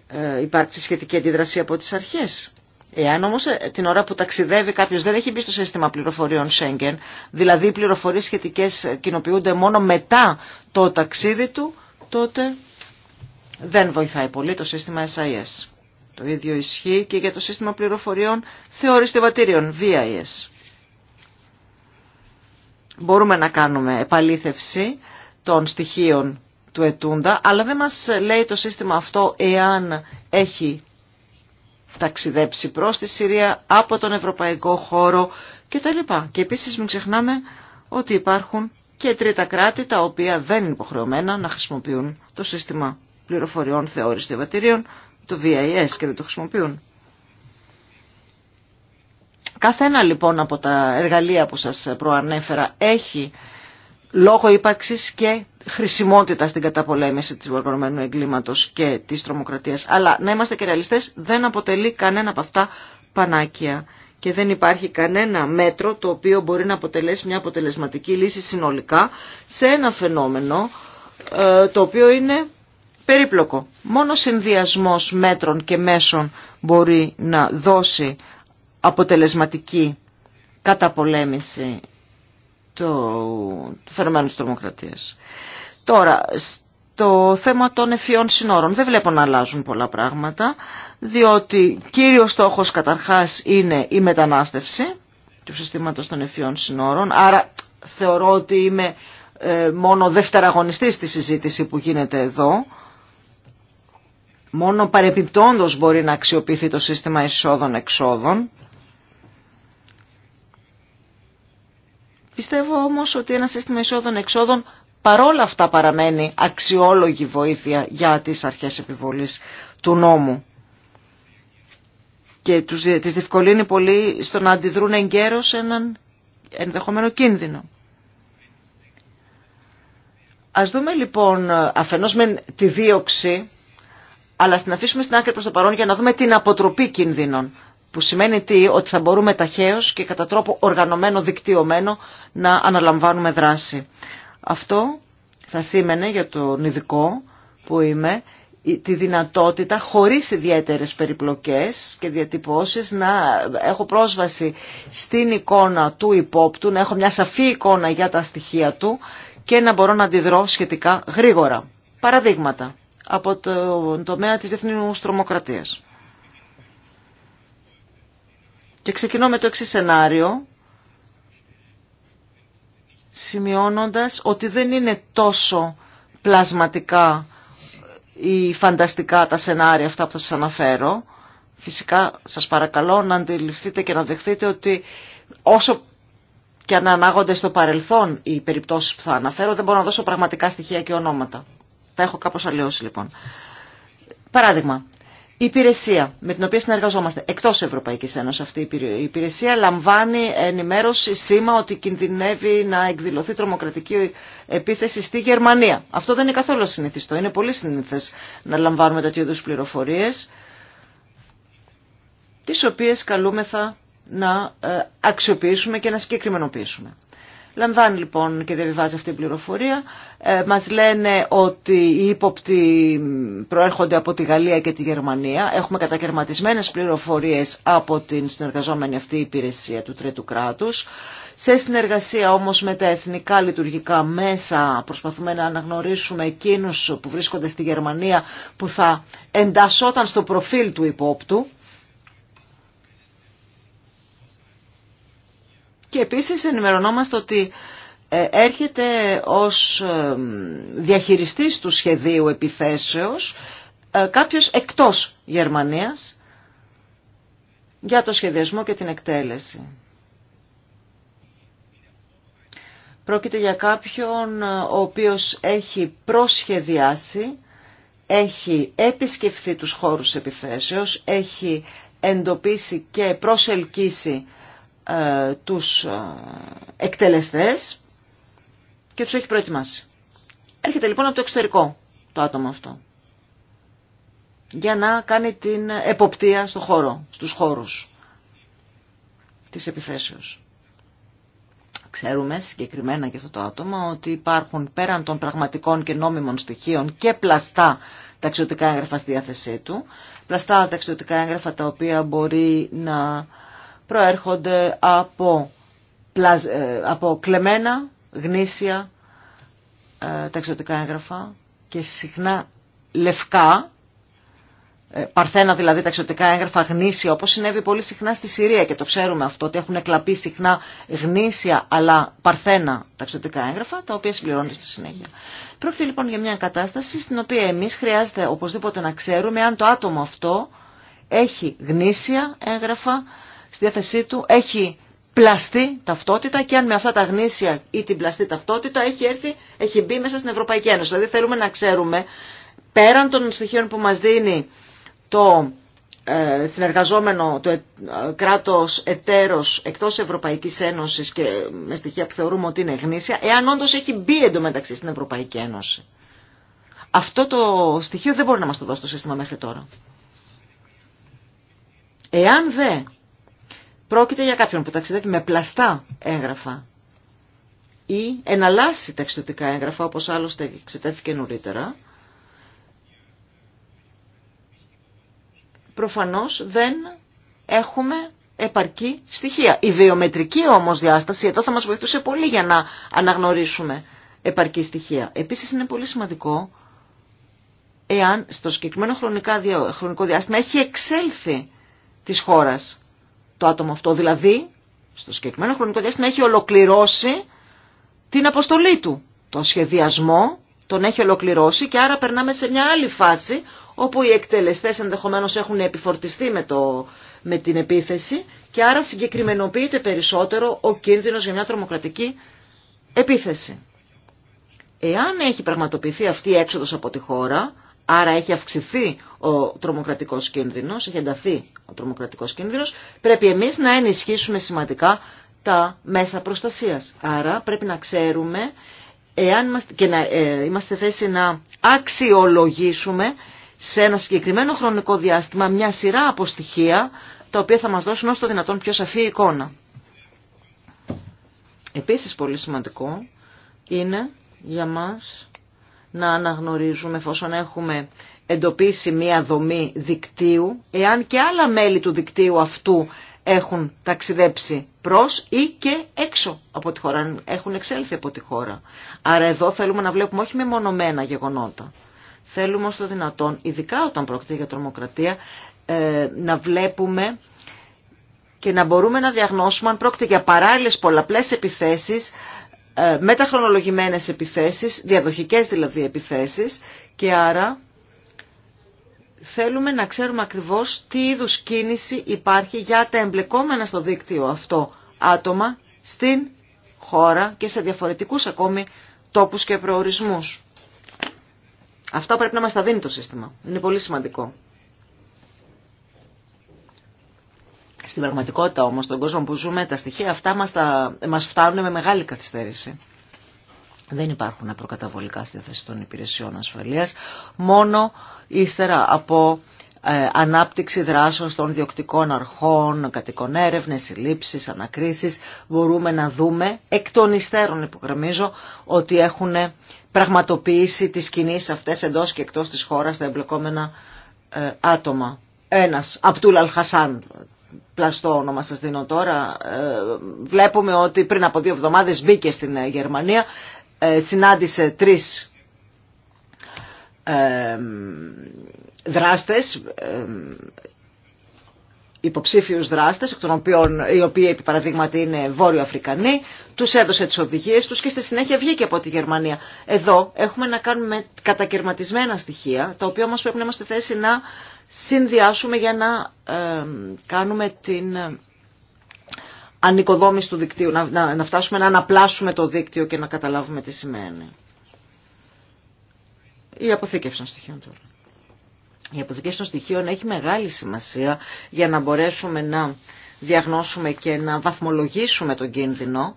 ε, υπάρξει σχετική αντιδρασία από τις αρχές. Εάν όμω ε, την ώρα που ταξιδεύει κάποιο δεν έχει μπει στο σύστημα πληροφοριών Schengen, δηλαδή οι πληροφορίε σχετικέ ε, κοινοποιούνται μόνο μετά το ταξίδι του, τότε δεν βοηθάει πολύ το σύστημα SIS. Το ίδιο ισχύει και για το σύστημα πληροφοριών θεωρηστιβατήριων, VIS. Μπορούμε να κάνουμε επαλήθευση των στοιχείων του ετούντα, αλλά δεν μας ε, λέει το σύστημα αυτό εάν έχει ταξιδέψει προς τη Συρία από τον ευρωπαϊκό χώρο κτλ. Και επίσης μην ξεχνάμε ότι υπάρχουν και τρίτα κράτη τα οποία δεν είναι υποχρεωμένα να χρησιμοποιούν το σύστημα πληροφοριών θεώρηση διαβατηρίων, το VIS και δεν το χρησιμοποιούν. Καθένα λοιπόν από τα εργαλεία που σας προανέφερα έχει λόγω ύπαρξης και χρησιμότητα στην καταπολέμηση του οργανωμένου εγκλήματος και της τρομοκρατίας. Αλλά να είμαστε και ρεαλιστές, δεν αποτελεί κανένα από αυτά πανάκια και δεν υπάρχει κανένα μέτρο το οποίο μπορεί να αποτελέσει μια αποτελεσματική λύση συνολικά σε ένα φαινόμενο ε, το οποίο είναι περίπλοκο. Μόνο συνδυασμός μέτρων και μέσων μπορεί να δώσει αποτελεσματική καταπολέμηση το φαινομένου της τρομοκρατίας. Τώρα, το θέμα των ευφυών συνόρων δεν βλέπω να αλλάζουν πολλά πράγματα, διότι κύριος στόχος καταρχάς είναι η μετανάστευση του συστήματος των ευφυών συνόρων, άρα θεωρώ ότι είμαι ε, μόνο δευτεραγωνιστή στη συζήτηση που γίνεται εδώ, μόνο παρεπιπτόντος μπορεί να αξιοποιηθεί το σύστημα εισόδων-εξόδων, Πιστεύω όμως ότι ένα σύστημα εισόδων-εξόδων παρόλα αυτά παραμένει αξιόλογη βοήθεια για τις αρχές επιβολής του νόμου. Και τους, τις διευκολύνει πολύ στο να αντιδρούν εγκαίρως έναν ενδεχομένο κίνδυνο. Ας δούμε λοιπόν αφενός με τη δίωξη, αλλά στην αφήσουμε στην άκρη προς το παρόν για να δούμε την αποτροπή κινδύνων. Που σημαίνει τι, ότι θα μπορούμε ταχαίως και κατά τρόπο οργανωμένο, δικτυωμένο να αναλαμβάνουμε δράση. Αυτό θα σήμαινε για τον ειδικό που είμαι τη δυνατότητα χωρίς ιδιαίτερες περιπλοκές και διατυπώσεις να έχω πρόσβαση στην εικόνα του υπόπτου, να έχω μια σαφή εικόνα για τα στοιχεία του και να μπορώ να αντιδρώ σχετικά γρήγορα. Παραδείγματα από το τομέα της διεθνού τρομοκρατίας. Και ξεκινώ με το εξή σενάριο, σημειώνοντας ότι δεν είναι τόσο πλασματικά ή φανταστικά τα σενάρια αυτά που θα σας αναφέρω. Φυσικά σας παρακαλώ να αντιληφθείτε και να δεχτείτε ότι όσο και αν ανάγονται στο παρελθόν οι περιπτώσεις που θα αναφέρω δεν μπορώ να δώσω πραγματικά στοιχεία και ονόματα. Τα έχω κάπως αλλιώσει λοιπόν. Παράδειγμα, η υπηρεσία με την οποία συνεργαζόμαστε εκτός Ευρωπαϊκής Ένωσης αυτή η υπηρεσία λαμβάνει ενημέρωση σήμα ότι κινδυνεύει να εκδηλωθεί τρομοκρατική επίθεση στη Γερμανία. Αυτό δεν είναι καθόλου συνηθιστό. Είναι πολύ συνήθες να λαμβάνουμε τέτοιου είδου πληροφορίες τις οποίες καλούμεθα να ε, αξιοποιήσουμε και να συγκεκριμενοποιήσουμε. Λαμβάνει λοιπόν και διαβιβάζει αυτή την πληροφορία. Ε, μας λένε ότι οι ύποπτοι προέρχονται από τη Γαλλία και τη Γερμανία. Έχουμε κατακαιρματισμένες πληροφορίες από την συνεργαζόμενη αυτή υπηρεσία του τρίτου κράτους. Σε συνεργασία όμως με τα εθνικά λειτουργικά μέσα προσπαθούμε να αναγνωρίσουμε εκείνους που βρίσκονται στη Γερμανία που θα εντασσόταν στο προφίλ του υπόπτου και επίσης ενημερωνόμαστε ότι ε, έρχεται ως ε, διαχειριστής του σχεδίου επιθέσεως ε, κάποιος εκτός Γερμανίας για το σχεδιασμό και την εκτέλεση. Πρόκειται για κάποιον ο οποίος έχει προσχεδιάσει, έχει επισκεφθεί τους χώρους επιθέσεως, έχει εντοπίσει και προσελκύσει ε, τους ε, εκτελεστές και τους έχει προετοιμάσει. Έρχεται λοιπόν από το εξωτερικό το άτομο αυτό για να κάνει την εποπτεία στο χώρο, στους χώρους της επιθέσεως. Ξέρουμε συγκεκριμένα για αυτό το άτομο ότι υπάρχουν πέραν των πραγματικών και νόμιμων στοιχείων και πλαστά ταξιδιωτικά έγγραφα στη διάθεσή του, πλαστά ταξιδιωτικά έγγραφα τα οποία μπορεί να προέρχονται από, ε, από κλεμμένα γνήσια ε, ταξιδιωτικά έγγραφα και συχνά λευκά, ε, παρθένα δηλαδή ταξιδιωτικά έγγραφα γνήσια, όπως συνέβη πολύ συχνά στη Συρία και το ξέρουμε αυτό, ότι έχουν εκλαπεί συχνά γνήσια αλλά παρθένα ταξιδιωτικά έγγραφα, τα οποία συμπληρώνονται στη συνέχεια. Πρόκειται λοιπόν για μια κατάσταση στην οποία εμείς χρειάζεται οπωσδήποτε να ξέρουμε αν το άτομο αυτό έχει γνήσια έγγραφα, στη διάθεσή του έχει πλαστή ταυτότητα και αν με αυτά τα γνήσια ή την πλαστή ταυτότητα έχει έρθει, έχει μπει μέσα στην Ευρωπαϊκή Ένωση. Δηλαδή θέλουμε να ξέρουμε πέραν των στοιχείων που μας δίνει το ε, συνεργαζόμενο το ε, κράτος εταίρος εκτός Ευρωπαϊκής Ένωσης και ε, με στοιχεία που θεωρούμε ότι είναι γνήσια, εάν όντως έχει μπει εντωμεταξύ στην Ευρωπαϊκή Ένωση. Αυτό το στοιχείο δεν μπορεί να μας το δώσει το σύστημα μέχρι τώρα. Εάν δεν πρόκειται για κάποιον που ταξιδεύει με πλαστά έγγραφα ή εναλλάσσει ταξιδιωτικά έγγραφα, όπως άλλωστε εξετέθηκε νωρίτερα, προφανώς δεν έχουμε επαρκή στοιχεία. Η βιομετρική όμως διάσταση εδώ θα μας βοηθούσε πολύ για να αναγνωρίσουμε επαρκή στοιχεία. Επίσης είναι πολύ σημαντικό εάν στο συγκεκριμένο χρονικό διάστημα έχει εξέλθει της χώρας το άτομο αυτό. Δηλαδή, στο συγκεκριμένο χρονικό διάστημα έχει ολοκληρώσει την αποστολή του. Το σχεδιασμό τον έχει ολοκληρώσει και άρα περνάμε σε μια άλλη φάση όπου οι εκτελεστές ενδεχομένως έχουν επιφορτιστεί με, το, με την επίθεση και άρα συγκεκριμενοποιείται περισσότερο ο κίνδυνος για μια τρομοκρατική επίθεση. Εάν έχει πραγματοποιηθεί αυτή η έξοδος από τη χώρα, Άρα έχει αυξηθεί ο τρομοκρατικός κίνδυνος, έχει ενταθεί ο τρομοκρατικός κίνδυνος. Πρέπει εμείς να ενισχύσουμε σημαντικά τα μέσα προστασίας. Άρα πρέπει να ξέρουμε εάν και να ε, είμαστε σε θέση να αξιολογήσουμε σε ένα συγκεκριμένο χρονικό διάστημα μια σειρά από τα οποία θα μας δώσουν όσο το δυνατόν πιο σαφή εικόνα. Επίσης πολύ σημαντικό είναι για μας να αναγνωρίζουμε εφόσον έχουμε εντοπίσει μία δομή δικτύου, εάν και άλλα μέλη του δικτύου αυτού έχουν ταξιδέψει προς ή και έξω από τη χώρα, έχουν εξέλθει από τη χώρα. Άρα εδώ θέλουμε να βλέπουμε όχι μεμονωμένα γεγονότα. Θέλουμε όσο δυνατόν, ειδικά όταν πρόκειται για τρομοκρατία, ε, να βλέπουμε και να μπορούμε να διαγνώσουμε αν πρόκειται για παράλληλες πολλαπλές επιθέσεις ε, μεταχρονολογημένες επιθέσεις, διαδοχικές δηλαδή επιθέσεις και άρα θέλουμε να ξέρουμε ακριβώς τι είδους κίνηση υπάρχει για τα εμπλεκόμενα στο δίκτυο αυτό άτομα στην χώρα και σε διαφορετικούς ακόμη τόπους και προορισμούς. Αυτά πρέπει να μας τα δίνει το σύστημα. Είναι πολύ σημαντικό. Στην πραγματικότητα όμως, στον κόσμο που ζούμε, τα στοιχεία αυτά μας, τα, μας φτάνουν με μεγάλη καθυστέρηση. Δεν υπάρχουν προκαταβολικά στη θέση των υπηρεσιών ασφαλείας, μόνο ύστερα από ε, ανάπτυξη δράσεων των διοκτικών αρχών, κατοικών έρευνε, συλλήψεις, ανακρίσεις, μπορούμε να δούμε, εκ των υστέρων υπογραμμίζω, ότι έχουν πραγματοποιήσει τις κινήσεις αυτές εντός και εκτός της χώρας τα εμπλεκόμενα ε, άτομα. Ένας, Απτούλ Αλχασάν, πλαστό όνομα σας δίνω τώρα, ε, βλέπουμε ότι πριν από δύο εβδομάδες μπήκε στην ε, Γερμανία, ε, συνάντησε τρεις δράστες, υποψήφιους δράστες, εκ των οποίων, οι οποίοι επί παραδείγματι είναι Βόρειο Αφρικανοί, τους έδωσε τις οδηγίες τους και στη συνέχεια βγήκε από τη Γερμανία. Εδώ έχουμε να κάνουμε κατακαιρματισμένα στοιχεία, τα οποία όμως πρέπει να είμαστε θέση να συνδυάσουμε για να ε, κάνουμε την ε, ανοικοδόμηση του δικτύου, να, να, να φτάσουμε να αναπλάσουμε το δίκτυο και να καταλάβουμε τι σημαίνει. Η αποθήκευση των στοιχείων τώρα. Η αποθήκευση των στοιχείων έχει μεγάλη σημασία για να μπορέσουμε να διαγνώσουμε και να βαθμολογήσουμε τον κίνδυνο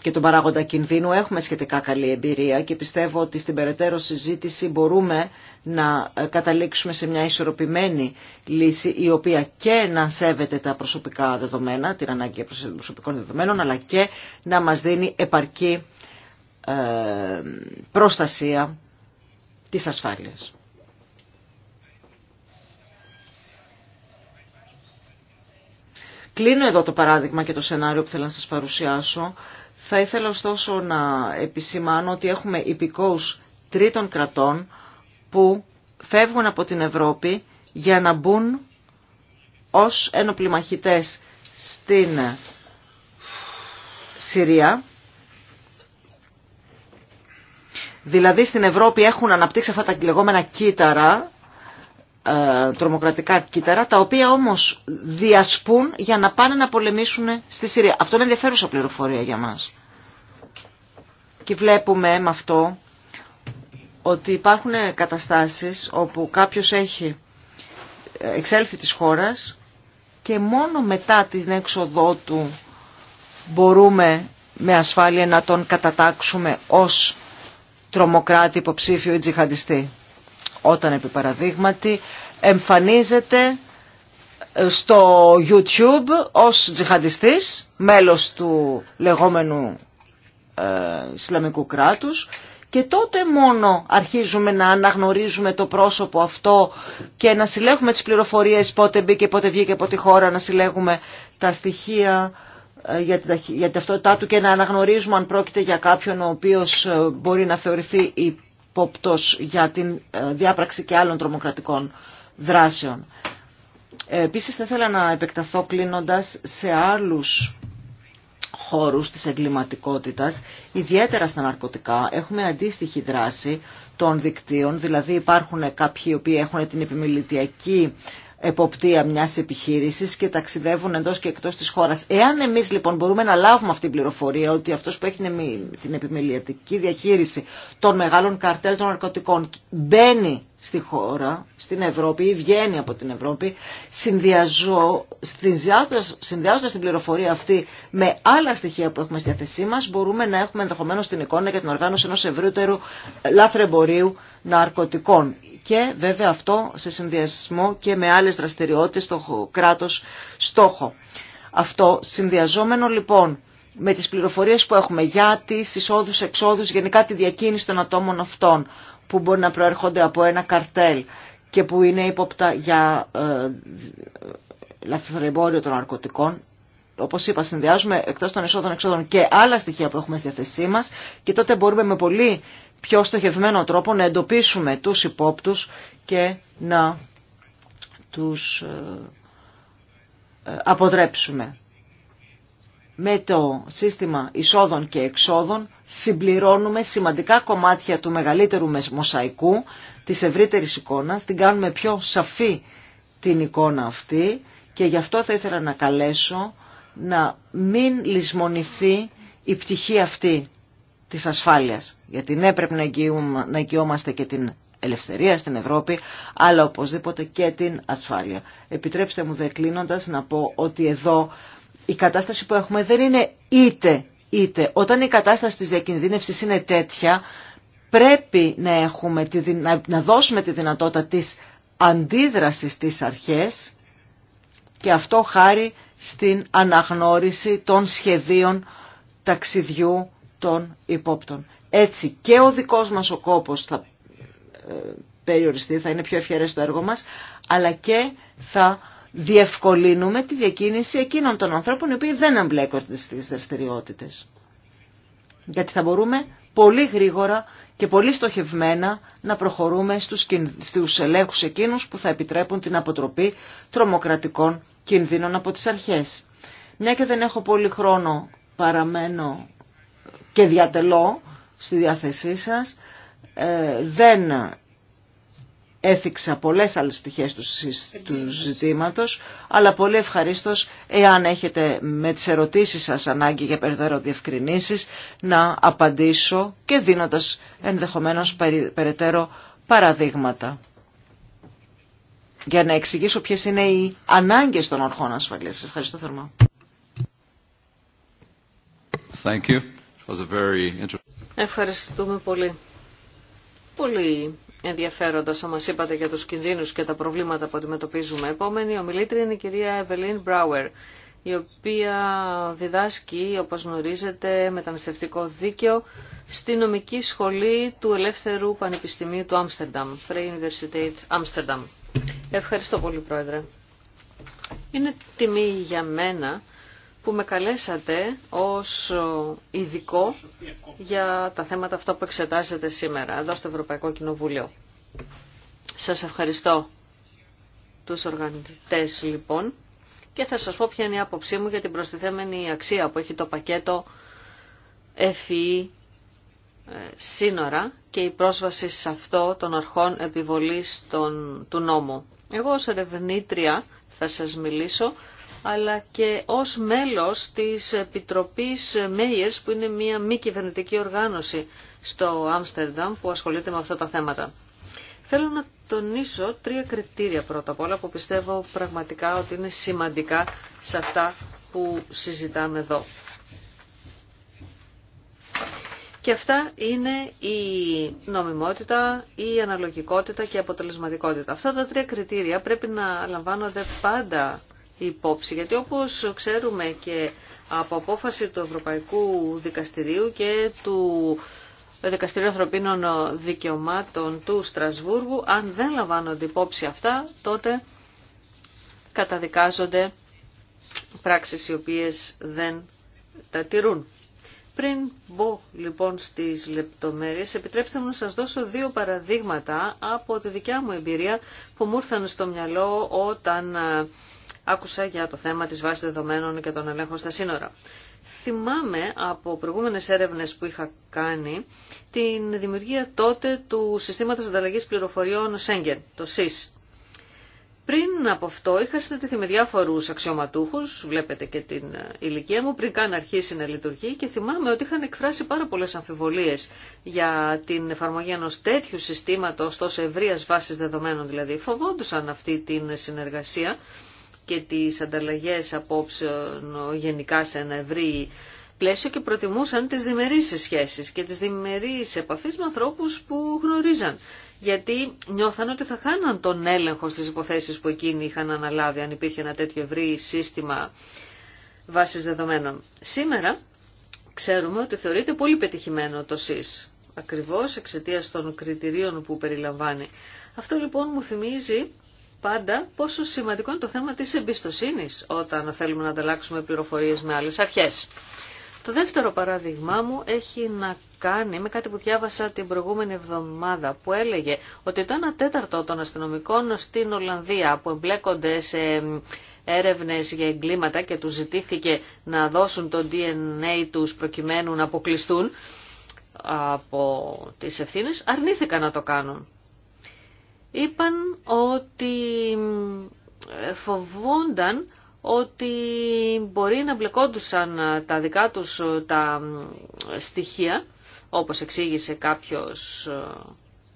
και τον παράγοντα κινδύνου έχουμε σχετικά καλή εμπειρία και πιστεύω ότι στην περαιτέρω συζήτηση μπορούμε να ε, καταλήξουμε σε μια ισορροπημένη λύση η οποία και να σέβεται τα προσωπικά δεδομένα, την ανάγκη προσωπικών δεδομένων αλλά και να μας δίνει επαρκή ε, προστασία της ασφάλειας. Κλείνω εδώ το παράδειγμα και το σενάριο που θέλω να σας παρουσιάσω. Θα ήθελα ωστόσο να επισημάνω ότι έχουμε υπηκόους τρίτων κρατών που φεύγουν από την Ευρώπη για να μπουν ως ενοπλημαχητές στην Συρία. Δηλαδή στην Ευρώπη έχουν αναπτύξει αυτά τα λεγόμενα κύτταρα ε, τρομοκρατικά κύτταρα, τα οποία όμως διασπούν για να πάνε να πολεμήσουν στη Συρία. Αυτό είναι ενδιαφέρουσα πληροφορία για μας. Και βλέπουμε με αυτό ότι υπάρχουν καταστάσεις όπου κάποιος έχει εξέλθει της χώρας και μόνο μετά την έξοδό του μπορούμε με ασφάλεια να τον κατατάξουμε ως τρομοκράτη υποψήφιο ή τζιχαντιστή όταν επί εμφανίζεται ε, στο YouTube ως τζιχαντιστής, μέλος του λεγόμενου ε, Ισλαμικού κράτους και τότε μόνο αρχίζουμε να αναγνωρίζουμε το πρόσωπο αυτό και να συλλέγουμε τις πληροφορίες πότε μπήκε, πότε βγήκε από τη χώρα, να συλλέγουμε τα στοιχεία ε, για την ταυτότητά του και να αναγνωρίζουμε αν πρόκειται για κάποιον ο οποίος ε, μπορεί να θεωρηθεί για την ε, διάπραξη και άλλων τρομοκρατικών δράσεων. Ε, επίσης θα ήθελα να επεκταθώ κλείνοντας σε άλλους χώρους της εγκληματικότητας, ιδιαίτερα στα ναρκωτικά, έχουμε αντίστοιχη δράση των δικτύων, δηλαδή υπάρχουν κάποιοι οι οποίοι έχουν την επιμελητιακή εποπτεία μιας επιχείρησης και ταξιδεύουν εντός και εκτός της χώρας. Εάν εμείς λοιπόν μπορούμε να λάβουμε αυτή την πληροφορία ότι αυτός που έχει την επιμελητική διαχείριση των μεγάλων καρτέλ των ναρκωτικών μπαίνει στη χώρα, στην Ευρώπη ή βγαίνει από την Ευρώπη, συνδυάζοντα την πληροφορία αυτή με άλλα στοιχεία που έχουμε στη διάθεσή μα, μπορούμε να έχουμε ενδεχομένω την εικόνα για την οργάνωση ενό ευρύτερου ε, λάθρεμπορίου ναρκωτικών. Και βέβαια αυτό σε συνδυασμό και με άλλε δραστηριότητε στο κράτο στόχο. Αυτό συνδυαζόμενο λοιπόν με τις πληροφορίες που έχουμε για τις εισόδους, εξόδους, γενικά τη διακίνηση των ατόμων αυτών, που μπορεί να προέρχονται από ένα καρτέλ και που είναι ύποπτα για ε, λαθρεμπόριο των ναρκωτικών. Όπω είπα, συνδυάζουμε εκτό των εσόδων-εξόδων και άλλα στοιχεία που έχουμε στη διαθεσή μα και τότε μπορούμε με πολύ πιο στοχευμένο τρόπο να εντοπίσουμε του υπόπτου και να του ε, ε, αποτρέψουμε με το σύστημα εισόδων και εξόδων συμπληρώνουμε σημαντικά κομμάτια του μεγαλύτερου μοσαϊκού, της ευρύτερης εικόνας, την κάνουμε πιο σαφή την εικόνα αυτή και γι' αυτό θα ήθελα να καλέσω να μην λησμονηθεί η πτυχή αυτή της ασφάλειας. Γιατί ναι πρέπει να εγγυόμαστε και την ελευθερία στην Ευρώπη, αλλά οπωσδήποτε και την ασφάλεια. Επιτρέψτε μου δε να πω ότι εδώ η κατάσταση που έχουμε δεν είναι είτε είτε. Όταν η κατάσταση της διακινδύνευσης είναι τέτοια, πρέπει να, έχουμε τη, να, δώσουμε τη δυνατότητα της αντίδρασης στις αρχές και αυτό χάρη στην αναγνώριση των σχεδίων ταξιδιού των υπόπτων. Έτσι και ο δικός μας ο κόπος θα ε, περιοριστεί, θα είναι πιο ευχερές το έργο μας, αλλά και θα διευκολύνουμε τη διακίνηση εκείνων των ανθρώπων οι οποίοι δεν εμπλέκονται στις δραστηριότητε. Γιατί θα μπορούμε πολύ γρήγορα και πολύ στοχευμένα να προχωρούμε στους, στους ελέγχους εκείνους που θα επιτρέπουν την αποτροπή τρομοκρατικών κινδύνων από τις αρχές. Μια και δεν έχω πολύ χρόνο παραμένω και διατελώ στη διάθεσή σας, ε, δεν έθιξα πολλές άλλες πτυχές του, του ζητήματος, αλλά πολύ ευχαρίστως εάν έχετε με τις ερωτήσεις σας ανάγκη για περαιτέρω διευκρινήσεις να απαντήσω και δίνοντας ενδεχομένως περαιτέρω παραδείγματα για να εξηγήσω ποιες είναι οι ανάγκες των αρχών ασφαλείας. Σας ευχαριστώ θερμά. Ευχαριστούμε πολύ. Πολύ ενδιαφέροντα, όσα μα είπατε για τους κινδύνου και τα προβλήματα που αντιμετωπίζουμε. Επόμενη ομιλήτρια είναι η κυρία Εβελίν Μπράουερ, η οποία διδάσκει, όπως γνωρίζετε, μεταναστευτικό δίκαιο στη νομική σχολή του Ελεύθερου Πανεπιστημίου του Άμστερνταμ, Free University Amsterdam. Ευχαριστώ πολύ, Πρόεδρε. Είναι τιμή για μένα που με καλέσατε ως ειδικό για τα θέματα αυτά που εξετάζετε σήμερα εδώ στο Ευρωπαϊκό Κοινοβούλιο. Σας ευχαριστώ τους οργανωτές λοιπόν και θα σας πω ποια είναι η άποψή μου για την προστιθέμενη αξία που έχει το πακέτο FEE ε, σύνορα και η πρόσβαση σε αυτό των αρχών επιβολής των, του νόμου. Εγώ ως ερευνήτρια θα σας μιλήσω αλλά και ως μέλος της Επιτροπής Μέιερς που είναι μια μη κυβερνητική οργάνωση στο Άμστερνταμ που ασχολείται με αυτά τα θέματα. Θέλω να τονίσω τρία κριτήρια πρώτα απ' όλα που πιστεύω πραγματικά ότι είναι σημαντικά σε αυτά που συζητάμε εδώ. Και αυτά είναι η νομιμότητα, η αναλογικότητα και η αποτελεσματικότητα. Αυτά τα τρία κριτήρια πρέπει να λαμβάνονται πάντα υπόψη. Γιατί όπως ξέρουμε και από απόφαση του Ευρωπαϊκού Δικαστηρίου και του Δικαστηρίου Ανθρωπίνων Δικαιωμάτων του Στρασβούργου, αν δεν λαμβάνονται υπόψη αυτά, τότε καταδικάζονται πράξεις οι οποίες δεν τα τηρούν. Πριν μπω λοιπόν στις λεπτομέρειες, επιτρέψτε μου να σας δώσω δύο παραδείγματα από τη δικιά μου εμπειρία που μου ήρθαν στο μυαλό όταν ε, άκουσα για το θέμα της βάσης δεδομένων και των ελέγχων στα σύνορα. Θυμάμαι από προηγούμενες έρευνες που είχα κάνει την δημιουργία τότε του Συστήματος Ανταλλαγής Πληροφοριών Σέγγεν, το ΣΥΣ. Πριν από αυτό είχα συναντηθεί με διάφορους αξιωματούχους, βλέπετε και την ηλικία μου, πριν καν αρχίσει να λειτουργεί και θυμάμαι ότι είχαν εκφράσει πάρα πολλές αμφιβολίες για την εφαρμογή ενό τέτοιου συστήματος τόσο ευρεία βάσης δεδομένων δηλαδή. Φοβόντουσαν αυτή την συνεργασία και τις ανταλλαγές απόψεων γενικά σε ένα ευρύ πλαίσιο και προτιμούσαν τις διμερείς σχέσεις και τις διμερείς επαφές με ανθρώπους που γνωρίζαν. Γιατί νιώθαν ότι θα χάναν τον έλεγχο στις υποθέσεις που εκείνοι είχαν αναλάβει αν υπήρχε ένα τέτοιο ευρύ σύστημα βάσης δεδομένων. Σήμερα ξέρουμε ότι θεωρείται πολύ πετυχημένο το ΣΥΣ, ακριβώς εξαιτία των κριτηρίων που περιλαμβάνει. Αυτό λοιπόν μου θυμίζει πάντα πόσο σημαντικό είναι το θέμα της εμπιστοσύνης όταν θέλουμε να ανταλλάξουμε πληροφορίες με άλλες αρχές. Το δεύτερο παράδειγμά μου έχει να κάνει με κάτι που διάβασα την προηγούμενη εβδομάδα που έλεγε ότι το 1 τέταρτο των αστυνομικών στην Ολλανδία που εμπλέκονται σε έρευνες για εγκλήματα και του ζητήθηκε να δώσουν το DNA τους προκειμένου να αποκλειστούν από τις ευθύνες αρνήθηκαν να το κάνουν είπαν ότι ε, φοβούνταν ότι μπορεί να μπλεκόντουσαν ε, τα δικά τους ε, τα στοιχεία, όπως εξήγησε κάποιος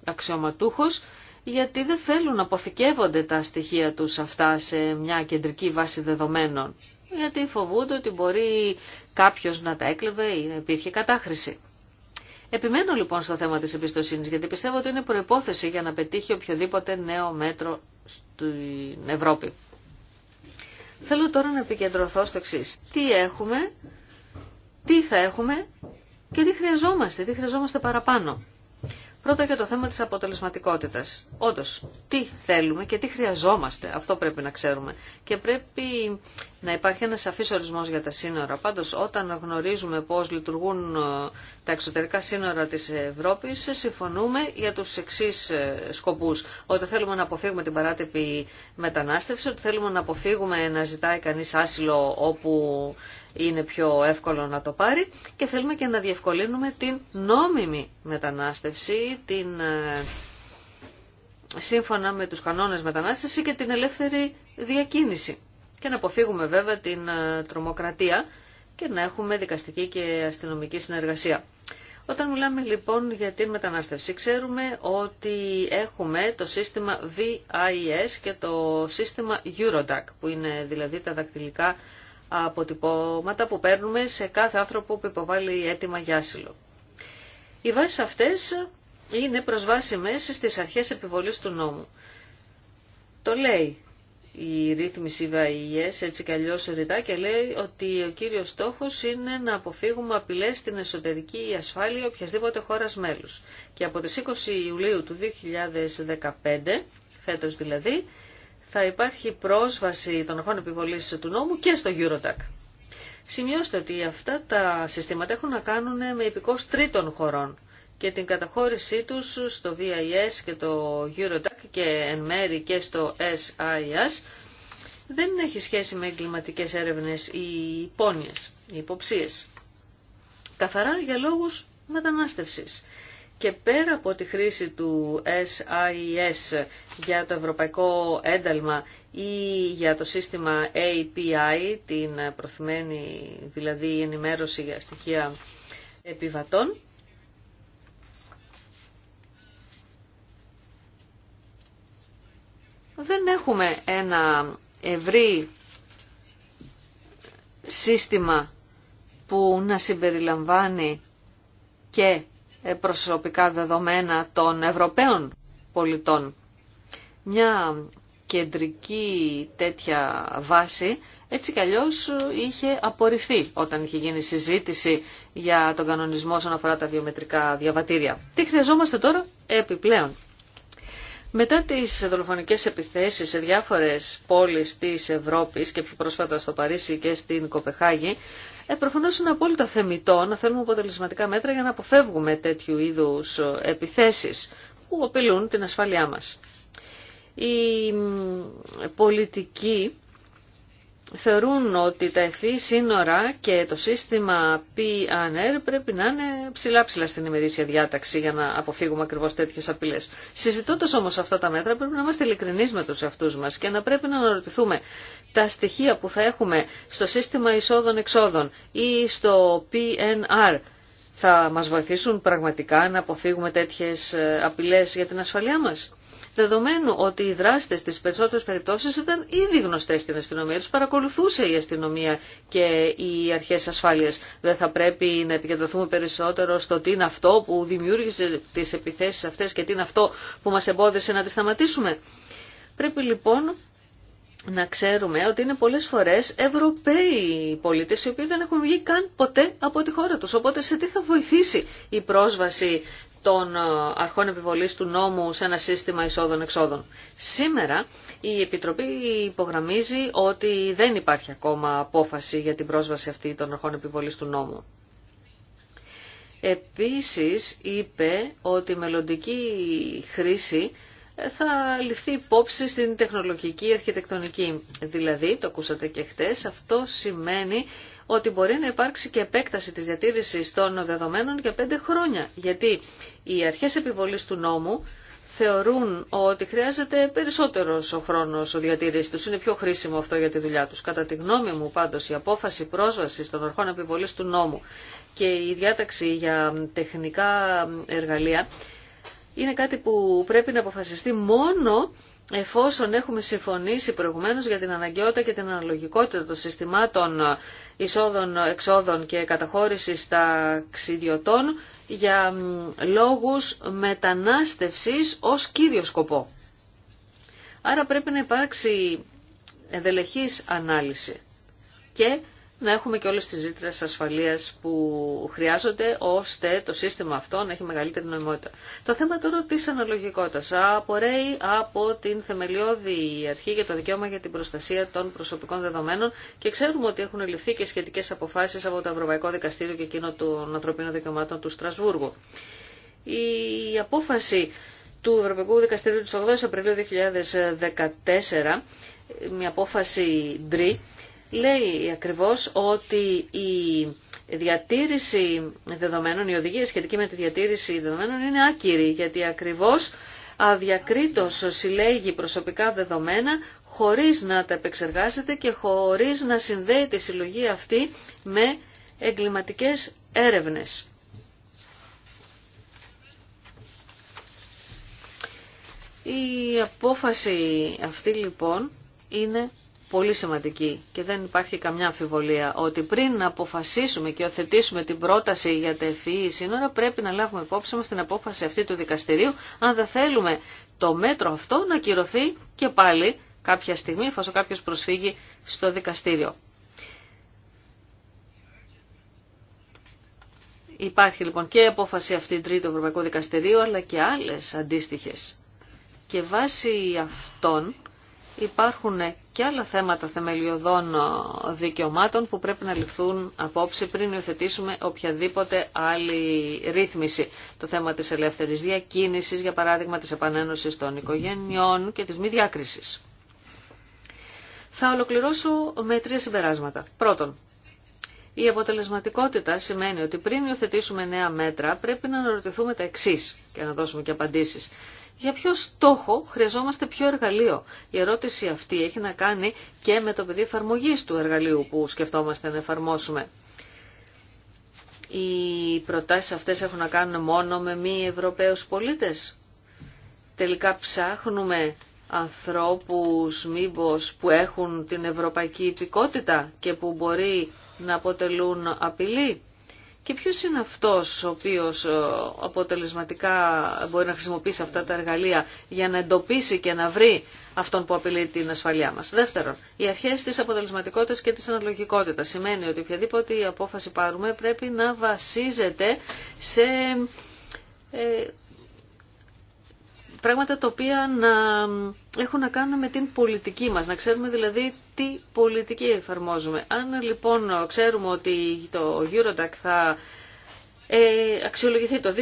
αξιωματούχος, γιατί δεν θέλουν να αποθηκεύονται τα στοιχεία τους αυτά σε μια κεντρική βάση δεδομένων, γιατί φοβούνται ότι μπορεί κάποιος να τα έκλεβε ή να υπήρχε κατάχρηση. Επιμένω λοιπόν στο θέμα της εμπιστοσύνης, γιατί πιστεύω ότι είναι προϋπόθεση για να πετύχει οποιοδήποτε νέο μέτρο στην Ευρώπη. Θέλω τώρα να επικεντρωθώ στο εξή. Τι έχουμε, τι θα έχουμε και τι χρειαζόμαστε, τι χρειαζόμαστε παραπάνω. Πρώτα για το θέμα της αποτελεσματικότητας. Όντως, τι θέλουμε και τι χρειαζόμαστε, αυτό πρέπει να ξέρουμε. Και πρέπει να υπάρχει ένα σαφής ορισμός για τα σύνορα. Πάντως, όταν γνωρίζουμε πώς λειτουργούν ε, τα εξωτερικά σύνορα της Ευρώπης, συμφωνούμε για τους εξή ε, σκοπούς. Ότι θέλουμε να αποφύγουμε την παράτυπη μετανάστευση, ότι θέλουμε να αποφύγουμε να ζητάει κανείς άσυλο όπου είναι πιο εύκολο να το πάρει και θέλουμε και να διευκολύνουμε την νόμιμη μετανάστευση, την ε, σύμφωνα με τους κανόνες μετανάστευση και την ελεύθερη διακίνηση. Και να αποφύγουμε βέβαια την ε, τρομοκρατία και να έχουμε δικαστική και αστυνομική συνεργασία. Όταν μιλάμε λοιπόν για την μετανάστευση, ξέρουμε ότι έχουμε το σύστημα VIS και το σύστημα Eurodac, που είναι δηλαδή τα δακτυλικά αποτυπώματα που παίρνουμε σε κάθε άνθρωπο που υποβάλλει αίτημα για άσυλο. Οι βάσεις αυτές είναι προσβάσιμες στις αρχές επιβολής του νόμου. Το λέει η ρύθμιση ΒΑΙΕΣ έτσι κι αλλιώς ρητά και λέει ότι ο κύριος στόχος είναι να αποφύγουμε απειλές στην εσωτερική ασφάλεια οποιασδήποτε χώρας μέλους. Και από τις 20 Ιουλίου του 2015, φέτος δηλαδή, θα υπάρχει πρόσβαση των αρχών επιβολής του νόμου και στο Eurotac. Σημειώστε ότι αυτά τα συστήματα έχουν να κάνουν με υπηκός τρίτων χωρών και την καταχώρησή τους στο VIS και το Eurotac και εν μέρη και στο SIS δεν έχει σχέση με εγκληματικές έρευνες ή υπόνοιες, ή υποψίες. Καθαρά για λόγους μετανάστευσης και πέρα από τη χρήση του SIS για το Ευρωπαϊκό Ένταλμα ή για το σύστημα API, την προθυμένη δηλαδή ενημέρωση για στοιχεία επιβατών, δεν έχουμε ένα ευρύ σύστημα που να συμπεριλαμβάνει και ε, προσωπικά δεδομένα των Ευρωπαίων πολιτών. Μια κεντρική τέτοια βάση έτσι κι αλλιώς είχε απορριφθεί όταν είχε γίνει συζήτηση για τον κανονισμό όσον αφορά τα βιομετρικά διαβατήρια. Τι χρειαζόμαστε τώρα επιπλέον. Μετά τις δολοφονικές επιθέσεις σε διάφορες πόλεις της Ευρώπης και πιο πρόσφατα στο Παρίσι και στην Κοπεχάγη, ε, Προφανώ είναι απόλυτα θεμητό να θέλουμε αποτελεσματικά μέτρα για να αποφεύγουμε τέτοιου είδους επιθέσεις που απειλούν την ασφάλειά μας. Η πολιτική θεωρούν ότι τα εφή σύνορα και το σύστημα PNR πρέπει να είναι ψηλά ψηλά στην ημερήσια διάταξη για να αποφύγουμε ακριβώς τέτοιες απειλές. Συζητώντας όμως αυτά τα μέτρα πρέπει να είμαστε ειλικρινεί με τους εαυτούς μας και να πρέπει να αναρωτηθούμε τα στοιχεία που θα έχουμε στο σύστημα εισόδων-εξόδων ή στο PNR θα μας βοηθήσουν πραγματικά να αποφύγουμε τέτοιες ε, απειλές για την ασφαλειά μας. Δεδομένου ότι οι δράστες στις περισσότερες περιπτώσεις ήταν ήδη γνωστές στην αστυνομία, τους παρακολουθούσε η αστυνομία και οι αρχές ασφάλειας. Δεν θα πρέπει να επικεντρωθούμε περισσότερο στο τι είναι αυτό που δημιούργησε τις επιθέσεις αυτές και τι είναι αυτό που μας εμπόδισε να τις σταματήσουμε. Πρέπει λοιπόν να ξέρουμε ότι είναι πολλές φορές Ευρωπαίοι πολίτες οι οποίοι δεν έχουν βγει καν ποτέ από τη χώρα τους. Οπότε σε τι θα βοηθήσει η πρόσβαση των ε, αρχών επιβολής του νόμου σε ένα σύστημα εισόδων-εξόδων. Σήμερα η Επιτροπή υπογραμμίζει ότι δεν υπάρχει ακόμα απόφαση για την πρόσβαση αυτή των αρχών επιβολής του νόμου. Επίσης είπε ότι η μελλοντική χρήση ε, θα ληφθεί υπόψη στην τεχνολογική αρχιτεκτονική. Δηλαδή, το ακούσατε και χτες, αυτό σημαίνει ότι μπορεί να υπάρξει και επέκταση της διατήρησης των δεδομένων για πέντε χρόνια. Γιατί οι αρχές επιβολής του νόμου θεωρούν ότι χρειάζεται περισσότερος ο χρόνος ο διατήρησης τους. Είναι πιο χρήσιμο αυτό για τη δουλειά τους. Κατά τη γνώμη μου πάντως η απόφαση πρόσβασης των αρχών επιβολής του νόμου και η διάταξη για τεχνικά εργαλεία είναι κάτι που πρέπει να αποφασιστεί μόνο εφόσον έχουμε συμφωνήσει προηγουμένως για την αναγκαιότητα και την αναλογικότητα των συστημάτων εισόδων-εξόδων και καταχώρησης ταξιδιωτών για λόγους μετανάστευσης ως κύριο σκοπό. Άρα πρέπει να υπάρξει ενδελεχής ανάλυση και να έχουμε και όλες τις ρήτρες ασφαλείας που χρειάζονται, ώστε το σύστημα αυτό να έχει μεγαλύτερη νοημότητα. Το θέμα τώρα της αναλογικότητας απορρέει από την θεμελιώδη αρχή για το δικαίωμα για την προστασία των προσωπικών δεδομένων και ξέρουμε ότι έχουν ληφθεί και σχετικές αποφάσεις από το Ευρωπαϊκό Δικαστήριο και εκείνο των ανθρωπίνων δικαιωμάτων του Στρασβούργου. Η απόφαση του Ευρωπαϊκού Δικαστηρίου της 8 Απριλίου 2014, μια απόφαση DRI, λέει ακριβώς ότι η διατήρηση δεδομένων, η οδηγία σχετική με τη διατήρηση δεδομένων είναι άκυρη, γιατί ακριβώς αδιακρίτως συλλέγει προσωπικά δεδομένα χωρίς να τα επεξεργάζεται και χωρίς να συνδέει τη συλλογή αυτή με εγκληματικές έρευνες. Η απόφαση αυτή λοιπόν είναι πολύ σημαντική και δεν υπάρχει καμιά αμφιβολία ότι πριν να αποφασίσουμε και οθετήσουμε την πρόταση για τα ευφυή e e σύνορα πρέπει να λάβουμε υπόψη μας την απόφαση αυτή του δικαστηρίου αν δεν θέλουμε το μέτρο αυτό να κυρωθεί και πάλι κάποια στιγμή εφόσον κάποιος προσφύγει στο δικαστήριο. Υπάρχει λοιπόν και η απόφαση αυτή τρίτου Ευρωπαϊκού Δικαστηρίου αλλά και άλλες αντίστοιχες. Και βάσει αυτών υπάρχουν και άλλα θέματα θεμελιωδών ε, δικαιωμάτων που πρέπει να ληφθούν απόψη πριν υιοθετήσουμε οποιαδήποτε άλλη ρύθμιση. Το θέμα της ελεύθερης διακίνησης, για παράδειγμα της επανένωσης των οικογενειών και της μη διάκρισης. Θα ολοκληρώσω με τρία συμπεράσματα. Πρώτον, η αποτελεσματικότητα σημαίνει ότι πριν υιοθετήσουμε νέα μέτρα πρέπει να αναρωτηθούμε τα εξή και να δώσουμε και απαντήσεις για ποιο στόχο χρειαζόμαστε ποιο εργαλείο. Η ερώτηση αυτή έχει να κάνει και με το πεδίο εφαρμογή του εργαλείου που σκεφτόμαστε να εφαρμόσουμε. Οι προτάσεις αυτές έχουν να κάνουν μόνο με μη Ευρωπαίους πολίτες. Τελικά ψάχνουμε ανθρώπους μήπως που έχουν την ευρωπαϊκή υπηκότητα και που μπορεί να αποτελούν απειλή. Και ποιο είναι αυτός ο οποίο ε, αποτελεσματικά μπορεί να χρησιμοποιήσει αυτά τα εργαλεία για να εντοπίσει και να βρει αυτόν που απειλεί την ασφαλειά μας. Δεύτερον, οι αρχέ της αποτελεσματικότητας και της αναλογικότητας. Σημαίνει ότι οποιαδήποτε απόφαση πάρουμε πρέπει να βασίζεται σε ε, πράγματα τα οποία να έχουν να κάνουν με την πολιτική μας, να ξέρουμε δηλαδή τι πολιτική εφαρμόζουμε. Αν λοιπόν ξέρουμε ότι το Eurodac θα ε, αξιολογηθεί το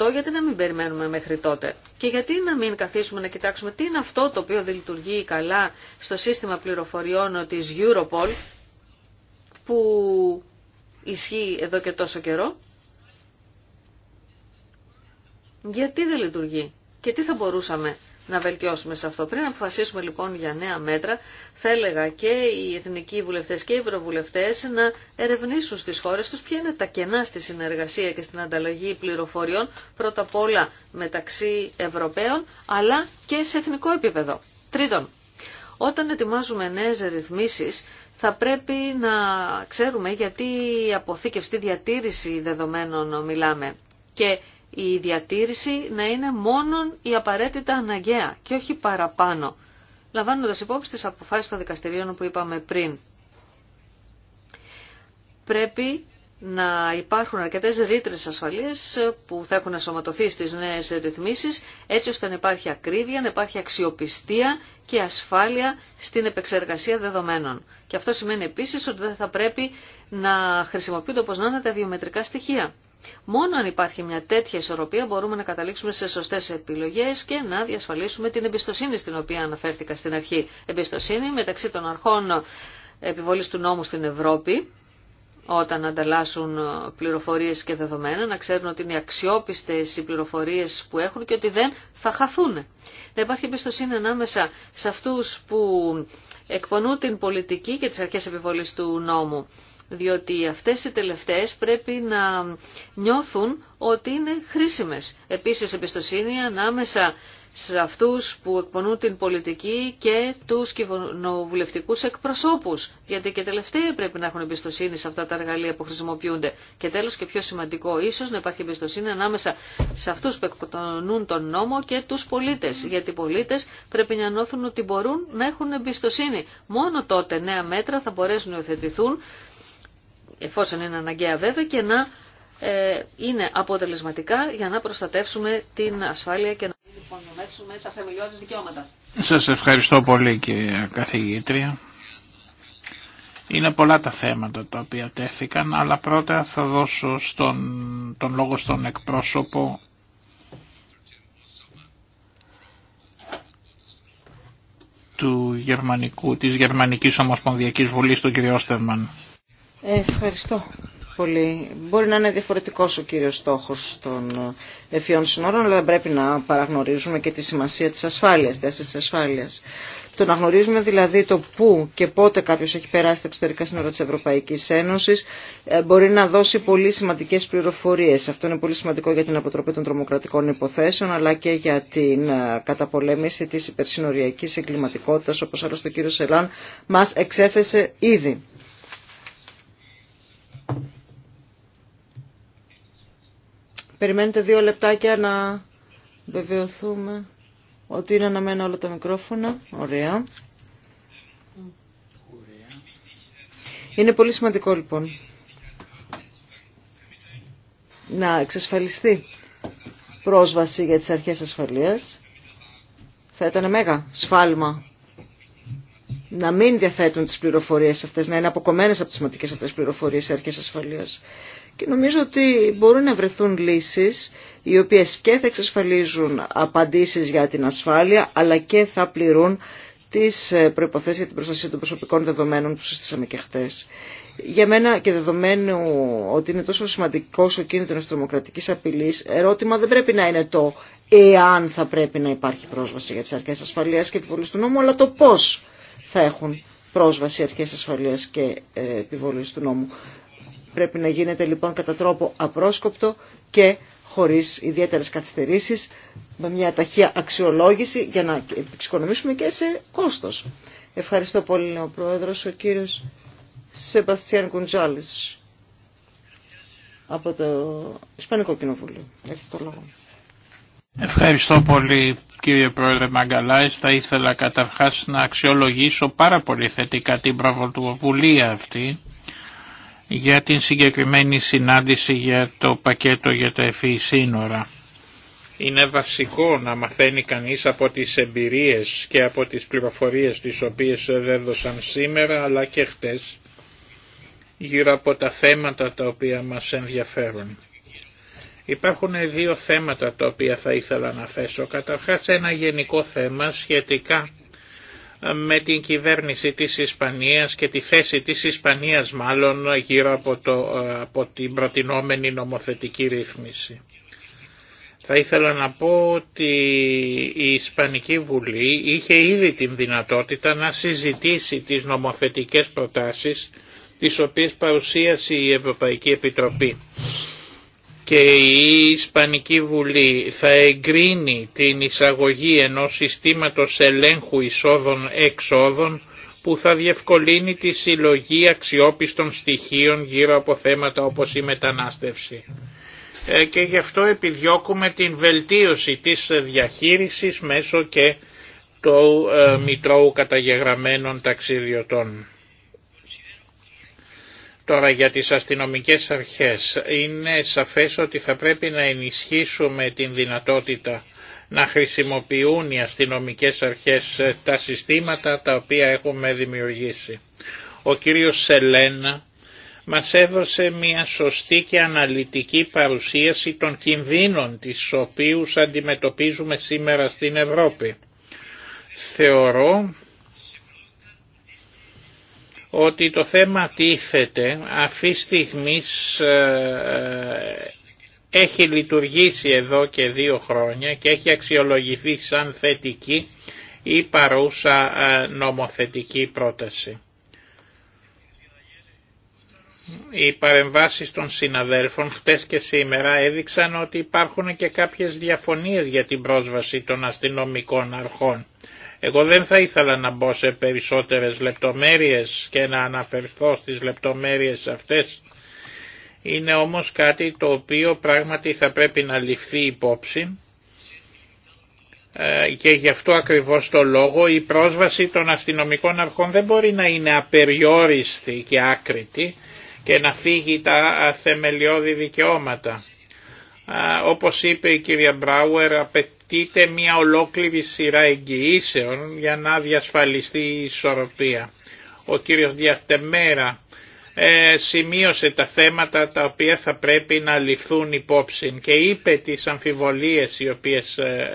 2018, γιατί να μην περιμένουμε μέχρι τότε. Και γιατί να μην καθίσουμε να κοιτάξουμε τι είναι αυτό το οποίο δεν λειτουργεί καλά στο σύστημα πληροφοριών της Europol, που ισχύει εδώ και τόσο καιρό. Γιατί δεν λειτουργεί και τι θα μπορούσαμε να βελτιώσουμε σε αυτό. Πριν αποφασίσουμε λοιπόν για νέα μέτρα, θα έλεγα και οι εθνικοί βουλευτές και οι ευρωβουλευτές να ερευνήσουν στις χώρες τους ποια είναι τα κενά στη συνεργασία και στην ανταλλαγή πληροφοριών, πρώτα απ' όλα μεταξύ Ευρωπαίων, αλλά και σε εθνικό επίπεδο. Τρίτον, όταν ετοιμάζουμε νέες ρυθμίσεις, θα πρέπει να ξέρουμε γιατί αποθήκευση, διατήρηση δεδομένων μιλάμε. Και η διατήρηση να είναι μόνο η απαραίτητα αναγκαία και όχι παραπάνω, λαμβάνοντας υπόψη τις αποφάσεις των δικαστηρίων που είπαμε πριν. Πρέπει να υπάρχουν αρκετές ρήτρες ασφαλείας που θα έχουν ασωματωθεί στις νέες ρυθμίσεις, έτσι ώστε να υπάρχει ακρίβεια, να υπάρχει αξιοπιστία και ασφάλεια στην επεξεργασία δεδομένων. Και αυτό σημαίνει επίσης ότι δεν θα πρέπει να χρησιμοποιούνται όπως να είναι τα βιομετρικά στοιχεία. Μόνο αν υπάρχει μια τέτοια ισορροπία μπορούμε να καταλήξουμε σε σωστές επιλογές και να διασφαλίσουμε την εμπιστοσύνη στην οποία αναφέρθηκα στην αρχή. Εμπιστοσύνη μεταξύ των αρχών επιβολής του νόμου στην Ευρώπη, όταν ανταλλάσσουν πληροφορίες και δεδομένα, να ξέρουν ότι είναι αξιόπιστες οι πληροφορίες που έχουν και ότι δεν θα χαθούν. Να υπάρχει εμπιστοσύνη ανάμεσα σε αυτούς που εκπονούν την πολιτική και τις αρχές επιβολής του νόμου διότι αυτές οι τελευταίες πρέπει να νιώθουν ότι είναι χρήσιμες. Επίσης εμπιστοσύνη ανάμεσα σε αυτούς που εκπονούν την πολιτική και τους κοινοβουλευτικούς εκπροσώπους. Γιατί και τελευταίοι πρέπει να έχουν εμπιστοσύνη σε αυτά τα εργαλεία που χρησιμοποιούνται. Και τέλος και πιο σημαντικό, ίσως να υπάρχει εμπιστοσύνη ανάμεσα σε αυτούς που εκπονούν τον νόμο και τους πολίτες. Γιατί οι πολίτες πρέπει να νιώθουν ότι μπορούν να έχουν εμπιστοσύνη. Μόνο τότε νέα μέτρα θα μπορέσουν να υιοθετηθούν εφόσον είναι αναγκαία βέβαια, και να ε, είναι αποτελεσματικά για να προστατεύσουμε την ασφάλεια και να μην υπονομεύσουμε τα θεμελιώδη δικαιώματα. Σας ευχαριστώ πολύ κύριε καθηγήτρια. Είναι πολλά τα θέματα τα οποία τέθηκαν, αλλά πρώτα θα δώσω τον λόγο στον εκπρόσωπο του Γερμανικού, της Γερμανικής Ομοσπονδιακής Βουλής, τον κύριο Όστερμαν. Ευχαριστώ πολύ. Μπορεί να είναι διαφορετικό ο κύριο στόχο των ευφυών συνόρων, αλλά πρέπει να παραγνωρίζουμε και τη σημασία τη ασφάλεια, τη ασφάλειας. ασφάλεια. Το να γνωρίζουμε δηλαδή το πού και πότε κάποιο έχει περάσει τα εξωτερικά σύνορα τη Ευρωπαϊκή Ένωση ε, μπορεί να δώσει πολύ σημαντικέ πληροφορίε. Αυτό είναι πολύ σημαντικό για την αποτροπή των τρομοκρατικών υποθέσεων, αλλά και για την ε, καταπολέμηση τη υπερσυνοριακή εγκληματικότητα, όπω άλλωστε ο κύριο Σελάν μα εξέθεσε ήδη. Περιμένετε δύο λεπτάκια να βεβαιωθούμε ότι είναι αναμένα όλα τα μικρόφωνα. Ωραία. Είναι πολύ σημαντικό λοιπόν να εξασφαλιστεί πρόσβαση για τις αρχές ασφαλείας. Θα ήταν μέγα σφάλμα να μην διαθέτουν τις πληροφορίες αυτές, να είναι αποκομμένες από τις σημαντικές αυτές πληροφορίες οι αρχές ασφαλείας και νομίζω ότι μπορούν να βρεθούν λύσεις οι οποίες και θα εξασφαλίζουν απαντήσεις για την ασφάλεια αλλά και θα πληρούν τις ε, προϋποθέσεις για την προστασία των προσωπικών δεδομένων που συστήσαμε και χτες. Για μένα και δεδομένου ότι είναι τόσο σημαντικό ο κίνδυνο τρομοκρατική απειλή, ερώτημα δεν πρέπει να είναι το εάν θα πρέπει να υπάρχει πρόσβαση για τι αρχέ ασφαλεία και επιβολή του νόμου, αλλά το πώ θα έχουν πρόσβαση αρχέ ασφαλεία και ε, επιβολή του νόμου. Πρέπει να γίνεται λοιπόν κατά τρόπο απρόσκοπτο και χωρίς ιδιαίτερες καθυστερήσεις, με μια ταχεία αξιολόγηση για να εξοικονομήσουμε και σε κόστος. Ευχαριστώ πολύ ο Πρόεδρος, ο κύριος Σεμπαστιάν Κουντζάλης από το Ισπανικό Κοινοβούλιο. λόγο. Ευχαριστώ πολύ κύριε Πρόεδρε Μαγκαλάης. Θα ήθελα καταρχάς να αξιολογήσω πάρα πολύ θετικά την πραγματοβουλία αυτή για την συγκεκριμένη συνάντηση για το πακέτο για τα εφή σύνορα. Είναι βασικό να μαθαίνει κανείς από τις εμπειρίες και από τις πληροφορίες τις οποίες έδωσαν σήμερα αλλά και χτες γύρω από τα θέματα τα οποία μας ενδιαφέρουν. Υπάρχουν δύο θέματα τα οποία θα ήθελα να θέσω. Καταρχάς ένα γενικό θέμα σχετικά με την κυβέρνηση της Ισπανίας και τη θέση της Ισπανίας μάλλον γύρω από, το, την προτινόμενη νομοθετική ρύθμιση. Θα ήθελα να πω ότι η Ισπανική Βουλή είχε ήδη την δυνατότητα να συζητήσει τις νομοθετικές προτάσεις τις οποίες παρουσίασε η Ευρωπαϊκή Επιτροπή και η Ισπανική Βουλή θα εγκρίνει την εισαγωγή ενός συστήματος ελέγχου εισόδων-εξόδων που θα διευκολύνει τη συλλογή αξιόπιστων στοιχείων γύρω από θέματα όπως η μετανάστευση. Ε, και γι' αυτό επιδιώκουμε την βελτίωση της διαχείρισης μέσω και του ε, Μητρώου Καταγεγραμμένων Ταξιδιωτών. Τώρα για τις αστυνομικές αρχές είναι σαφές ότι θα πρέπει να ενισχύσουμε την δυνατότητα να χρησιμοποιούν οι αστυνομικές αρχές ε, τα συστήματα τα οποία έχουμε δημιουργήσει. Ο κύριος Σελένα μας έδωσε μια σωστή και αναλυτική παρουσίαση των κινδύνων τις οποίους αντιμετωπίζουμε σήμερα στην Ευρώπη. Θεωρώ ότι το θέμα τίθεται αυτή τη στιγμή ε, ε, έχει λειτουργήσει εδώ και δύο χρόνια και έχει αξιολογηθεί σαν θετική ή παρούσα ε, νομοθετική πρόταση. Οι παρεμβάσεις των συναδέλφων χτες και σήμερα έδειξαν ότι υπάρχουν και κάποιες διαφωνίες για την πρόσβαση των αστυνομικών αρχών εγώ δεν θα ήθελα να μπω σε περισσότερες λεπτομέρειες και να αναφερθώ στις λεπτομέρειες αυτές. Είναι όμως κάτι το οποίο πράγματι θα πρέπει να ληφθεί υπόψη ε, και γι' αυτό ακριβώς το λόγο η πρόσβαση των αστυνομικών αρχών δεν μπορεί να είναι απεριόριστη και άκρητη και να φύγει τα θεμελιώδη δικαιώματα όπως είπε η κυρία Μπράουερ απαιτείται μια ολόκληρη σειρά εγγυήσεων για να διασφαλιστεί η ισορροπία. Ο κύριος Διαστεμέρα ε, σημείωσε τα θέματα τα οποία θα πρέπει να ληφθούν υπόψη και είπε τις αμφιβολίες οι οποίες ε,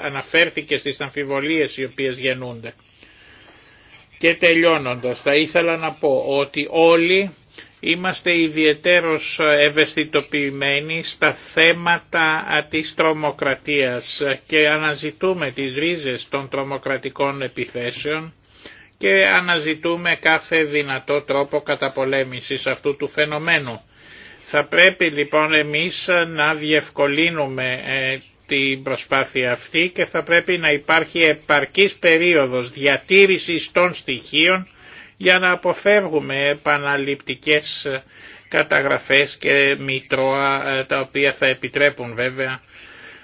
ε, αναφέρθηκε στις αμφιβολίες οι οποίες γεννούνται. Και τελειώνοντας θα ήθελα να πω ότι όλοι Είμαστε ιδιαιτέρως ευαισθητοποιημένοι στα θέματα της τρομοκρατίας και αναζητούμε τις ρίζες των τρομοκρατικών επιθέσεων και αναζητούμε κάθε δυνατό τρόπο καταπολέμησης αυτού του φαινομένου. Θα πρέπει λοιπόν εμείς να διευκολύνουμε ε, την προσπάθεια αυτή και θα πρέπει να υπάρχει επαρκής περίοδος διατήρησης των στοιχείων για να αποφεύγουμε επαναληπτικές καταγραφές και μητρώα ε, τα οποία θα επιτρέπουν βέβαια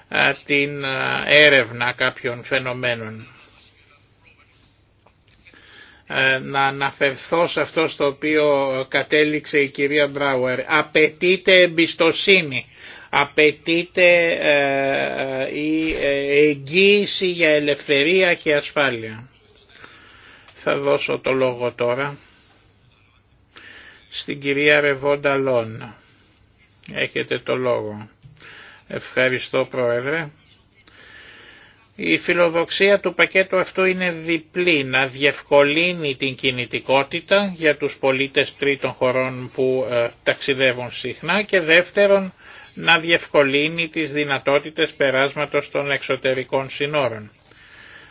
ε, την ε, έρευνα κάποιων φαινομένων. Να αναφερθώ σε αυτό στο οποίο κατέληξε η κυρία Μπράουερ. Απαιτείται εμπιστοσύνη, απαιτείται η εγγύηση για ελευθερία και ασφάλεια. Θα δώσω το λόγο τώρα στην κυρία Ρεβόντα Λόν. Έχετε το λόγο. Ευχαριστώ Πρόεδρε. Η φιλοδοξία του πακέτου αυτού είναι διπλή, να διευκολύνει την κινητικότητα για τους πολίτες τρίτων χωρών που ε, ταξιδεύουν συχνά και δεύτερον να διευκολύνει τις δυνατότητες περάσματος των εξωτερικών συνόρων.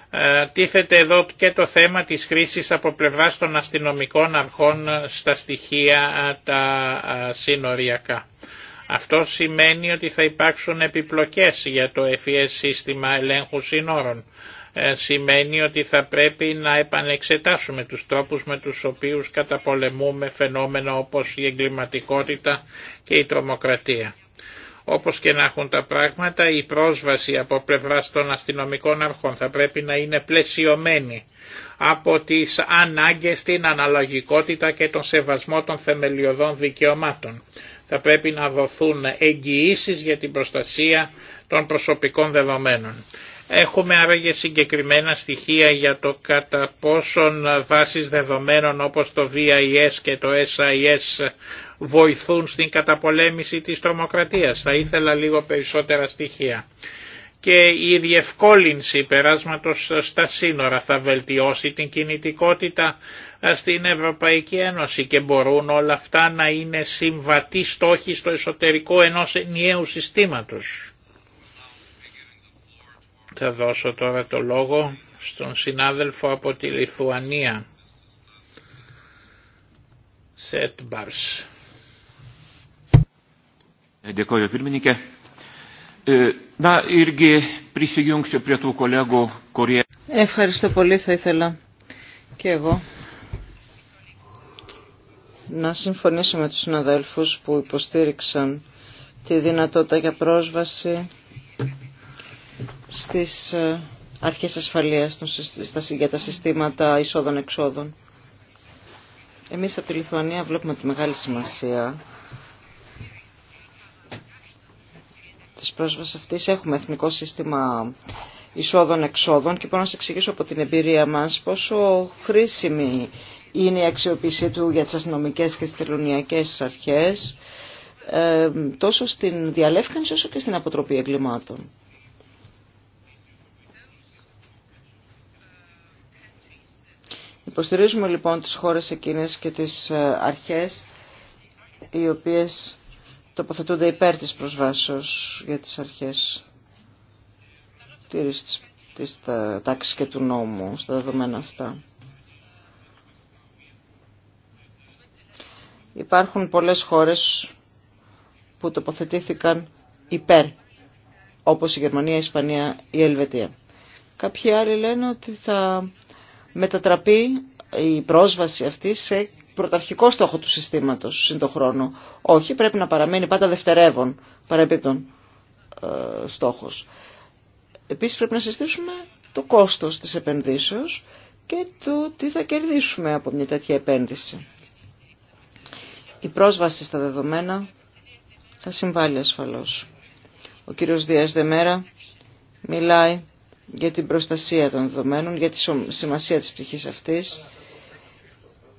Ε, τίθεται εδώ και το θέμα της χρήσης από πλευράς των αστυνομικών αρχών στα στοιχεία ε, τα ε, σύνοριακά. Αυτό σημαίνει ότι θα υπάρξουν επιπλοκές για το FES σύστημα ελέγχου σύνορων. Σημαίνει ότι θα πρέπει να επανεξετάσουμε τους τρόπους με τους οποίους καταπολεμούμε φαινόμενα όπως η εγκληματικότητα και η τρομοκρατία. Όπως και να έχουν τα πράγματα, η πρόσβαση από πλευρά των αστυνομικών αρχών θα πρέπει να είναι πλαισιωμένη από τις ανάγκες, την αναλογικότητα και τον σεβασμό των θεμελιωδών δικαιωμάτων. Θα πρέπει να δοθούν εγγυήσεις για την προστασία των προσωπικών δεδομένων. Έχουμε άραγε συγκεκριμένα στοιχεία για το κατά πόσον βάσεις δεδομένων όπως το VIS και το SIS βοηθούν στην καταπολέμηση της τρομοκρατίας. Θα ήθελα λίγο περισσότερα στοιχεία. Και η διευκόλυνση περάσματος στα σύνορα θα βελτιώσει την κινητικότητα στην Ευρωπαϊκή Ένωση και μπορούν όλα αυτά να είναι συμβατοί στόχοι στο εσωτερικό ενός ενιαίου συστήματος. Θα δώσω τώρα το λόγο στον συνάδελφο από τη Λιθουανία. Σετ Μπάρς. να e, Ευχαριστώ πολύ, θα ήθελα και εγώ να συμφωνήσω με τους συναδέλφους που υποστήριξαν τη δυνατότητα για πρόσβαση στις ε, αρχές ασφαλείας για τα συστήματα εισόδων-εξόδων. Εμείς από τη Λιθουανία βλέπουμε τη μεγάλη σημασία της πρόσβασης αυτής. Έχουμε εθνικό σύστημα εισόδων-εξόδων και μπορώ να σας εξηγήσω από την εμπειρία μας πόσο χρήσιμη είναι η αξιοποίησή του για τις αστυνομικές και τις τελωνιακές αρχές ε, τόσο στην διαλεύκανση όσο και στην αποτροπή εγκλημάτων. Υποστηρίζουμε λοιπόν τις χώρες εκείνες και τις ε, αρχές οι οποίες τοποθετούνται υπέρ της προσβάσεως για τις αρχές της, της τάξης και του νόμου στα δεδομένα αυτά. Υπάρχουν πολλές χώρες που τοποθετήθηκαν υπέρ, όπως η Γερμανία, η Ισπανία, η Ελβετία. Κάποιοι άλλοι λένε ότι θα μετατραπεί η πρόσβαση αυτή σε πρωταρχικό στόχο του συστήματος συν Όχι, πρέπει να παραμένει πάντα δευτερεύον παρεμπίπτων ε, στόχος. Επίσης πρέπει να συστήσουμε το κόστος της επενδύσεως και το τι θα κερδίσουμε από μια τέτοια επένδυση. Η πρόσβαση στα δεδομένα θα συμβάλλει ασφαλώς. Ο κύριος Διέσδε Μέρα μιλάει για την προστασία των δεδομένων, για τη σημασία της ψυχής αυτής.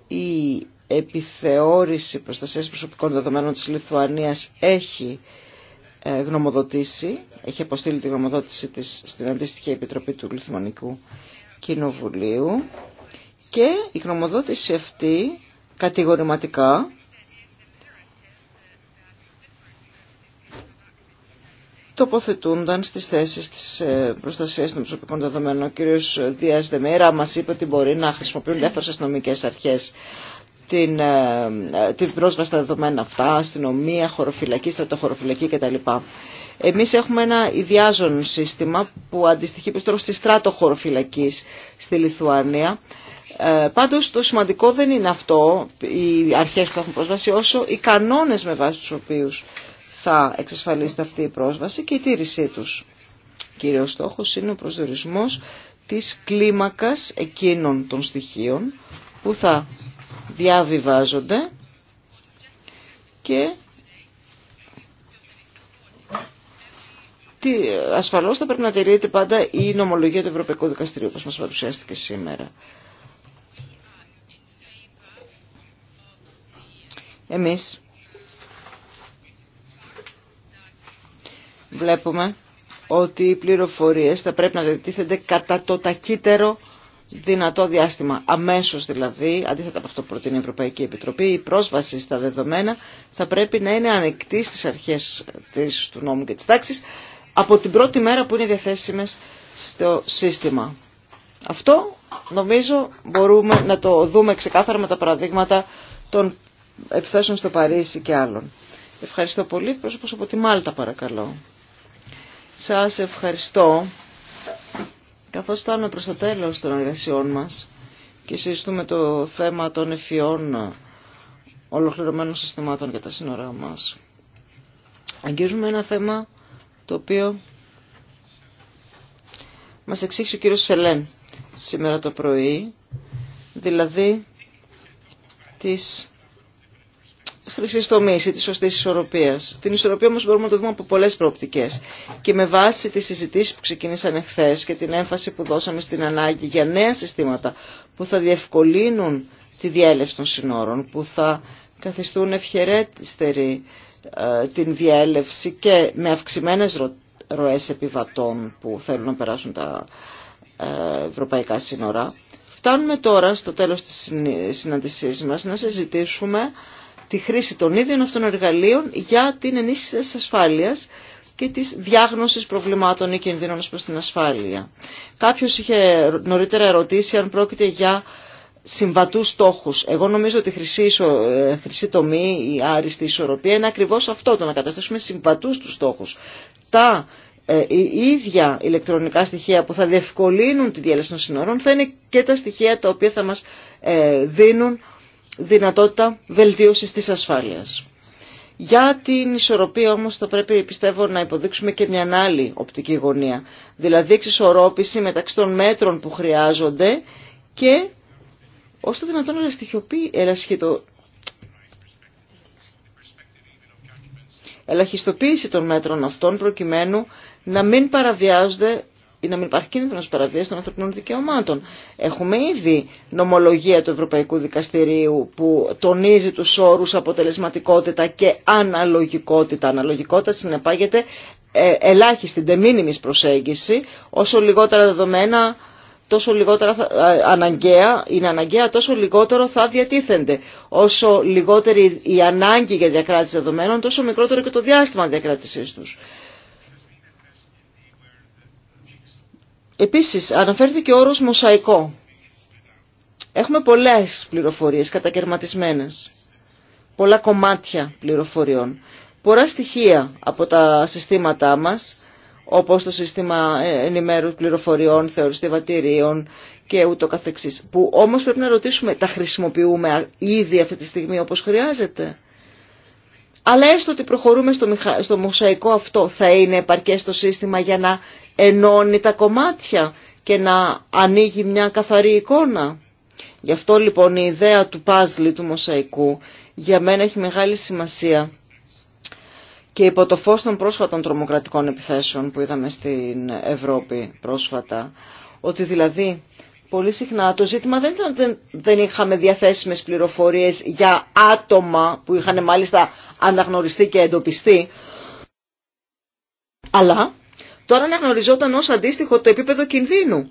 Η επιθεώρηση προστασίας προσωπικών δεδομένων της Λιθουανίας έχει ε, γνωμοδοτήσει, έχει αποστείλει τη γνωμοδότηση της στην αντίστοιχη Επιτροπή του Λιθουανικού Κοινοβουλίου και η γνωμοδότηση αυτή κατηγορηματικά τοποθετούνταν στις θέσεις της ε, προστασίας των προσωπικών δεδομένων. Ο κύριος Δίας Δεμέρα μας είπε ότι μπορεί να χρησιμοποιούν διάφορες αστυνομικέ αρχές την, ε, την πρόσβαση στα δεδομένα αυτά, αστυνομία, χωροφυλακή, στρατοχωροφυλακή κτλ. Εμείς έχουμε ένα ιδιάζον σύστημα που αντιστοιχεί πιστεύω στη στράτο στη Λιθουανία. Ε, πάντως το σημαντικό δεν είναι αυτό οι αρχές που έχουν πρόσβαση όσο οι κανόνες με βάση τους οποίους θα εξασφαλίσετε αυτή η πρόσβαση και η τήρησή τους. Κύριος στόχος είναι ο προσδιορισμός της κλίμακας εκείνων των στοιχείων που θα διαβιβάζονται και ασφαλώς θα πρέπει να τηρείται πάντα η νομολογία του Ευρωπαϊκού Δικαστηρίου, που μας παρουσιάστηκε σήμερα. Εμείς βλέπουμε ότι οι πληροφορίες θα πρέπει να διατίθενται κατά το ταχύτερο δυνατό διάστημα. Αμέσως δηλαδή, αντίθετα από αυτό που προτείνει η Ευρωπαϊκή Επιτροπή, η πρόσβαση στα δεδομένα θα πρέπει να είναι ανοιχτή στις αρχές της, του νόμου και της τάξης από την πρώτη μέρα που είναι διαθέσιμες στο σύστημα. Αυτό νομίζω μπορούμε να το δούμε ξεκάθαρα με τα παραδείγματα των επιθέσεων στο Παρίσι και άλλων. Ευχαριστώ πολύ. Πρόσωπος από τη Μάλτα παρακαλώ. Σας ευχαριστώ. Καθώς φτάνουμε προς το τέλος των εργασιών μας και συζητούμε το θέμα των εφιών ολοκληρωμένων συστημάτων για τα σύνορά μας, αγγίζουμε ένα θέμα το οποίο μας εξήγησε ο κύριος Σελέν σήμερα το πρωί, δηλαδή τις Χρυσή τομή ή τη σωστή ισορροπία. Την ισορροπία όμω μπορούμε να το δούμε από πολλέ προοπτικέ. Και με βάση τι συζητήσει που ξεκίνησαν εχθέ και την έμφαση που δώσαμε στην ανάγκη για νέα συστήματα που θα διευκολύνουν τη διέλευση των συνόρων, που θα καθιστούν ευχερέστερη ε, την διέλευση και με αυξημένες ροές επιβατών που θέλουν να περάσουν τα ε, ευρωπαϊκά σύνορα. Φτάνουμε τώρα στο τέλος της συναντησής μας να συζητήσουμε τη χρήση των ίδιων αυτών εργαλείων για την ενίσχυση της ασφάλειας και της διάγνωσης προβλημάτων ή κινδύνων προς την ασφάλεια. Κάποιος είχε νωρίτερα ερωτήσει αν πρόκειται για συμβατούς στόχους. Εγώ νομίζω ότι η χρυσή, ε, χρυσή τομή, η άριστη ισορροπία είναι ακριβώς αυτό, το να καταστήσουμε συμβατούς τους στόχους. Τα ε, ίδια ηλεκτρονικά στοιχεία που θα διευκολύνουν τη διέλευση των συνόρων θα είναι και τα στοιχεία τα οποία θα μας ε, δίνουν δυνατότητα βελτίωσης της ασφάλειας. Για την ισορροπία όμως θα πρέπει πιστεύω να υποδείξουμε και μια άλλη οπτική γωνία. Δηλαδή εξισορρόπηση μεταξύ των μέτρων που χρειάζονται και ώστε δυνατόν ελαχιστοποίηση των μέτρων αυτών προκειμένου να μην παραβιάζονται ή να μην υπάρχει κίνδυνο παραβίαση των ανθρωπίνων δικαιωμάτων. Έχουμε ήδη νομολογία του Ευρωπαϊκού Δικαστηρίου που τονίζει του όρου αποτελεσματικότητα και αναλογικότητα. Αναλογικότητα συνεπάγεται ε, ελάχιστη ντεμίνιμης προσέγγιση, όσο λιγότερα δεδομένα τόσο λιγότερα ε, αναγκαία, είναι αναγκαία, τόσο λιγότερο θα διατίθενται. Όσο λιγότερη η ανάγκη για διακράτηση δεδομένων, τόσο μικρότερο και το διάστημα διακράτησής τους. Επίσης, αναφέρθηκε ο όρος μοσαϊκό. Έχουμε πολλές πληροφορίες κατακαιρματισμένες, πολλά κομμάτια πληροφοριών, πολλά στοιχεία από τα συστήματά μας, όπως το σύστημα ε, ενημέρου πληροφοριών, βατήριων και ούτω καθεξής. Που όμως πρέπει να ρωτήσουμε, τα χρησιμοποιούμε ήδη αυτή τη στιγμή όπως χρειάζεται. Αλλά έστω ότι προχωρούμε στο, μοσαϊκό αυτό, θα είναι επαρκές το σύστημα για να ενώνει τα κομμάτια και να ανοίγει μια καθαρή εικόνα. Γι' αυτό λοιπόν η ιδέα του πάζλι, του μοσαϊκού, για μένα έχει μεγάλη σημασία. Και υπό το φως των πρόσφατων τρομοκρατικών επιθέσεων που είδαμε στην Ευρώπη πρόσφατα, ότι δηλαδή πολύ συχνά το ζήτημα δεν ήταν ότι δεν είχαμε διαθέσιμες πληροφορίες για άτομα που είχαν μάλιστα αναγνωριστεί και εντοπιστεί, αλλά τώρα αναγνωριζόταν ως αντίστοιχο το επίπεδο κινδύνου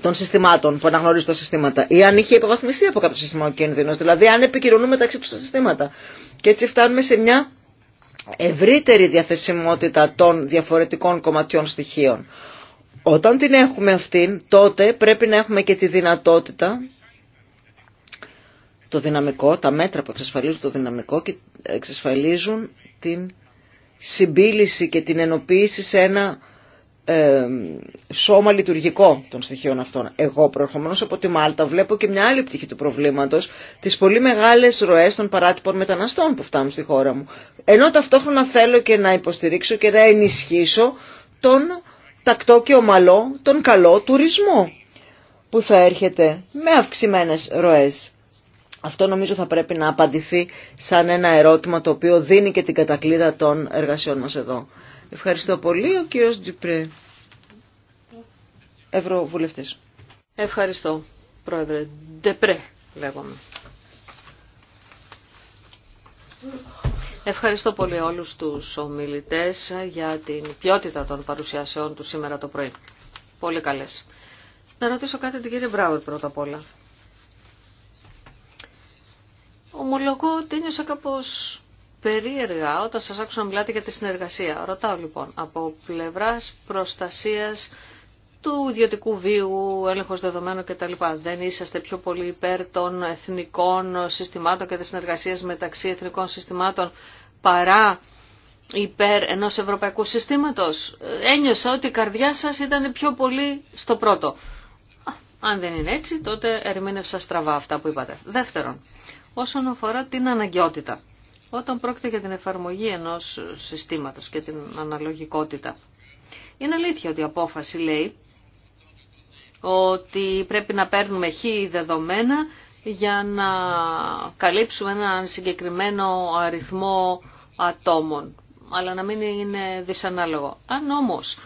των συστημάτων που αναγνωρίζουν τα συστήματα ή αν είχε υποβαθμιστεί από κάποιο σύστημα ο κίνδυνος, δηλαδή αν επικοινωνούν μεταξύ του τα συστήματα. Και έτσι φτάνουμε σε μια ευρύτερη διαθεσιμότητα των διαφορετικών κομματιών στοιχείων. Όταν την έχουμε αυτήν, τότε πρέπει να έχουμε και τη δυνατότητα, το δυναμικό, τα μέτρα που εξασφαλίζουν το δυναμικό και εξασφαλίζουν την συμπίληση και την ενοποίηση σε ένα ε, σώμα λειτουργικό των στοιχείων αυτών. Εγώ προερχομένως από τη Μάλτα βλέπω και μια άλλη πτυχή του προβλήματος, τις πολύ μεγάλες ροές των παράτυπων μεταναστών που φτάνουν στη χώρα μου. Ενώ ταυτόχρονα θέλω και να υποστηρίξω και να ενισχύσω τον τακτό και ομαλό, τον καλό τουρισμό που θα έρχεται με αυξημένες ροές. Αυτό νομίζω θα πρέπει να απαντηθεί σαν ένα ερώτημα το οποίο δίνει και την κατακλείδα των εργασιών μας εδώ. Ευχαριστώ πολύ. Ο κύριος Ντυπρέ, Ευρωβουλευτής. Ευχαριστώ, Πρόεδρε. Ντεπρέ, λέγομαι. Ευχαριστώ πολύ όλους τους ομιλητές για την ποιότητα των παρουσιάσεών του σήμερα το πρωί. Πολύ καλές. Να ρωτήσω κάτι την κύριε Μπράουερ πρώτα απ' όλα. Ομολογώ ότι ένιωσα κάπως περίεργα όταν σας άκουσα να μιλάτε για τη συνεργασία. Ρωτάω λοιπόν, από πλευράς προστασίας του ιδιωτικού βίου, έλεγχος δεδομένων κτλ. Δεν είσαστε πιο πολύ υπέρ των εθνικών συστημάτων και της συνεργασίας μεταξύ εθνικών συστημάτων παρά υπέρ ενός ευρωπαϊκού συστήματος. Ένιωσα ότι η καρδιά σας ήταν πιο πολύ στο πρώτο. Αν δεν είναι έτσι, τότε ερμήνευσα στραβά αυτά που είπατε. Δεύτερον, όσον αφορά την αναγκαιότητα. Όταν πρόκειται για την εφαρμογή ενός συστήματος και την αναλογικότητα. Είναι αλήθεια ότι η απόφαση λέει ότι πρέπει να παίρνουμε χ δεδομένα για να καλύψουμε έναν συγκεκριμένο αριθμό ατόμων, αλλά να μην είναι δυσανάλογο. Αν όμως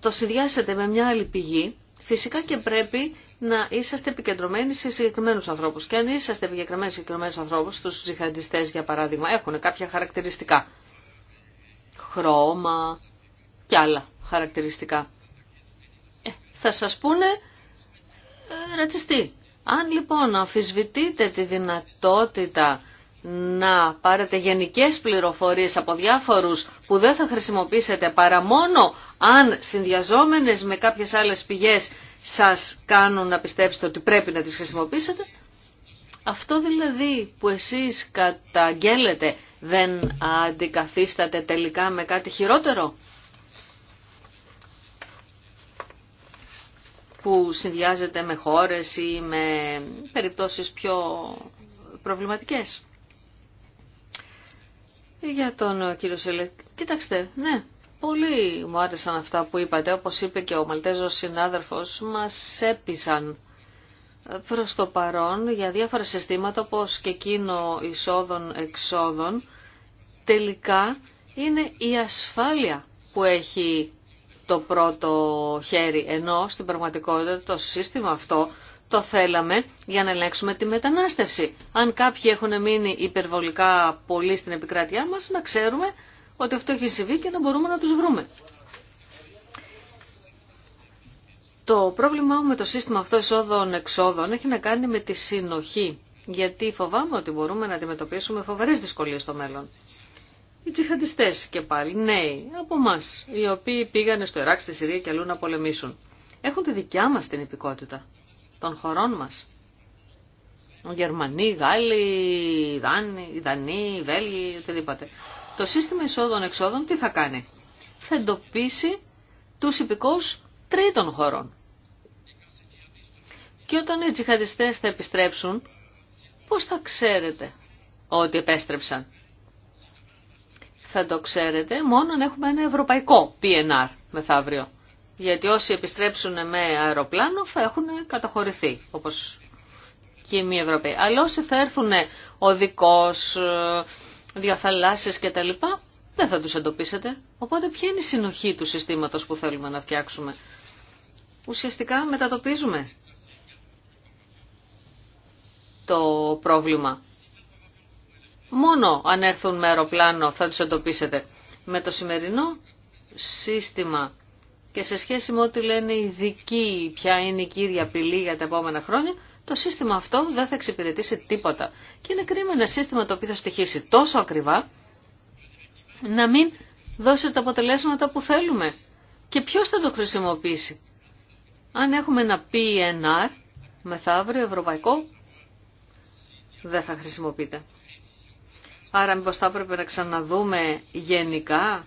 το συνδυάσετε με μια άλλη πηγή, φυσικά και πρέπει να είσαστε επικεντρωμένοι σε συγκεκριμένου ανθρώπου. Και αν είσαστε επικεντρωμένοι σε συγκεκριμένου ανθρώπου, του τζιχαντιστέ για παράδειγμα, έχουν κάποια χαρακτηριστικά. Χρώμα και άλλα χαρακτηριστικά. Ε, θα σας πούνε ε, ρατσιστή. Αν λοιπόν αμφισβητείτε τη δυνατότητα να πάρετε γενικές πληροφορίες από διάφορους που δεν θα χρησιμοποιήσετε παρά μόνο αν συνδυαζόμενες με κάποιες άλλες πηγές σας κάνουν να πιστέψετε ότι πρέπει να τις χρησιμοποιήσετε. Αυτό δηλαδή που εσείς καταγγέλλετε δεν αντικαθίσταται τελικά με κάτι χειρότερο. που συνδυάζεται με χώρες ή με περιπτώσεις πιο προβληματικές. Για τον ε, κύριο Σελέ. Κοιτάξτε, ναι, πολύ μου άρεσαν αυτά που είπατε. Όπως είπε και ο Μαλτέζος συνάδελφος, μας έπεισαν προς το παρόν για διάφορα συστήματα όπως και εκείνο εισόδων-εξόδων. Τελικά είναι η ασφάλεια που έχει το πρώτο χέρι, ενώ στην πραγματικότητα το σύστημα αυτό το θέλαμε για να ελέγξουμε τη μετανάστευση. Αν κάποιοι έχουν μείνει υπερβολικά πολύ στην επικράτειά μας, να ξέρουμε ότι αυτό έχει συμβεί και να μπορούμε να τους βρούμε. Το πρόβλημά με το σύστημα αυτό εισόδων-εξόδων έχει να κάνει με τη συνοχή, γιατί φοβάμαι ότι μπορούμε να αντιμετωπίσουμε φοβερές δυσκολίες στο μέλλον. Οι τσιχαντιστές και πάλι, νέοι, από εμά, οι οποίοι πήγανε στο Ιράκ, στη Συρία και αλλού να πολεμήσουν, έχουν τη δικιά μας την υπηκότητα των χωρών μας. Γερμανοί, Γάλλοι, Δάνοι, Δανοί, Βέλγοι, οτιδήποτε. Το σύστημα εισόδων-εξόδων τι θα κάνει. Θα εντοπίσει τους υπηκόους τρίτων χωρών. Και όταν οι τζιχαντιστές θα επιστρέψουν, πώς θα ξέρετε ότι επέστρεψαν. Θα το ξέρετε μόνο αν έχουμε ένα ευρωπαϊκό PNR μεθαύριο. Γιατί όσοι επιστρέψουν με αεροπλάνο θα έχουν καταχωρηθεί, όπως και οι Ευρωπαίοι. Αλλά όσοι θα έρθουν οδικός, ε, τα κτλ. Δεν θα τους εντοπίσετε. Οπότε ποια είναι η συνοχή του συστήματος που θέλουμε να φτιάξουμε. Ουσιαστικά μετατοπίζουμε το πρόβλημα. Μόνο αν έρθουν με αεροπλάνο θα τους εντοπίσετε. Με το σημερινό σύστημα και σε σχέση με ό,τι λένε οι ειδικοί, ποια είναι η κύρια απειλή για τα επόμενα χρόνια, το σύστημα αυτό δεν θα εξυπηρετήσει τίποτα. Και είναι κρίμα ένα σύστημα το οποίο θα στοιχήσει τόσο ακριβά να μην δώσει τα αποτελέσματα που θέλουμε. Και ποιο θα το χρησιμοποιήσει. Αν έχουμε ένα PNR μεθαύριο ευρωπαϊκό, δεν θα χρησιμοποιείται. Άρα μήπως θα έπρεπε να ξαναδούμε γενικά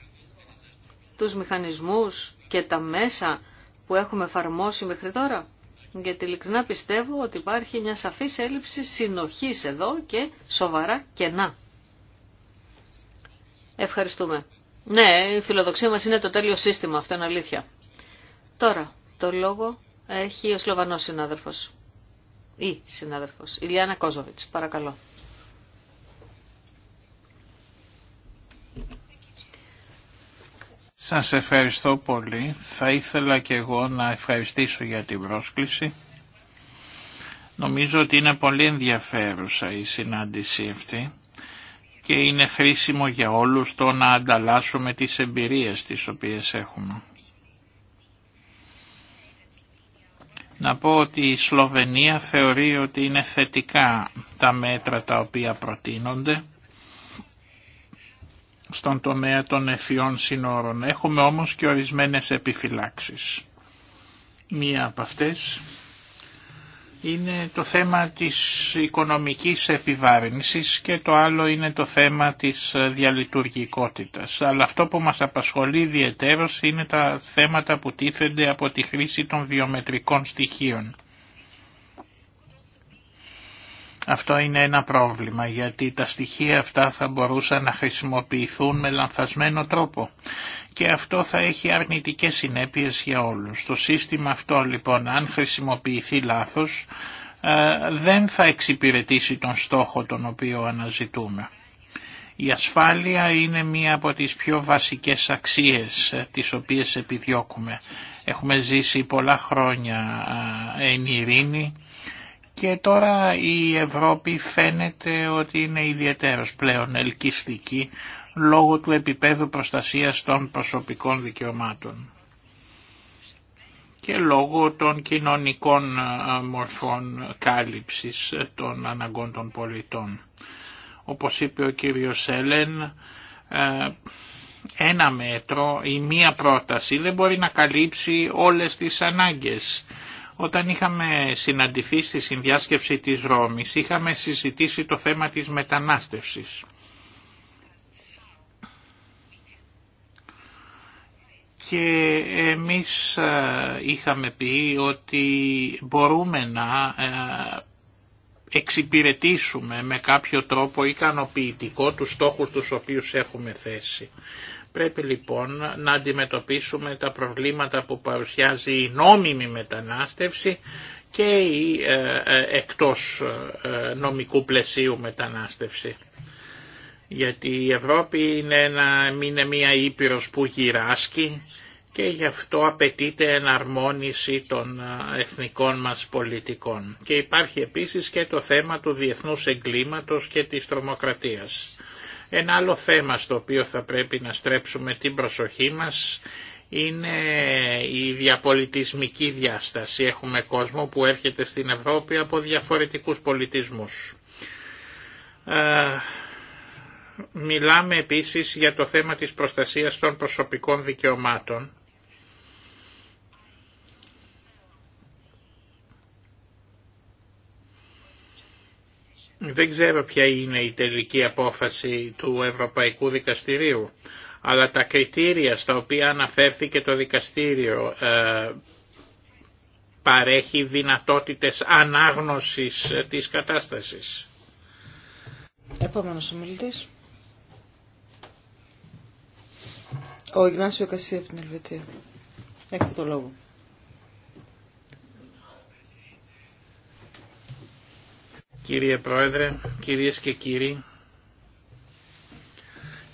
τους μηχανισμούς και τα μέσα που έχουμε εφαρμόσει μέχρι τώρα. Γιατί ειλικρινά πιστεύω ότι υπάρχει μια σαφής έλλειψη συνοχής εδώ και σοβαρά κενά. Ευχαριστούμε. Ναι, η φιλοδοξία μας είναι το τέλειο σύστημα, αυτό είναι αλήθεια. Τώρα, το λόγο έχει ο Σλοβανός συνάδελφος. Ή συνάδελφος, Ηλιάνα Κόζοβιτς, παρακαλώ. Σας ευχαριστώ πολύ. Θα ήθελα και εγώ να ευχαριστήσω για την πρόσκληση. Νομίζω ότι είναι πολύ ενδιαφέρουσα η συνάντηση αυτή και είναι χρήσιμο για όλους το να ανταλλάσσουμε τις εμπειρίες τις οποίες έχουμε. Να πω ότι η Σλοβενία θεωρεί ότι είναι θετικά τα μέτρα τα οποία προτείνονται στον τομέα των εφιών συνόρων. Έχουμε όμως και ορισμένες επιφυλάξεις. Μία από αυτές είναι το θέμα της οικονομικής επιβάρυνσης και το άλλο είναι το θέμα της διαλειτουργικότητας. Αλλά αυτό που μας απασχολεί ιδιαιτέρως είναι τα θέματα που τίθενται από τη χρήση των βιομετρικών στοιχείων. Αυτό είναι ένα πρόβλημα γιατί τα στοιχεία αυτά θα μπορούσαν να χρησιμοποιηθούν με λανθασμένο τρόπο και αυτό θα έχει αρνητικές συνέπειες για όλους. Το σύστημα αυτό λοιπόν αν χρησιμοποιηθεί λάθος ε, δεν θα εξυπηρετήσει τον στόχο τον οποίο αναζητούμε. Η ασφάλεια είναι μία από τις πιο βασικές αξίες ε, τις οποίες επιδιώκουμε. Έχουμε ζήσει πολλά χρόνια ε, εν ειρήνη και τώρα η Ευρώπη φαίνεται ότι είναι ιδιαίτερος πλέον ελκυστική λόγω του επίπεδου προστασίας των προσωπικών δικαιωμάτων και λόγω των κοινωνικών μορφών κάλυψης των αναγκών των πολιτών. Όπως είπε ο κύριος Έλεν, ένα μέτρο ή μία πρόταση δεν μπορεί να καλύψει όλες τις ανάγκες όταν είχαμε συναντηθεί στη συνδιάσκεψη της Ρώμης, είχαμε συζητήσει το θέμα της μετανάστευσης. και εμείς ε, είχαμε πει ότι μπορούμε να ε, εξυπηρετήσουμε με κάποιο τρόπο ικανοποιητικό τους στόχους τους οποίους έχουμε θέσει. Πρέπει λοιπόν να αντιμετωπίσουμε τα προβλήματα που παρουσιάζει η νόμιμη μετανάστευση και η ε, ε, εκτός ε, νομικού πλαισίου μετανάστευση. Γιατί η Ευρώπη είναι, ένα, μια ήπειρος που γυράσκει και γι' αυτό απαιτείται εναρμόνιση των εθνικών μας πολιτικών. Και υπάρχει επίσης και το θέμα του διεθνούς εγκλήματος και της τρομοκρατίας. Ένα άλλο θέμα στο οποίο θα πρέπει να στρέψουμε την προσοχή μας είναι η διαπολιτισμική διάσταση. Έχουμε κόσμο που έρχεται στην Ευρώπη από διαφορετικούς πολιτισμούς. Ε, μιλάμε επίσης για το θέμα της προστασίας των προσωπικών δικαιωμάτων Δεν ξέρω ποια είναι η τελική απόφαση του Ευρωπαϊκού Δικαστηρίου, αλλά τα κριτήρια στα οποία αναφέρθηκε το δικαστήριο ε, παρέχει δυνατότητες ανάγνωσης ε, της κατάστασης. Επόμενος ομιλητής. Ο Ιγνάσιο Κασία από την Ελβετία. Έχετε το λόγο. Κύριε Πρόεδρε, κυρίες και κύριοι,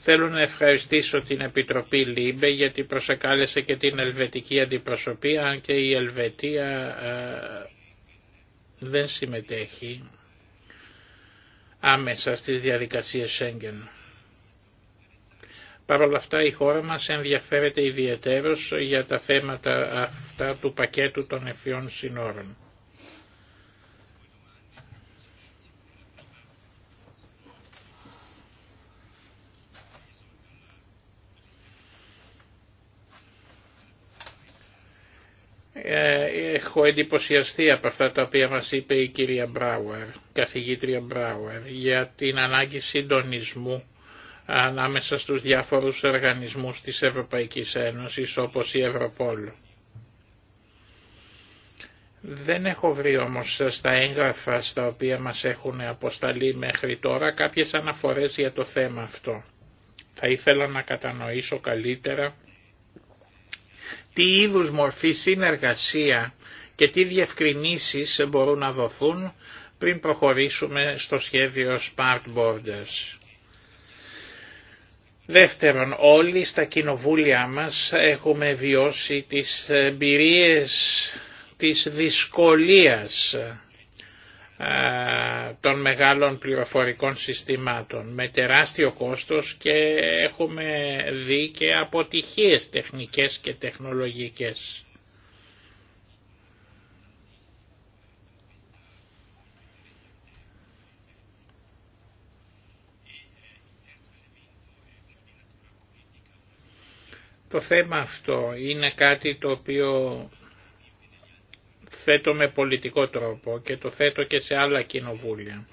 θέλω να ευχαριστήσω την Επιτροπή ΛΥΜΠΕ γιατί προσεκάλεσε και την Ελβετική Αντιπροσωπεία, αν και η Ελβετία ε, δεν συμμετέχει άμεσα στις διαδικασίες Σέγγεν. Παρ' όλα αυτά η χώρα μας ενδιαφέρεται ιδιαίτερως για τα θέματα αυτά του πακέτου των ευφυών συνόρων. έχω εντυπωσιαστεί από αυτά τα οποία μας είπε η κυρία Μπράουερ, καθηγήτρια Μπράουερ, για την ανάγκη συντονισμού ανάμεσα στους διάφορους οργανισμούς της Ευρωπαϊκής Ένωσης όπως η Ευρωπόλ. Δεν έχω βρει όμως στα έγγραφα στα οποία μας έχουν αποσταλεί μέχρι τώρα κάποιες αναφορές για το θέμα αυτό. Θα ήθελα να κατανοήσω καλύτερα τι είδους μορφή συνεργασία και τι διευκρινήσεις μπορούν να δοθούν πριν προχωρήσουμε στο σχέδιο Smart Borders. Δεύτερον, όλοι στα κοινοβούλια μας έχουμε βιώσει τις εμπειρίες της δυσκολίας των μεγάλων πληροφορικών συστημάτων με τεράστιο κόστος και έχουμε δει και αποτυχίες τεχνικές και τεχνολογικές. Το θέμα αυτό είναι κάτι το οποίο θέτω με πολιτικό τρόπο και το θέτω και σε άλλα κοινοβούλια.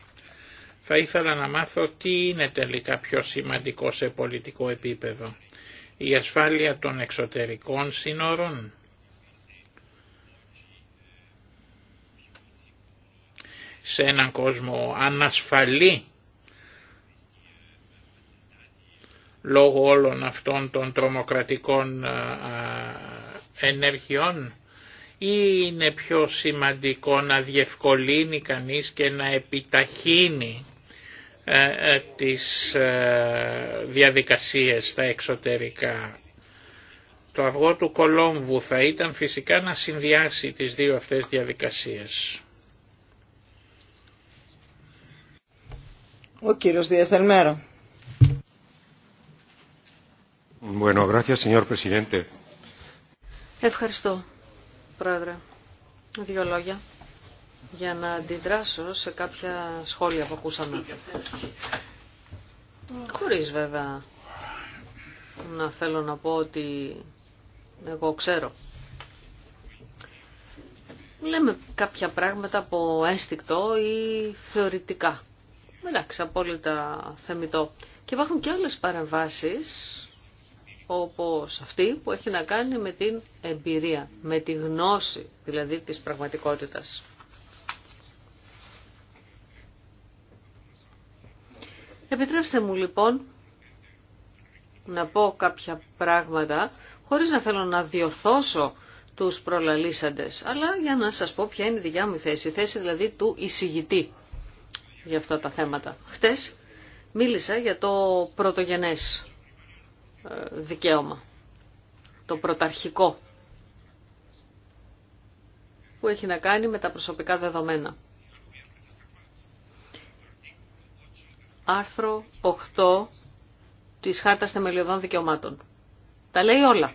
Θα ήθελα να μάθω τι είναι τελικά πιο σημαντικό σε πολιτικό επίπεδο. Η ασφάλεια των εξωτερικών σύνορων. Σε έναν κόσμο ανασφαλή λόγω όλων αυτών των τρομοκρατικών ε, ε, ενεργειών ή είναι πιο σημαντικό να διευκολύνει κανείς και να επιταχύνει ε, τις διαδικασίες στα εξωτερικά. Το αυγό του Κολόμβου θα ήταν φυσικά να συνδυάσει τις δύο αυτές διαδικασίες. Ο κύριος Διασταλμέρο. Ευχαριστώ, Πρόεδρε. Δύο λόγια για να αντιδράσω σε κάποια σχόλια που ακούσαμε. Χωρίς βέβαια να θέλω να πω ότι εγώ ξέρω. Λέμε κάποια πράγματα από ένστικτο ή θεωρητικά. Εντάξει, απόλυτα θεμητό. Και υπάρχουν και άλλες παραβάσεις όπως αυτή που έχει να κάνει με την εμπειρία, με τη γνώση δηλαδή της πραγματικότητας. Επιτρέψτε μου λοιπόν να πω κάποια πράγματα χωρίς να θέλω να διορθώσω τους προλαλήσαντες, αλλά για να σας πω ποια είναι η δικιά μου θέση, η θέση δηλαδή του εισηγητή για αυτά τα θέματα. Χτες μίλησα για το πρωτογενές δικαίωμα, το πρωταρχικό, που έχει να κάνει με τα προσωπικά δεδομένα. Άρθρο 8 της Χάρτας Θεμελιωδών Δικαιωμάτων. Τα λέει όλα.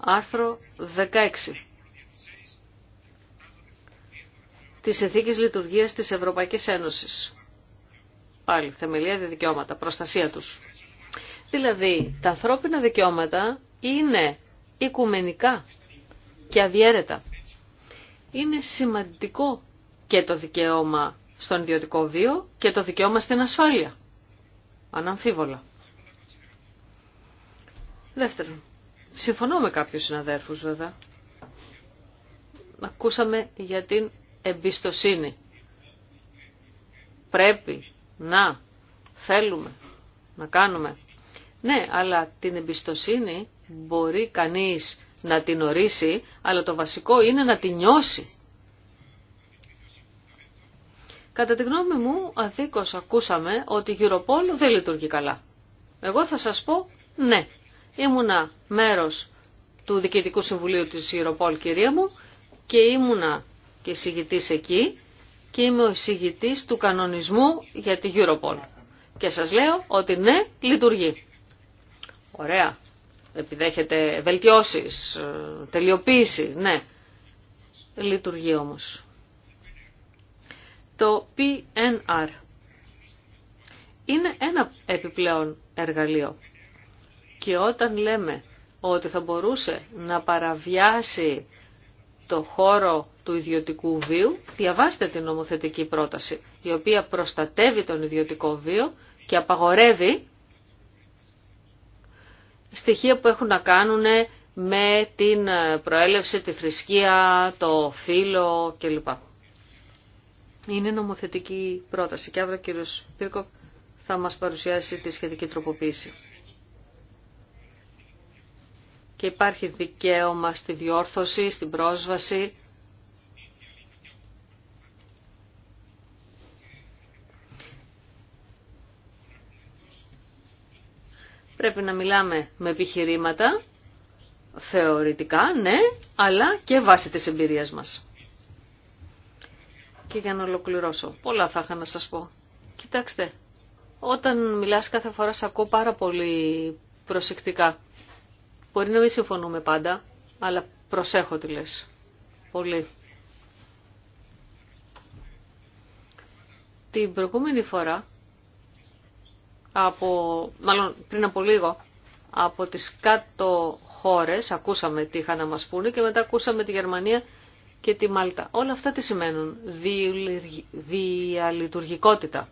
Άρθρο 16 της Εθήκης Λειτουργίας της Ευρωπαϊκής Ένωσης πάλι θεμελία δικαιώματα, προστασία τους. Δηλαδή, τα ανθρώπινα δικαιώματα είναι οικουμενικά και αδιέρετα. Είναι σημαντικό και το δικαίωμα στον ιδιωτικό βίο και το δικαίωμα στην ασφάλεια. Αναμφίβολα. Δεύτερον, συμφωνώ με κάποιους συναδέρφους βέβαια. Ακούσαμε για την εμπιστοσύνη. Πρέπει να θέλουμε να κάνουμε. Ναι, αλλά την εμπιστοσύνη μπορεί κανείς να την ορίσει, αλλά το βασικό είναι να την νιώσει. Κατά τη γνώμη μου, αδίκως ακούσαμε ότι η Europol δεν λειτουργεί καλά. Εγώ θα σας πω ναι. Ήμουνα μέρος του Διοικητικού Συμβουλίου της Europol, κυρία μου, και ήμουνα και συγητής εκεί και είμαι ο εισηγητής του κανονισμού για τη Europol. Και σας λέω ότι ναι, λειτουργεί. Ωραία. Επιδέχεται βελτιώσεις, ε, τελειοποίηση, ναι. Λειτουργεί όμως. Το PNR είναι ένα επιπλέον εργαλείο. Και όταν λέμε ότι θα μπορούσε να παραβιάσει το χώρο του ιδιωτικού βίου, διαβάστε την νομοθετική πρόταση, η οποία προστατεύει τον ιδιωτικό βίο και απαγορεύει στοιχεία που έχουν να κάνουν με την προέλευση, τη θρησκεία, το φύλλο κλπ. Είναι νομοθετική πρόταση και αύριο ο Πύρκο θα μας παρουσιάσει τη σχετική τροποποίηση. Και υπάρχει δικαίωμα στη διόρθωση, στην πρόσβαση Πρέπει να μιλάμε με επιχειρήματα, θεωρητικά, ναι, αλλά και βάσει της εμπειρίας μας. Και για να ολοκληρώσω, πολλά θα είχα να σας πω. Κοιτάξτε, όταν μιλάς κάθε φορά σε ακούω πάρα πολύ προσεκτικά. Μπορεί να μην συμφωνούμε πάντα, αλλά προσέχω τι λες. Πολύ. Την προηγούμενη φορά από, μάλλον πριν από λίγο, από τις κάτω χώρες, ακούσαμε τι είχαν να μας πούνε και μετά ακούσαμε τη Γερμανία και τη Μάλτα. Όλα αυτά τι σημαίνουν, διαλειτουργικότητα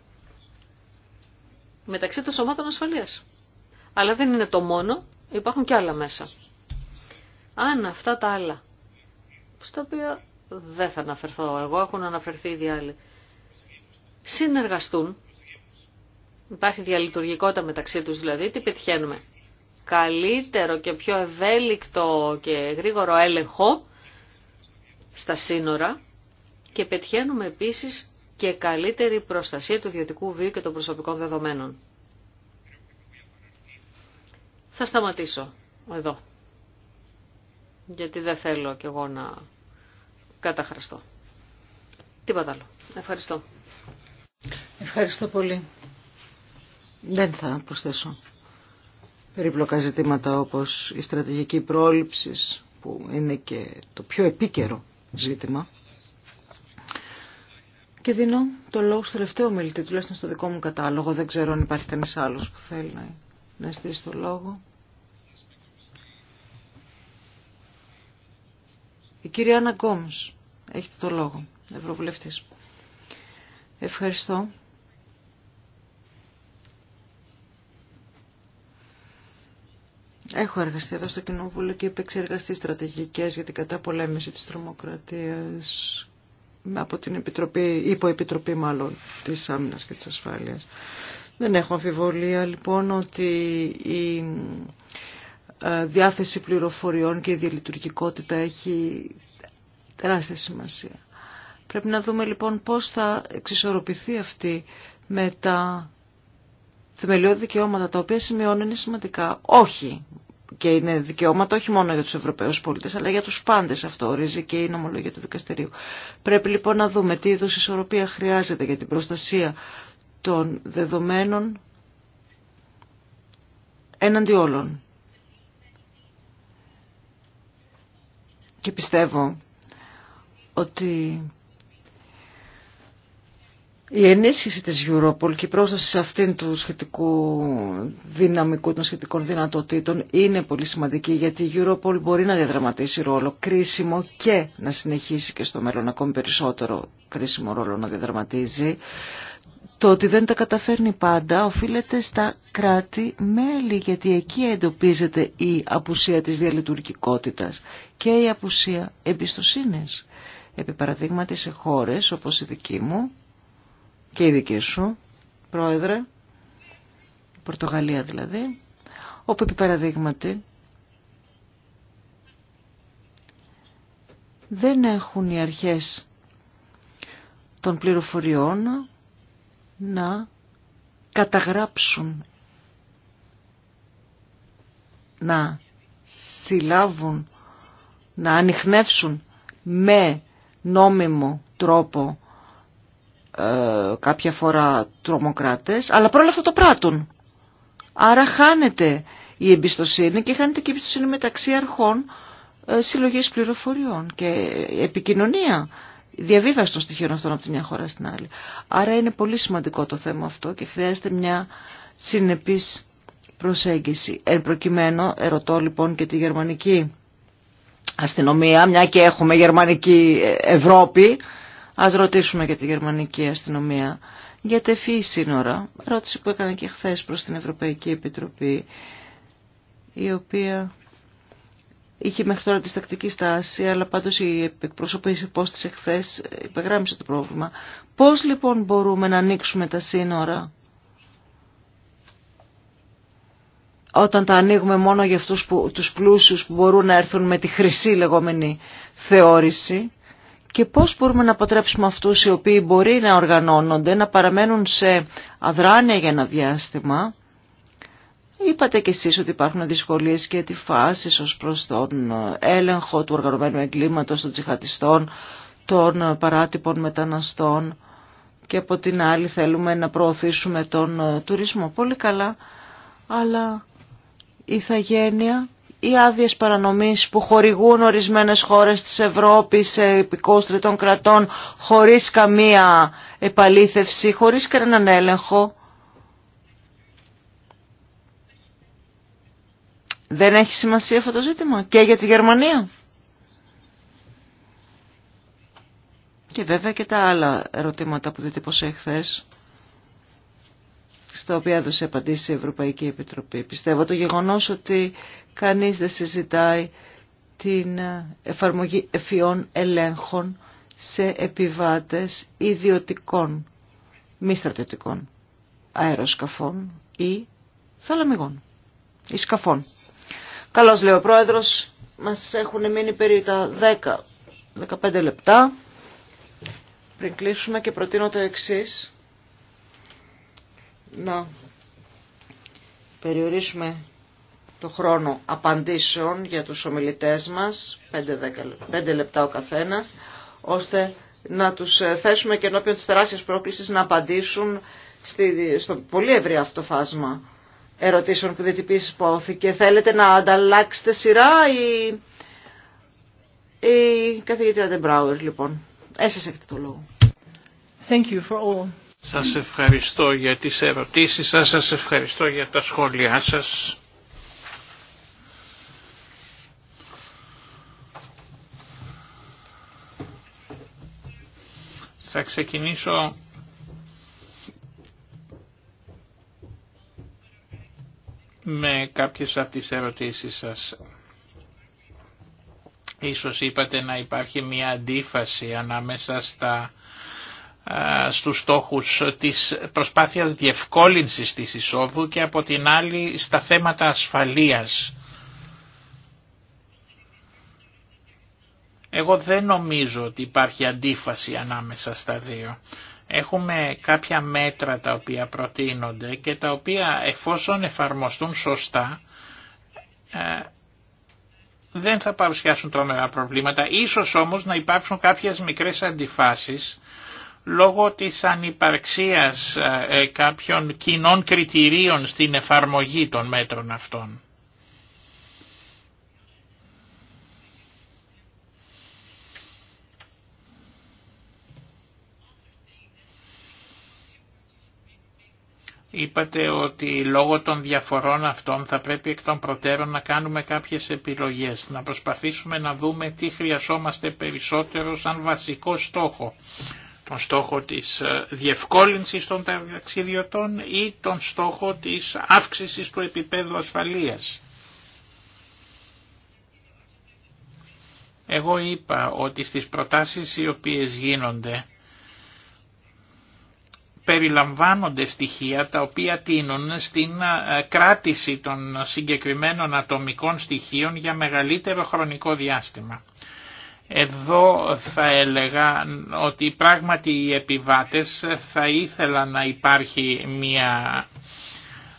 μεταξύ των σωμάτων ασφαλείας. Αλλά δεν είναι το μόνο, υπάρχουν και άλλα μέσα. Αν αυτά τα άλλα, στα οποία δεν θα αναφερθώ εγώ, έχουν αναφερθεί οι άλλοι, συνεργαστούν Υπάρχει διαλειτουργικότητα μεταξύ τους δηλαδή, τι πετυχαίνουμε. Καλύτερο και πιο ευέλικτο και γρήγορο έλεγχο στα σύνορα και πετυχαίνουμε επίσης και καλύτερη προστασία του ιδιωτικού βίου και των προσωπικών δεδομένων. Θα σταματήσω εδώ, γιατί δεν θέλω κι εγώ να καταχραστώ. Τίποτα άλλο. Ευχαριστώ. Ευχαριστώ πολύ. Δεν θα προσθέσω περίπλοκα ζητήματα όπως η στρατηγική πρόληψη που είναι και το πιο επίκαιρο ζήτημα. Και δίνω το λόγο στο τελευταίο μιλητή, τουλάχιστον στο δικό μου κατάλογο. Δεν ξέρω αν υπάρχει κανείς άλλος που θέλει να, να στήσει το λόγο. Η κυρία Άννα έχει έχετε το λόγο, Ευρωβουλευτής. Ευχαριστώ. Έχω εργαστεί εδώ στο Κοινοβούλιο και επεξεργαστεί στρατηγικές για την καταπολέμηση της τρομοκρατίας από την Επιτροπή, υποεπιτροπή μάλλον της Άμυνας και της Ασφάλειας. Δεν έχω αμφιβολία λοιπόν ότι η ε, διάθεση πληροφοριών και η διαλειτουργικότητα έχει τεράστια σημασία. Πρέπει να δούμε λοιπόν πώς θα εξισορροπηθεί αυτή με τα θεμελιώδη δικαιώματα τα οποία σημειώνουν είναι σημαντικά. Όχι και είναι δικαιώματα όχι μόνο για τους Ευρωπαίους πολίτες αλλά για τους πάντες αυτό ορίζει και η νομολογία του δικαστηρίου. Πρέπει λοιπόν να δούμε τι είδους ισορροπία χρειάζεται για την προστασία των δεδομένων έναντι όλων. Και πιστεύω ότι η ενίσχυση της Europol και η πρόσβαση σε αυτήν του σχετικού δυναμικού των σχετικών δυνατοτήτων είναι πολύ σημαντική γιατί η Europol μπορεί να διαδραματίσει ρόλο κρίσιμο και να συνεχίσει και στο μέλλον ακόμη περισσότερο κρίσιμο ρόλο να διαδραματίζει. Το ότι δεν τα καταφέρνει πάντα οφείλεται στα κράτη-μέλη γιατί εκεί εντοπίζεται η απουσία της διαλειτουργικότητας και η απουσία εμπιστοσύνης. Επί παραδείγματι σε χώρες όπως η δική μου και η δική σου, πρόεδρε, Πορτογαλία δηλαδή, όπου επί παραδείγματι δεν έχουν οι αρχές των πληροφοριών να καταγράψουν, να συλλάβουν, να ανοιχνεύσουν με νόμιμο τρόπο ε, κάποια φορά τρομοκράτες, αλλά παρόλα αυτό το πράττουν. Άρα χάνεται η εμπιστοσύνη και χάνεται και η εμπιστοσύνη μεταξύ αρχών ε, συλλογής πληροφοριών και επικοινωνία διαβίβαση των στοιχείων αυτών από τη μια χώρα στην άλλη. Άρα είναι πολύ σημαντικό το θέμα αυτό και χρειάζεται μια συνεπής προσέγγιση. Εν προκειμένου ερωτώ λοιπόν και τη γερμανική αστυνομία, μια και έχουμε γερμανική ε, Ευρώπη, Ας ρωτήσουμε για τη γερμανική αστυνομία. Για τεφή σύνορα, ερώτηση που έκανα και χθε προς την Ευρωπαϊκή Επιτροπή, η οποία είχε μέχρι τώρα τη στακτική στάση, αλλά πάντως η εκπροσωπή πώς χθε εχθές υπεγράμμισε το πρόβλημα. Πώς λοιπόν μπορούμε να ανοίξουμε τα σύνορα όταν τα ανοίγουμε μόνο για αυτούς που, τους πλούσιους που μπορούν να έρθουν με τη χρυσή λεγόμενη θεώρηση και πώς μπορούμε να αποτρέψουμε αυτούς οι οποίοι μπορεί να οργανώνονται, να παραμένουν σε αδράνεια για ένα διάστημα. Είπατε κι εσείς ότι υπάρχουν δυσκολίες και αντιφάσεις ως προς τον έλεγχο του οργανωμένου εγκλήματος των τσιχατιστών, των παράτυπων μεταναστών και από την άλλη θέλουμε να προωθήσουμε τον τουρισμό. Πολύ καλά, αλλά η θαγένεια οι άδειε παρανομής που χορηγούν ορισμένες χώρες της Ευρώπης σε επικούς τριτών κρατών χωρίς καμία επαλήθευση, χωρίς κανέναν έλεγχο. Δεν έχει σημασία αυτό το ζήτημα και για τη Γερμανία. Και βέβαια και τα άλλα ερωτήματα που πως χθες στο οποία έδωσε απαντήσει η Ευρωπαϊκή Επιτροπή. Πιστεύω το γεγονός ότι κανείς δεν συζητάει την εφαρμογή εφιών ελέγχων σε επιβάτες ιδιωτικών, μη στρατιωτικών αεροσκαφών ή θαλαμιγών ή σκαφών. Καλώς λέει ο Πρόεδρος, μας έχουν μείνει περίπου τα 10-15 λεπτά πριν κλείσουμε και προτείνω το εξής να περιορίσουμε το χρόνο απαντήσεων για τους ομιλητές μας, 5 λεπτά ο καθένας, ώστε να τους θέσουμε και ενώπιον της τεράστιας πρόκλησης να απαντήσουν στο πολύ ευρύ αυτό φάσμα ερωτήσεων που πόθη και Θέλετε να ανταλλάξετε σειρά ή η καθηγήτρια Ντεμπράουερ λοιπόν. Εσείς έχετε το λόγο. Thank you for all. Σας ευχαριστώ για τις ερωτήσεις σας, σας ευχαριστώ για τα σχόλιά σας. Θα ξεκινήσω με κάποιες από τις ερωτήσεις σας. Ίσως είπατε να υπάρχει μια αντίφαση ανάμεσα στα ε, στους στόχους της προσπάθειας διευκόλυνσης της εισόδου και από την άλλη στα θέματα ασφαλείας. Εγώ δεν νομίζω ότι υπάρχει αντίφαση ανάμεσα στα δύο. Έχουμε κάποια μέτρα τα οποία προτείνονται και τα οποία εφόσον εφαρμοστούν σωστά ε, δεν θα παρουσιάσουν τρομερά προβλήματα. Ίσως όμως να υπάρξουν κάποιες μικρές αντιφάσεις λόγω της ανυπαρξίας ε, ε, κάποιων κοινών κριτηρίων στην εφαρμογή των μέτρων αυτών. Είπατε ότι λόγω των διαφορών αυτών θα πρέπει εκ των προτέρων να κάνουμε κάποιες επιλογές, να προσπαθήσουμε να δούμε τι χρειαζόμαστε περισσότερο σαν βασικό στόχο τον στόχο της ε, διευκόλυνσης των ταξιδιωτών ή τον στόχο της αύξησης του επίπεδου ασφαλείας. Εγώ είπα ότι στις προτάσεις οι οποίες γίνονται περιλαμβάνονται στοιχεία τα οποία τίνουν στην ε, κράτηση των συγκεκριμένων ατομικών στοιχείων για μεγαλύτερο χρονικό διάστημα. Εδώ θα έλεγα ότι πράγματι οι επιβάτες θα ήθελαν να υπάρχει μια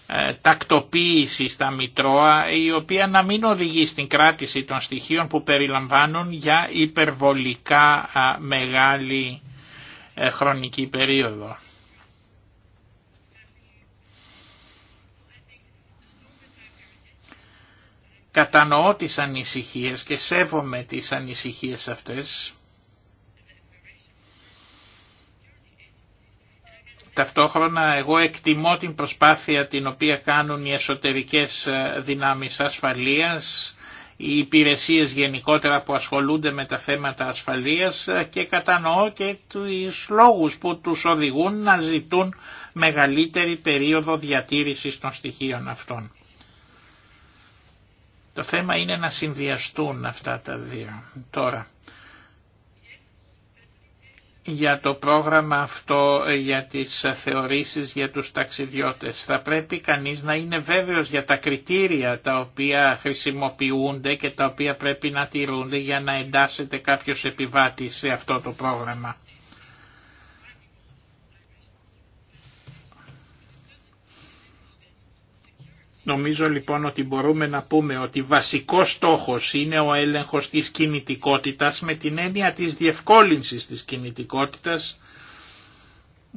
ε, τακτοποίηση στα Μητρώα η οποία να μην οδηγεί στην κράτηση των στοιχείων που περιλαμβάνουν για υπερβολικά μεγάλη ε, χρονική περίοδο. Κατανοώ τις ανησυχίες και σέβομαι τις ανησυχίες αυτές. Ταυτόχρονα εγώ εκτιμώ την προσπάθεια την οποία κάνουν οι εσωτερικές ε, δυνάμεις ασφαλείας, οι υπηρεσίες γενικότερα που ασχολούνται με τα θέματα ασφαλείας ε, και κατανοώ και τους λόγους που τους οδηγούν να ζητούν μεγαλύτερη περίοδο διατήρησης των στοιχείων αυτών. Το θέμα είναι να συνδυαστούν αυτά τα δύο. Τώρα, για το πρόγραμμα αυτό ε, για τις ε, θεωρήσεις για τους ταξιδιώτες. Θα πρέπει κανείς να είναι βέβαιος για τα κριτήρια τα οποία χρησιμοποιούνται και τα οποία πρέπει να τηρούνται για να εντάσσεται κάποιος επιβάτης σε αυτό το πρόγραμμα. Νομίζω λοιπόν ότι μπορούμε να πούμε ότι βασικός στόχος είναι ο έλεγχος της κινητικότητας με την έννοια της διευκόλυνσης της κινητικότητας.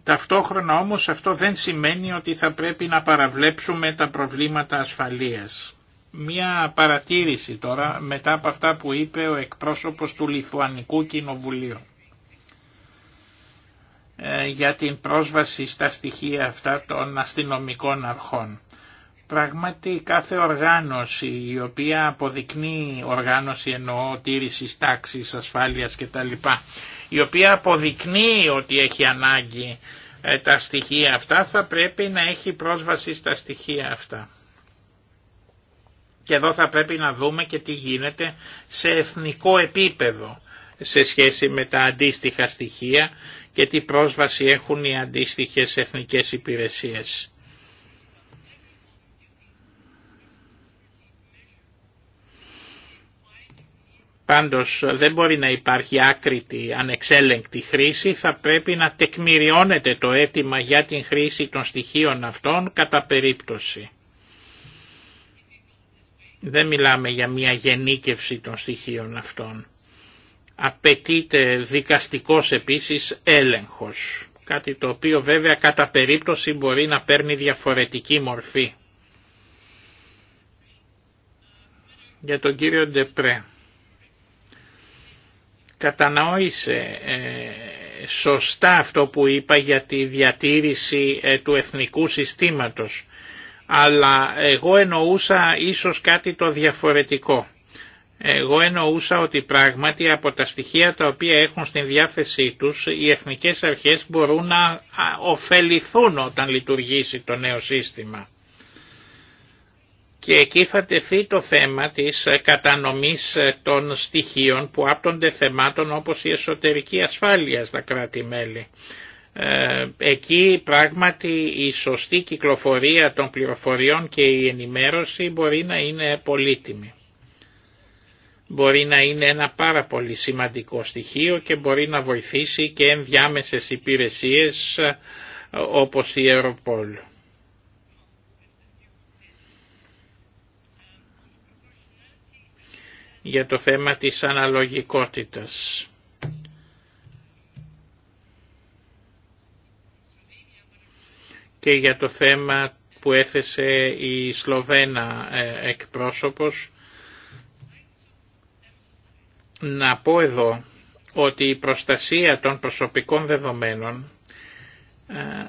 Ταυτόχρονα όμως αυτό δεν σημαίνει ότι θα πρέπει να παραβλέψουμε τα προβλήματα ασφαλείας. Μία παρατήρηση τώρα μετά από αυτά που είπε ο εκπρόσωπος του Λιθουανικού Κοινοβουλίου ε, για την πρόσβαση στα στοιχεία αυτά των αστυνομικών αρχών. Πράγματι κάθε οργάνωση η οποία αποδεικνύει, οργάνωση εννοώ τήρησης τάξης, ασφάλειας κτλ, η οποία αποδεικνύει ότι έχει ανάγκη ε, τα στοιχεία αυτά θα πρέπει να έχει πρόσβαση στα στοιχεία αυτά. Και εδώ θα πρέπει να δούμε και τι γίνεται σε εθνικό επίπεδο σε σχέση με τα αντίστοιχα στοιχεία και τι πρόσβαση έχουν οι αντίστοιχες εθνικές υπηρεσίες. Πάντως δεν μπορεί να υπάρχει άκρητη ανεξέλεγκτη χρήση, θα πρέπει να τεκμηριώνεται το αίτημα για την χρήση των στοιχείων αυτών κατά περίπτωση. Δεν μιλάμε για μια γενίκευση των στοιχείων αυτών. Απαιτείται δικαστικός επίσης έλεγχος, κάτι το οποίο βέβαια κατά περίπτωση μπορεί να παίρνει διαφορετική μορφή. Για τον κύριο Ντεπρέ κατανόησε ε, σωστά αυτό που είπα για τη διατήρηση ε, του εθνικού συστήματος, αλλά εγώ εννοούσα ίσως κάτι το διαφορετικό. Εγώ εννοούσα ότι πράγματι από τα στοιχεία τα οποία έχουν στην διάθεσή τους οι εθνικές αρχές μπορούν να ωφεληθούν όταν λειτουργήσει το νέο σύστημα και εκεί θα τεθεί το θέμα της ε, κατανομής ε, των στοιχείων που άπτονται θεμάτων όπως η εσωτερική ασφάλεια στα κράτη-μέλη. Ε, εκεί πράγματι η σωστή κυκλοφορία των πληροφοριών και η ενημέρωση μπορεί να είναι πολύτιμη. Μπορεί να είναι ένα πάρα πολύ σημαντικό στοιχείο και μπορεί να βοηθήσει και ενδιάμεσες υπηρεσίες όπως η Ευρωπόλου. για το θέμα της αναλογικότητας. Και για το θέμα που έθεσε η Σλοβένα ε, εκπρόσωπος, να πω εδώ ότι η προστασία των προσωπικών δεδομένων ε,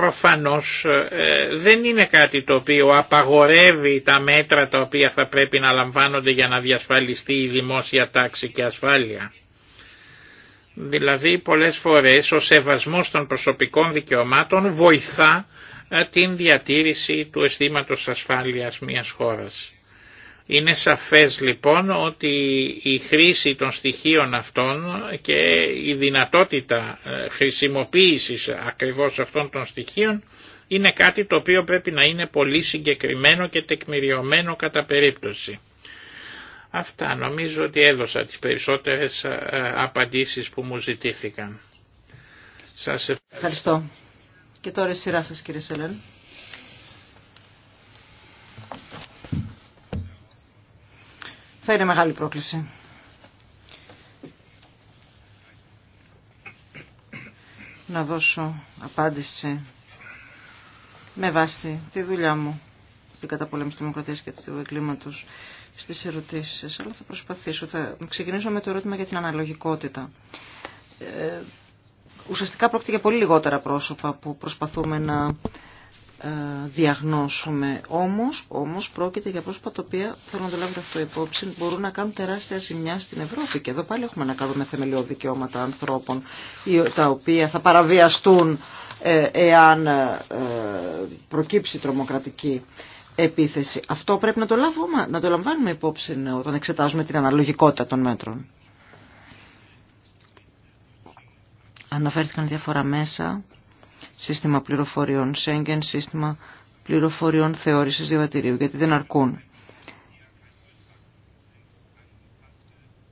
προφανώς ε, δεν είναι κάτι το οποίο απαγορεύει τα μέτρα τα οποία θα πρέπει να λαμβάνονται για να διασφαλιστεί η δημόσια τάξη και ασφάλεια. Δηλαδή πολλές φορές ο σεβασμός των προσωπικών δικαιωμάτων βοηθά ε, την διατήρηση του αισθήματος ασφάλειας μιας χώρας. Είναι σαφές λοιπόν ότι η χρήση των στοιχείων αυτών και η δυνατότητα ε, χρησιμοποίησης ακριβώς αυτών των στοιχείων είναι κάτι το οποίο πρέπει να είναι πολύ συγκεκριμένο και τεκμηριωμένο κατά περίπτωση. Αυτά νομίζω ότι έδωσα τις περισσότερες ε, απαντήσεις που μου ζητήθηκαν. Σας ευχαριστώ. Και τώρα η σειρά σας κύριε Σελέν. θα είναι μεγάλη πρόκληση. Να δώσω απάντηση με βάση τη δουλειά μου στην καταπολέμηση της δημοκρατίας και του εγκλήματος στις ερωτήσεις αλλά θα προσπαθήσω. Θα ξεκινήσω με το ερώτημα για την αναλογικότητα. Ε, ουσιαστικά πρόκειται για πολύ λιγότερα πρόσωπα που προσπαθούμε να ε, διαγνώσουμε. Όμως, όμως πρόκειται για πρόσωπα τα οποία, θέλω να το λάβετε αυτό υπόψη, μπορούν να κάνουν τεράστια ζημιά στην Ευρώπη. Και εδώ πάλι έχουμε να κάνουμε θεμελιώδη δικαιώματα ανθρώπων, τα οποία θα παραβιαστούν ε, εάν ε, προκύψει τρομοκρατική επίθεση. Αυτό πρέπει να το, λάβουμε, να το λαμβάνουμε υπόψη όταν εξετάζουμε την αναλογικότητα των μέτρων. Αναφέρθηκαν διάφορα μέσα σύστημα πληροφοριών Schengen, σύστημα πληροφοριών θεώρησης διαβατηρίου, γιατί δεν αρκούν.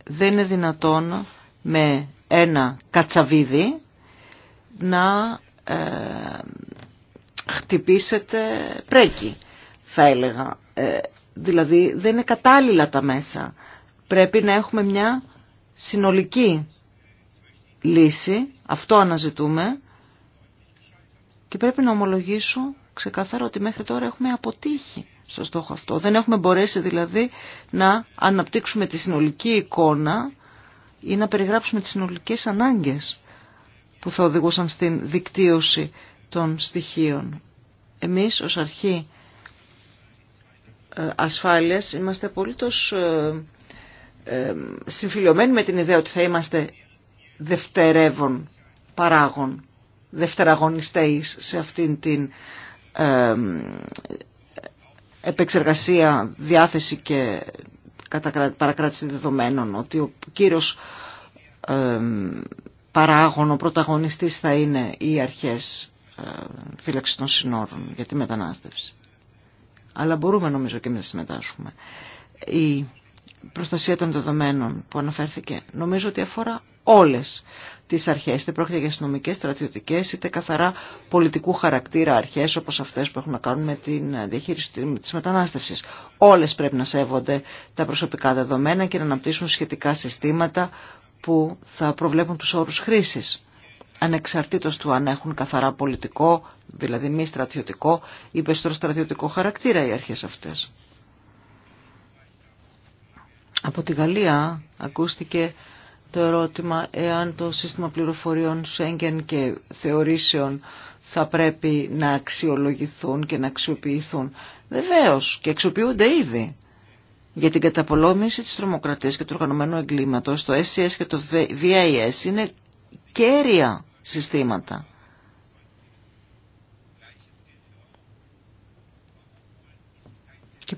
Δεν είναι δυνατόν με ένα κατσαβίδι να ε, χτυπήσετε πρέκι, θα έλεγα. Ε, δηλαδή δεν είναι κατάλληλα τα μέσα. Πρέπει να έχουμε μια συνολική λύση, αυτό αναζητούμε, και πρέπει να ομολογήσω ξεκάθαρα ότι μέχρι τώρα έχουμε αποτύχει στο στόχο αυτό. Δεν έχουμε μπορέσει δηλαδή να αναπτύξουμε τη συνολική εικόνα ή να περιγράψουμε τις συνολικές ανάγκες που θα οδηγούσαν στην δικτύωση των στοιχείων. Εμείς ως αρχή ε, ασφάλειας είμαστε απολύτως ε, ε, συμφιλειωμένοι με την ιδέα ότι θα είμαστε δευτερεύων παράγων δευτεραγωνιστές σε αυτήν την επεξεργασία, διάθεση και παρακράτηση δεδομένων ότι ο κύριος παράγωνο, πρωταγωνιστής θα είναι οι αρχές ε, φύλαξης των συνόρων για τη μετανάστευση. Αλλά μπορούμε νομίζω και εμείς να συμμετάσχουμε. Η προστασία των δεδομένων που αναφέρθηκε, νομίζω ότι αφορά όλες τις αρχές, είτε πρόκειται για αστυνομικέ, στρατιωτικές, είτε καθαρά πολιτικού χαρακτήρα αρχές όπως αυτές που έχουν να κάνουν με την διαχείριση της μετανάστευσης. Όλες πρέπει να σέβονται τα προσωπικά δεδομένα και να αναπτύσσουν σχετικά συστήματα που θα προβλέπουν τους όρους χρήσης ανεξαρτήτως του αν έχουν καθαρά πολιτικό, δηλαδή μη στρατιωτικό ή περισσότερο στρατιωτικό χαρακτήρα οι αρχές αυτές. Από τη Γαλλία ακούστηκε το ερώτημα εάν το σύστημα πληροφοριών Σέγγεν και θεωρήσεων θα πρέπει να αξιολογηθούν και να αξιοποιηθούν. Βεβαίως και αξιοποιούνται ήδη για την καταπολόμηση της τρομοκρατίας και του οργανωμένου εγκλήματος, το SES και το VIS είναι κέρια συστήματα.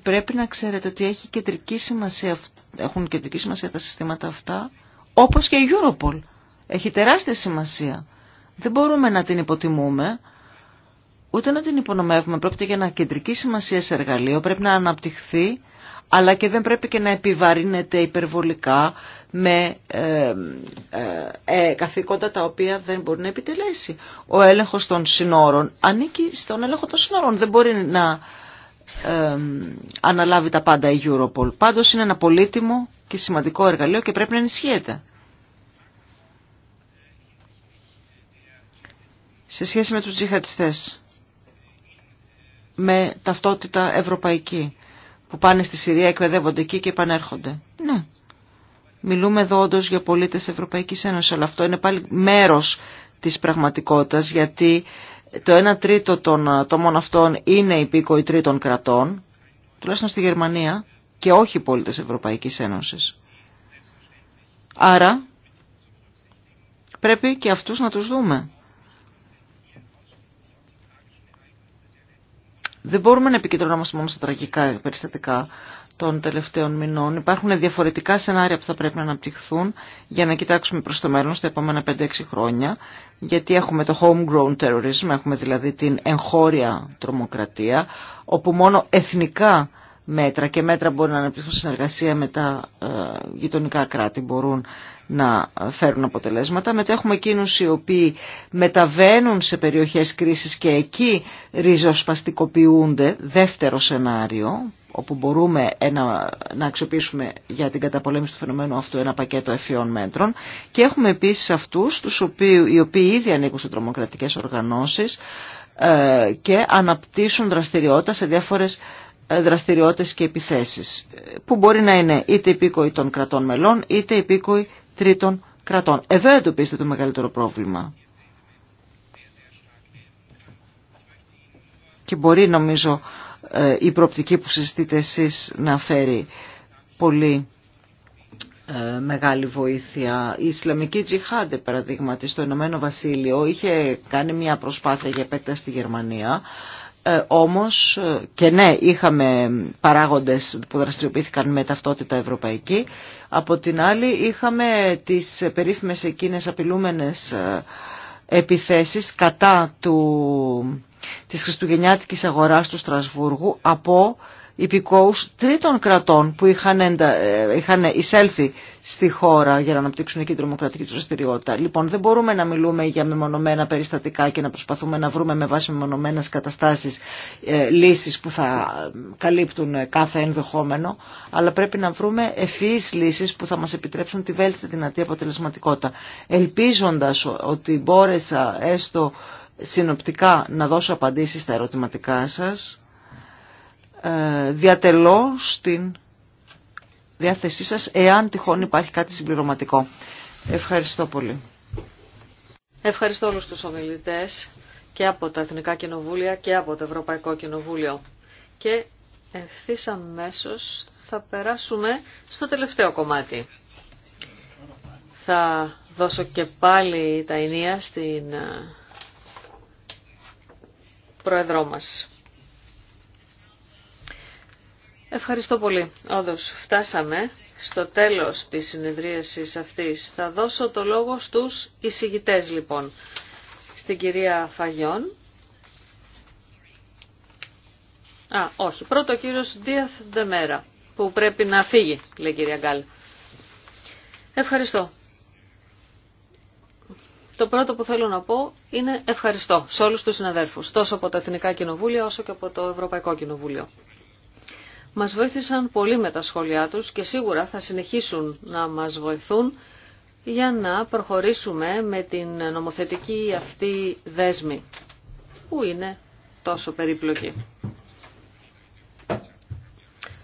πρέπει να ξέρετε ότι έχει κεντρική σημασία, έχουν κεντρική σημασία τα συστήματα αυτά, όπως και η Europol. Έχει τεράστια σημασία. Δεν μπορούμε να την υποτιμούμε, ούτε να την υπονομεύουμε. Πρόκειται για ένα κεντρική σημασία σε εργαλείο, πρέπει να αναπτυχθεί, αλλά και δεν πρέπει και να επιβαρύνεται υπερβολικά με ε, ε, ε, καθήκοντα τα οποία δεν μπορεί να επιτελέσει. Ο έλεγχος των συνόρων ανήκει στον έλεγχο των συνόρων. Δεν μπορεί να αναλάβει τα πάντα η Europol. Πάντως είναι ένα πολύτιμο και σημαντικό εργαλείο και πρέπει να ενισχύεται. Σε σχέση με τους τζιχατιστές, με ταυτότητα ευρωπαϊκή, που πάνε στη Συρία, εκπαιδεύονται εκεί και επανέρχονται. Ναι. Μιλούμε εδώ όντω για πολίτες Ευρωπαϊκής Ένωσης, αλλά αυτό είναι πάλι μέρος της πραγματικότητας, γιατί το 1 τρίτο των ατόμων αυτών είναι υπήκοοι τρίτων κρατών, τουλάχιστον στη Γερμανία, και όχι πολίτες Ευρωπαϊκής Ένωσης. Άρα πρέπει και αυτούς να τους δούμε. Δεν μπορούμε να επικεντρωνόμαστε μόνο στα τραγικά περιστατικά των τελευταίων μηνών. Υπάρχουν διαφορετικά σενάρια που θα πρέπει να αναπτυχθούν για να κοιτάξουμε προς το μέλλον στα επόμενα 5-6 χρόνια, γιατί έχουμε το homegrown terrorism, έχουμε δηλαδή την εγχώρια τρομοκρατία, όπου μόνο εθνικά μέτρα και μέτρα μπορούν να αναπτυχθούν συνεργασία με τα ε, γειτονικά κράτη μπορούν να φέρουν αποτελέσματα. Μετά έχουμε εκείνους οι οποίοι μεταβαίνουν σε περιοχές κρίσης και εκεί ριζοσπαστικοποιούνται, δεύτερο σενάριο, όπου μπορούμε ένα, να αξιοποιήσουμε για την καταπολέμηση του φαινομένου αυτού ένα πακέτο ευφυών μέτρων. Και έχουμε επίσης αυτούς τους οι οποίοι ήδη ανήκουν σε τρομοκρατικές οργανώσεις ε, και αναπτύσσουν δραστηριότητα σε διάφορες ε, δραστηριότητες και επιθέσεις που μπορεί να είναι είτε υπήκοοι των κρατών μελών είτε υπήκοοι τρίτων κρατών. Εδώ εντοπίστε το μεγαλύτερο πρόβλημα. Και μπορεί νομίζω ε, η προοπτική που συζητείτε εσείς να φέρει πολύ ε, μεγάλη βοήθεια. Η Ισλαμική Τζιχάντε, παραδείγματι, στο Ηνωμένο Βασίλειο είχε κάνει μια προσπάθεια για επέκταση στη Γερμανία ε, όμως, ε, και ναι, είχαμε παράγοντες που δραστηριοποιήθηκαν με ταυτότητα ευρωπαϊκή. Από την άλλη, είχαμε τις περίφημες εκείνες απειλούμενες ε, επιθέσεις κατά του, της χριστουγεννιάτικης αγοράς του Στρασβούργου από υπηκόους τρίτων κρατών που είχαν, εντα, ε, είχαν εισέλθει στη χώρα για να αναπτύξουν εκεί τρομοκρατική του δραστηριότητα. Λοιπόν, δεν μπορούμε να μιλούμε για μεμονωμένα περιστατικά και να προσπαθούμε να βρούμε με βάση μεμονωμένε καταστάσει ε, λύσει που θα καλύπτουν κάθε ενδεχόμενο, αλλά πρέπει να βρούμε ευφυεί λύσει που θα μα επιτρέψουν τη βέλτιστη δυνατή αποτελεσματικότητα. Ελπίζοντα ότι μπόρεσα έστω συνοπτικά να δώσω απαντήσεις στα ερωτηματικά σας ε, διατελώ στην διάθεσή σας εάν τυχόν υπάρχει κάτι συμπληρωματικό. Ευχαριστώ πολύ. Ευχαριστώ όλους τους ομιλητές και από τα Εθνικά Κοινοβούλια και από το Ευρωπαϊκό Κοινοβούλιο. Και ευθύς αμέσω θα περάσουμε στο τελευταίο κομμάτι. Θα δώσω και πάλι τα ενία στην ε, πρόεδρό μας. Ευχαριστώ πολύ. Όντως, φτάσαμε στο τέλος της συνεδρίασης αυτής. Θα δώσω το λόγο στους εισηγητές λοιπόν. Στην κυρία Φαγιών. Α, όχι. Πρώτο κύριος Δίαθ Δεμέρα, που πρέπει να φύγει, λέει η κυρία Γκάλ. Ευχαριστώ. Το πρώτο που θέλω να πω είναι ευχαριστώ σε όλους τους συναδέρφους, τόσο από τα Εθνικά Κοινοβούλια όσο και από το Ευρωπαϊκό Κοινοβούλιο. Μας βοήθησαν πολύ με τα σχόλιά τους και σίγουρα θα συνεχίσουν να μας βοηθούν για να προχωρήσουμε με την νομοθετική αυτή δέσμη που είναι τόσο περίπλοκη.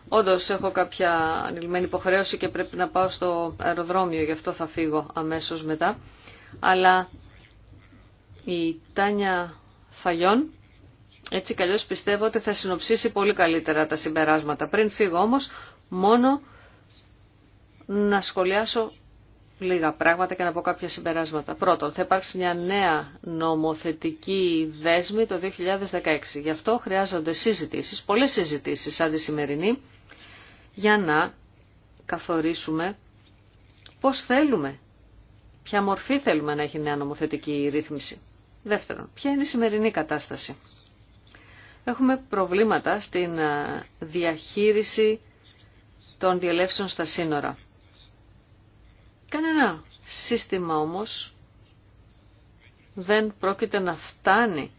Όντω έχω κάποια ανηλυμένη υποχρέωση και πρέπει να πάω στο αεροδρόμιο, γι' αυτό θα φύγω αμέσως μετά. Αλλά η Τάνια Φαγιών, έτσι καλώς πιστεύω ότι θα συνοψίσει πολύ καλύτερα τα συμπεράσματα. Πριν φύγω όμως, μόνο να σχολιάσω λίγα πράγματα και να πω κάποια συμπεράσματα. Πρώτον, θα υπάρξει μια νέα νομοθετική δέσμη το 2016. Γι' αυτό χρειάζονται συζητήσεις, πολλές συζητήσεις σαν τη σημερινή, για να καθορίσουμε πώς θέλουμε, ποια μορφή θέλουμε να έχει νέα νομοθετική ρύθμιση. Δεύτερον, ποια είναι η σημερινή κατάσταση έχουμε προβλήματα στην ε, διαχείριση των διελεύσεων στα σύνορα. Κανένα σύστημα όμως δεν πρόκειται να φτάνει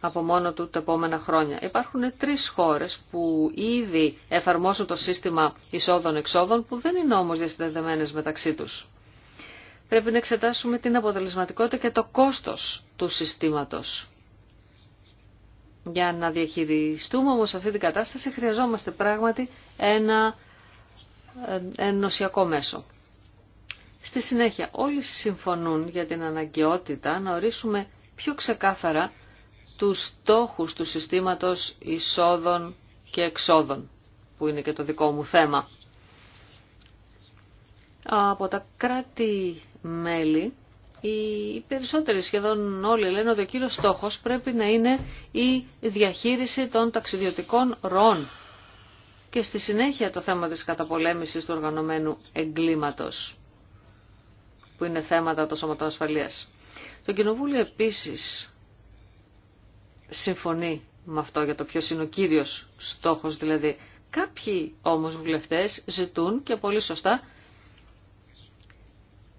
από μόνο του τα επόμενα χρόνια. Υπάρχουν τρεις χώρες που ήδη εφαρμόσουν το σύστημα εισόδων-εξόδων που δεν είναι όμως διασυνδεδεμένες μεταξύ τους. Πρέπει να εξετάσουμε την αποτελεσματικότητα και το κόστος του συστήματος. Για να διαχειριστούμε όμως αυτή την κατάσταση χρειαζόμαστε πράγματι ένα ε, ενωσιακό μέσο. Στη συνέχεια όλοι συμφωνούν για την αναγκαιότητα να ορίσουμε πιο ξεκάθαρα τους στόχους του συστήματος εισόδων και εξόδων, που είναι και το δικό μου θέμα. Από τα κράτη-μέλη οι περισσότεροι σχεδόν όλοι λένε ότι ο κύριος στόχος πρέπει να είναι η διαχείριση των ταξιδιωτικών ροών και στη συνέχεια το θέμα της καταπολέμησης του οργανωμένου εγκλήματος που είναι θέματα των σώματων ασφαλείας. Το Κοινοβούλιο επίσης συμφωνεί με αυτό για το πιο είναι ο κύριος στόχος δηλαδή. Κάποιοι όμως βουλευτές ζητούν και πολύ σωστά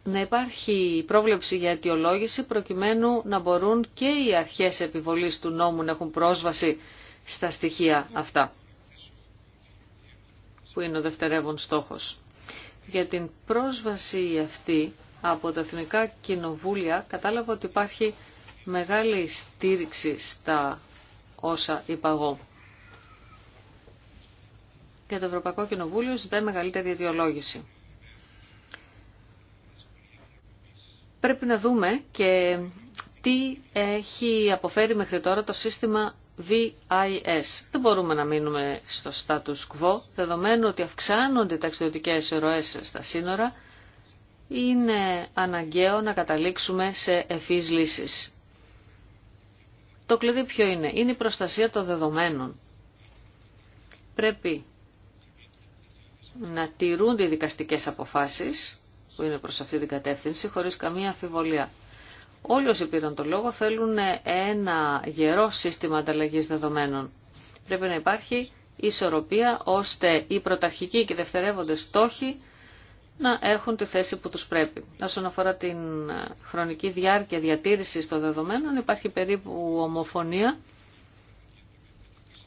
να υπάρχει πρόβλεψη για αιτιολόγηση προκειμένου να μπορούν και οι αρχές επιβολής του νόμου να έχουν πρόσβαση στα στοιχεία αυτά που είναι ο δευτερεύον στόχος. Για την πρόσβαση αυτή από τα Εθνικά Κοινοβούλια κατάλαβα ότι υπάρχει μεγάλη στήριξη στα όσα είπα εγώ. Και το Ευρωπαϊκό Κοινοβούλιο ζητάει μεγαλύτερη αιτιολόγηση. πρέπει να δούμε και τι έχει αποφέρει μέχρι τώρα το σύστημα VIS. Δεν μπορούμε να μείνουμε στο status quo, δεδομένου ότι αυξάνονται τα εξωτερικές ροές στα σύνορα, είναι αναγκαίο να καταλήξουμε σε ευφύς λύσεις. Το κλειδί ποιο είναι, είναι η προστασία των δεδομένων. Πρέπει να τηρούνται οι δικαστικές αποφάσεις που είναι προς αυτή την κατεύθυνση χωρίς καμία αμφιβολία. Όλοι όσοι πήραν το λόγο θέλουν ένα γερό σύστημα ανταλλαγή δεδομένων. Πρέπει να υπάρχει ισορροπία ώστε οι πρωταρχικοί και δευτερεύοντες στόχοι να έχουν τη θέση που τους πρέπει. Όσον αφορά την χρονική διάρκεια διατήρησης των δεδομένων υπάρχει περίπου ομοφωνία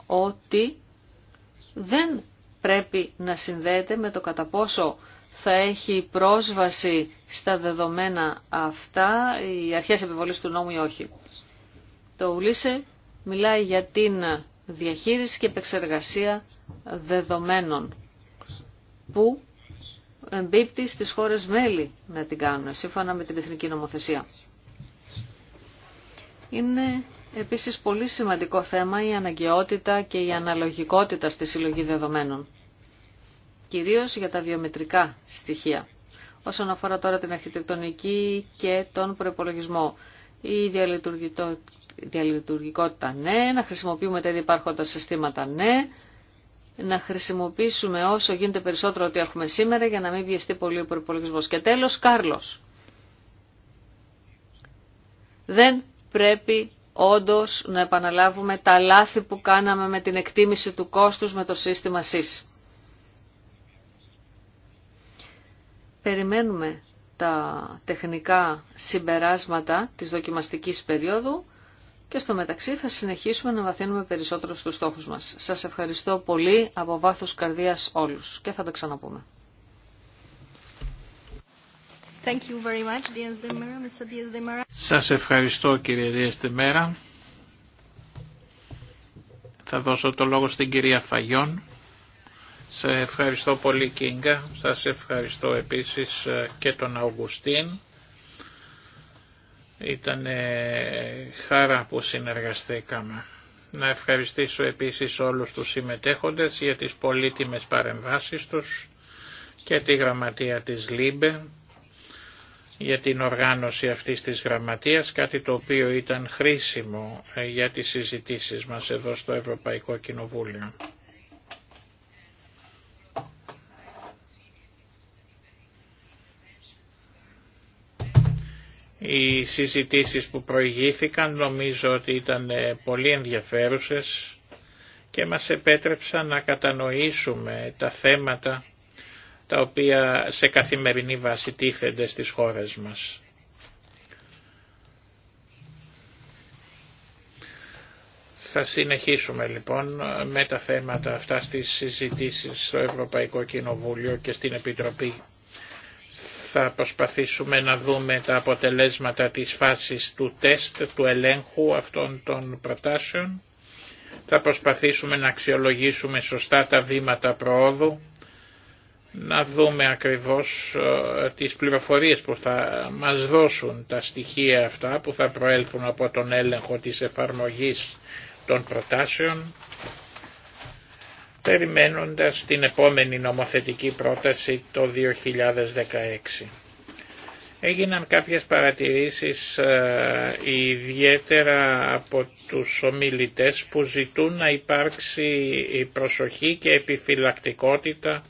ότι δεν πρέπει να συνδέεται με το κατά πόσο θα έχει πρόσβαση στα δεδομένα αυτά, οι αρχές επιβολής του νόμου ή όχι. Το Ουλίσε μιλάει για την διαχείριση και επεξεργασία δεδομένων που εμπίπτει στις χώρες μέλη να την κάνουν, σύμφωνα με την Εθνική Νομοθεσία. Είναι επίσης πολύ σημαντικό θέμα η αναγκαιότητα και η αναλογικότητα στη συλλογή δεδομένων κυρίως για τα βιομετρικά στοιχεία. Όσον αφορά τώρα την αρχιτεκτονική και τον προπολογισμό, η διαλειτουργικότητα ναι, να χρησιμοποιούμε τα υπάρχοντα συστήματα ναι, να χρησιμοποιήσουμε όσο γίνεται περισσότερο ό,τι έχουμε σήμερα για να μην βιαστεί πολύ ο προπολογισμό. Και τέλος, Κάρλος. Δεν πρέπει όντω να επαναλάβουμε τα λάθη που κάναμε με την εκτίμηση του κόστους με το σύστημα ΣΥΣ. Περιμένουμε τα τεχνικά συμπεράσματα της δοκιμαστικής περίοδου και στο μεταξύ θα συνεχίσουμε να βαθύνουμε περισσότερο στους στόχους μας. Σας ευχαριστώ πολύ από βάθος καρδίας όλους και θα τα ξαναπούμε. Thank Σας ευχαριστώ κύριε Δίας μέρα. Θα δώσω το λόγο στην κυρία Φαγιόν. Σε ευχαριστώ πολύ Κίνγκα, σας ευχαριστώ επίσης ε, και τον Αυγουστίν, Ήταν χάρα που συνεργαστήκαμε. Να ευχαριστήσω επίσης όλους τους συμμετέχοντες για τις πολύτιμες παρεμβάσεις τους και τη γραμματεία της ΛΥΜΠΕ για την οργάνωση αυτής της γραμματείας, κάτι το οποίο ήταν χρήσιμο ε, για τις συζητήσεις μας εδώ στο Ευρωπαϊκό Κοινοβούλιο. Οι συζητήσεις που προηγήθηκαν νομίζω ότι ήταν ε, πολύ ενδιαφέρουσες και μας επέτρεψαν να κατανοήσουμε τα θέματα τα οποία σε καθημερινή βάση τίθενται στις χώρες μας. Θα συνεχίσουμε λοιπόν με τα θέματα αυτά στις συζητήσεις στο Ευρωπαϊκό Κοινοβούλιο και στην Επιτροπή θα προσπαθήσουμε να δούμε τα αποτελέσματα της φάσης του τεστ, του ελέγχου αυτών των προτάσεων. Θα προσπαθήσουμε να αξιολογήσουμε σωστά τα βήματα προόδου, να δούμε ακριβώς ε, τις πληροφορίες που θα μας δώσουν τα στοιχεία αυτά που θα προέλθουν από τον έλεγχο της εφαρμογής των προτάσεων περιμένοντας την επόμενη νομοθετική πρόταση το 2016. Έγιναν κάποιες παρατηρήσεις ε, ιδιαίτερα από τους ομιλητές που ζητούν να υπάρξει η προσοχή και επιφυλακτικότητα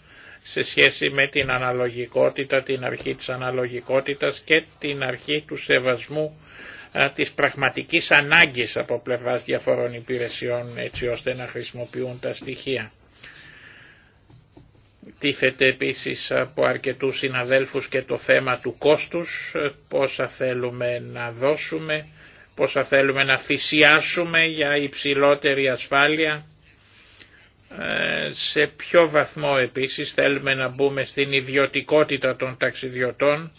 σε σχέση με την αναλογικότητα, την αρχή της αναλογικότητας και την αρχή του σεβασμού ε, της πραγματικής ανάγκης από πλευράς διαφορών υπηρεσιών έτσι ώστε να χρησιμοποιούν τα στοιχεία. Τίθεται επίσης από αρκετούς συναδέλφους και το θέμα του κόστους, πόσα θέλουμε να δώσουμε, πόσα θέλουμε να θυσιάσουμε για υψηλότερη ασφάλεια, ε, σε ποιο βαθμό επίσης θέλουμε να μπούμε στην ιδιωτικότητα των ταξιδιωτών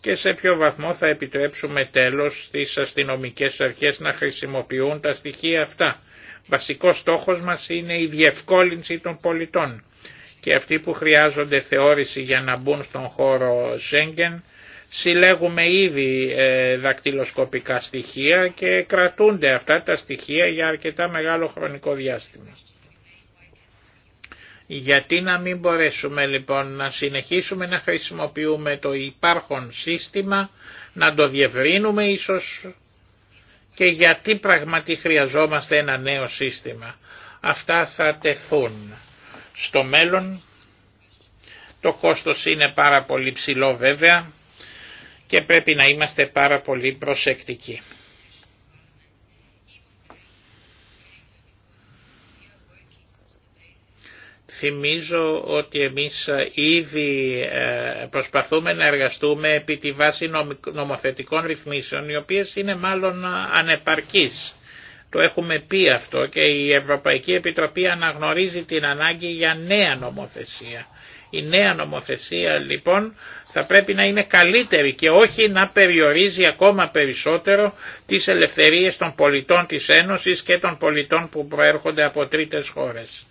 και σε ποιο βαθμό θα επιτρέψουμε τέλος στις αστυνομικές αρχές να χρησιμοποιούν τα στοιχεία αυτά. Βασικός στόχος μας είναι η διευκόλυνση των πολιτών και αυτοί που χρειάζονται θεώρηση για να μπουν στον χώρο Σέγγεν συλλέγουμε ήδη ε, δακτυλοσκοπικά στοιχεία και κρατούνται αυτά τα στοιχεία για αρκετά μεγάλο χρονικό διάστημα. Γιατί να μην μπορέσουμε λοιπόν να συνεχίσουμε να χρησιμοποιούμε το υπάρχον σύστημα, να το διευρύνουμε ίσως και γιατί πραγματικά χρειαζόμαστε ένα νέο σύστημα. Αυτά θα τεθούν στο μέλλον. Το κόστος είναι πάρα πολύ ψηλό βέβαια και πρέπει να είμαστε πάρα πολύ προσεκτικοί. Θυμίζω ότι εμείς ε, ήδη ε, προσπαθούμε να εργαστούμε επί τη βάση νομοθετικών ρυθμίσεων, οι οποίες είναι μάλλον ε, ανεπαρκείς. Το έχουμε πει αυτό και η Ευρωπαϊκή Επιτροπή αναγνωρίζει την ανάγκη για νέα νομοθεσία. Η νέα νομοθεσία λοιπόν θα πρέπει να είναι καλύτερη και όχι να περιορίζει ακόμα περισσότερο τις ελευθερίες των πολιτών της Ένωσης και των πολιτών που προέρχονται από τρίτες χώρες.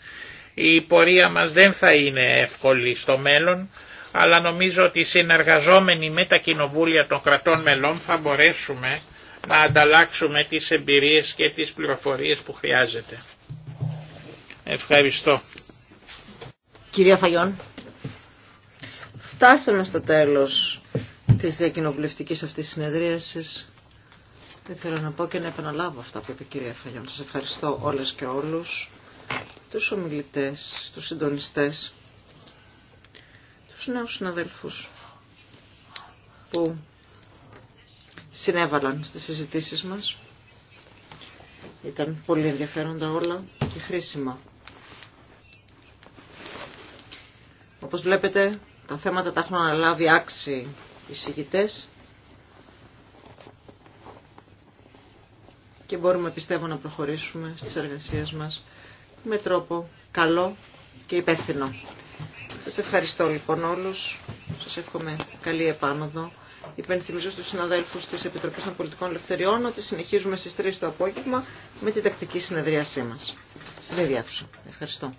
Η πορεία μας δεν θα είναι εύκολη στο μέλλον, αλλά νομίζω ότι συνεργαζόμενοι με τα κοινοβούλια των κρατών μελών θα μπορέσουμε να ανταλλάξουμε τις εμπειρίες και τις πληροφορίες που χρειάζεται. Ευχαριστώ. Κυρία Φαγιόν, φτάσαμε στο τέλος της διακοινοβουλευτικής αυτής συνεδρίασης. Δεν θέλω να πω και να επαναλάβω αυτά που είπε η κυρία Φαγιόν. Σας ευχαριστώ όλες και όλους, τους ομιλητές, τους συντονιστές, τους νέους συναδέλφους που συνέβαλαν στις συζητήσεις μας. Ήταν πολύ ενδιαφέροντα όλα και χρήσιμα. Όπως βλέπετε, τα θέματα τα έχουν αναλάβει άξιοι εισηγητές και μπορούμε πιστεύω να προχωρήσουμε στις εργασίες μας με τρόπο καλό και υπεύθυνο. Σας ευχαριστώ λοιπόν όλους. Σας εύχομαι καλή επάνωδο υπενθυμίζω στους συναδέλφους της Επιτροπής των Πολιτικών Ελευθεριών ότι συνεχίζουμε στις 3 το απόγευμα με την τακτική συνεδρίασή μας. Στην ίδια Ευχαριστώ.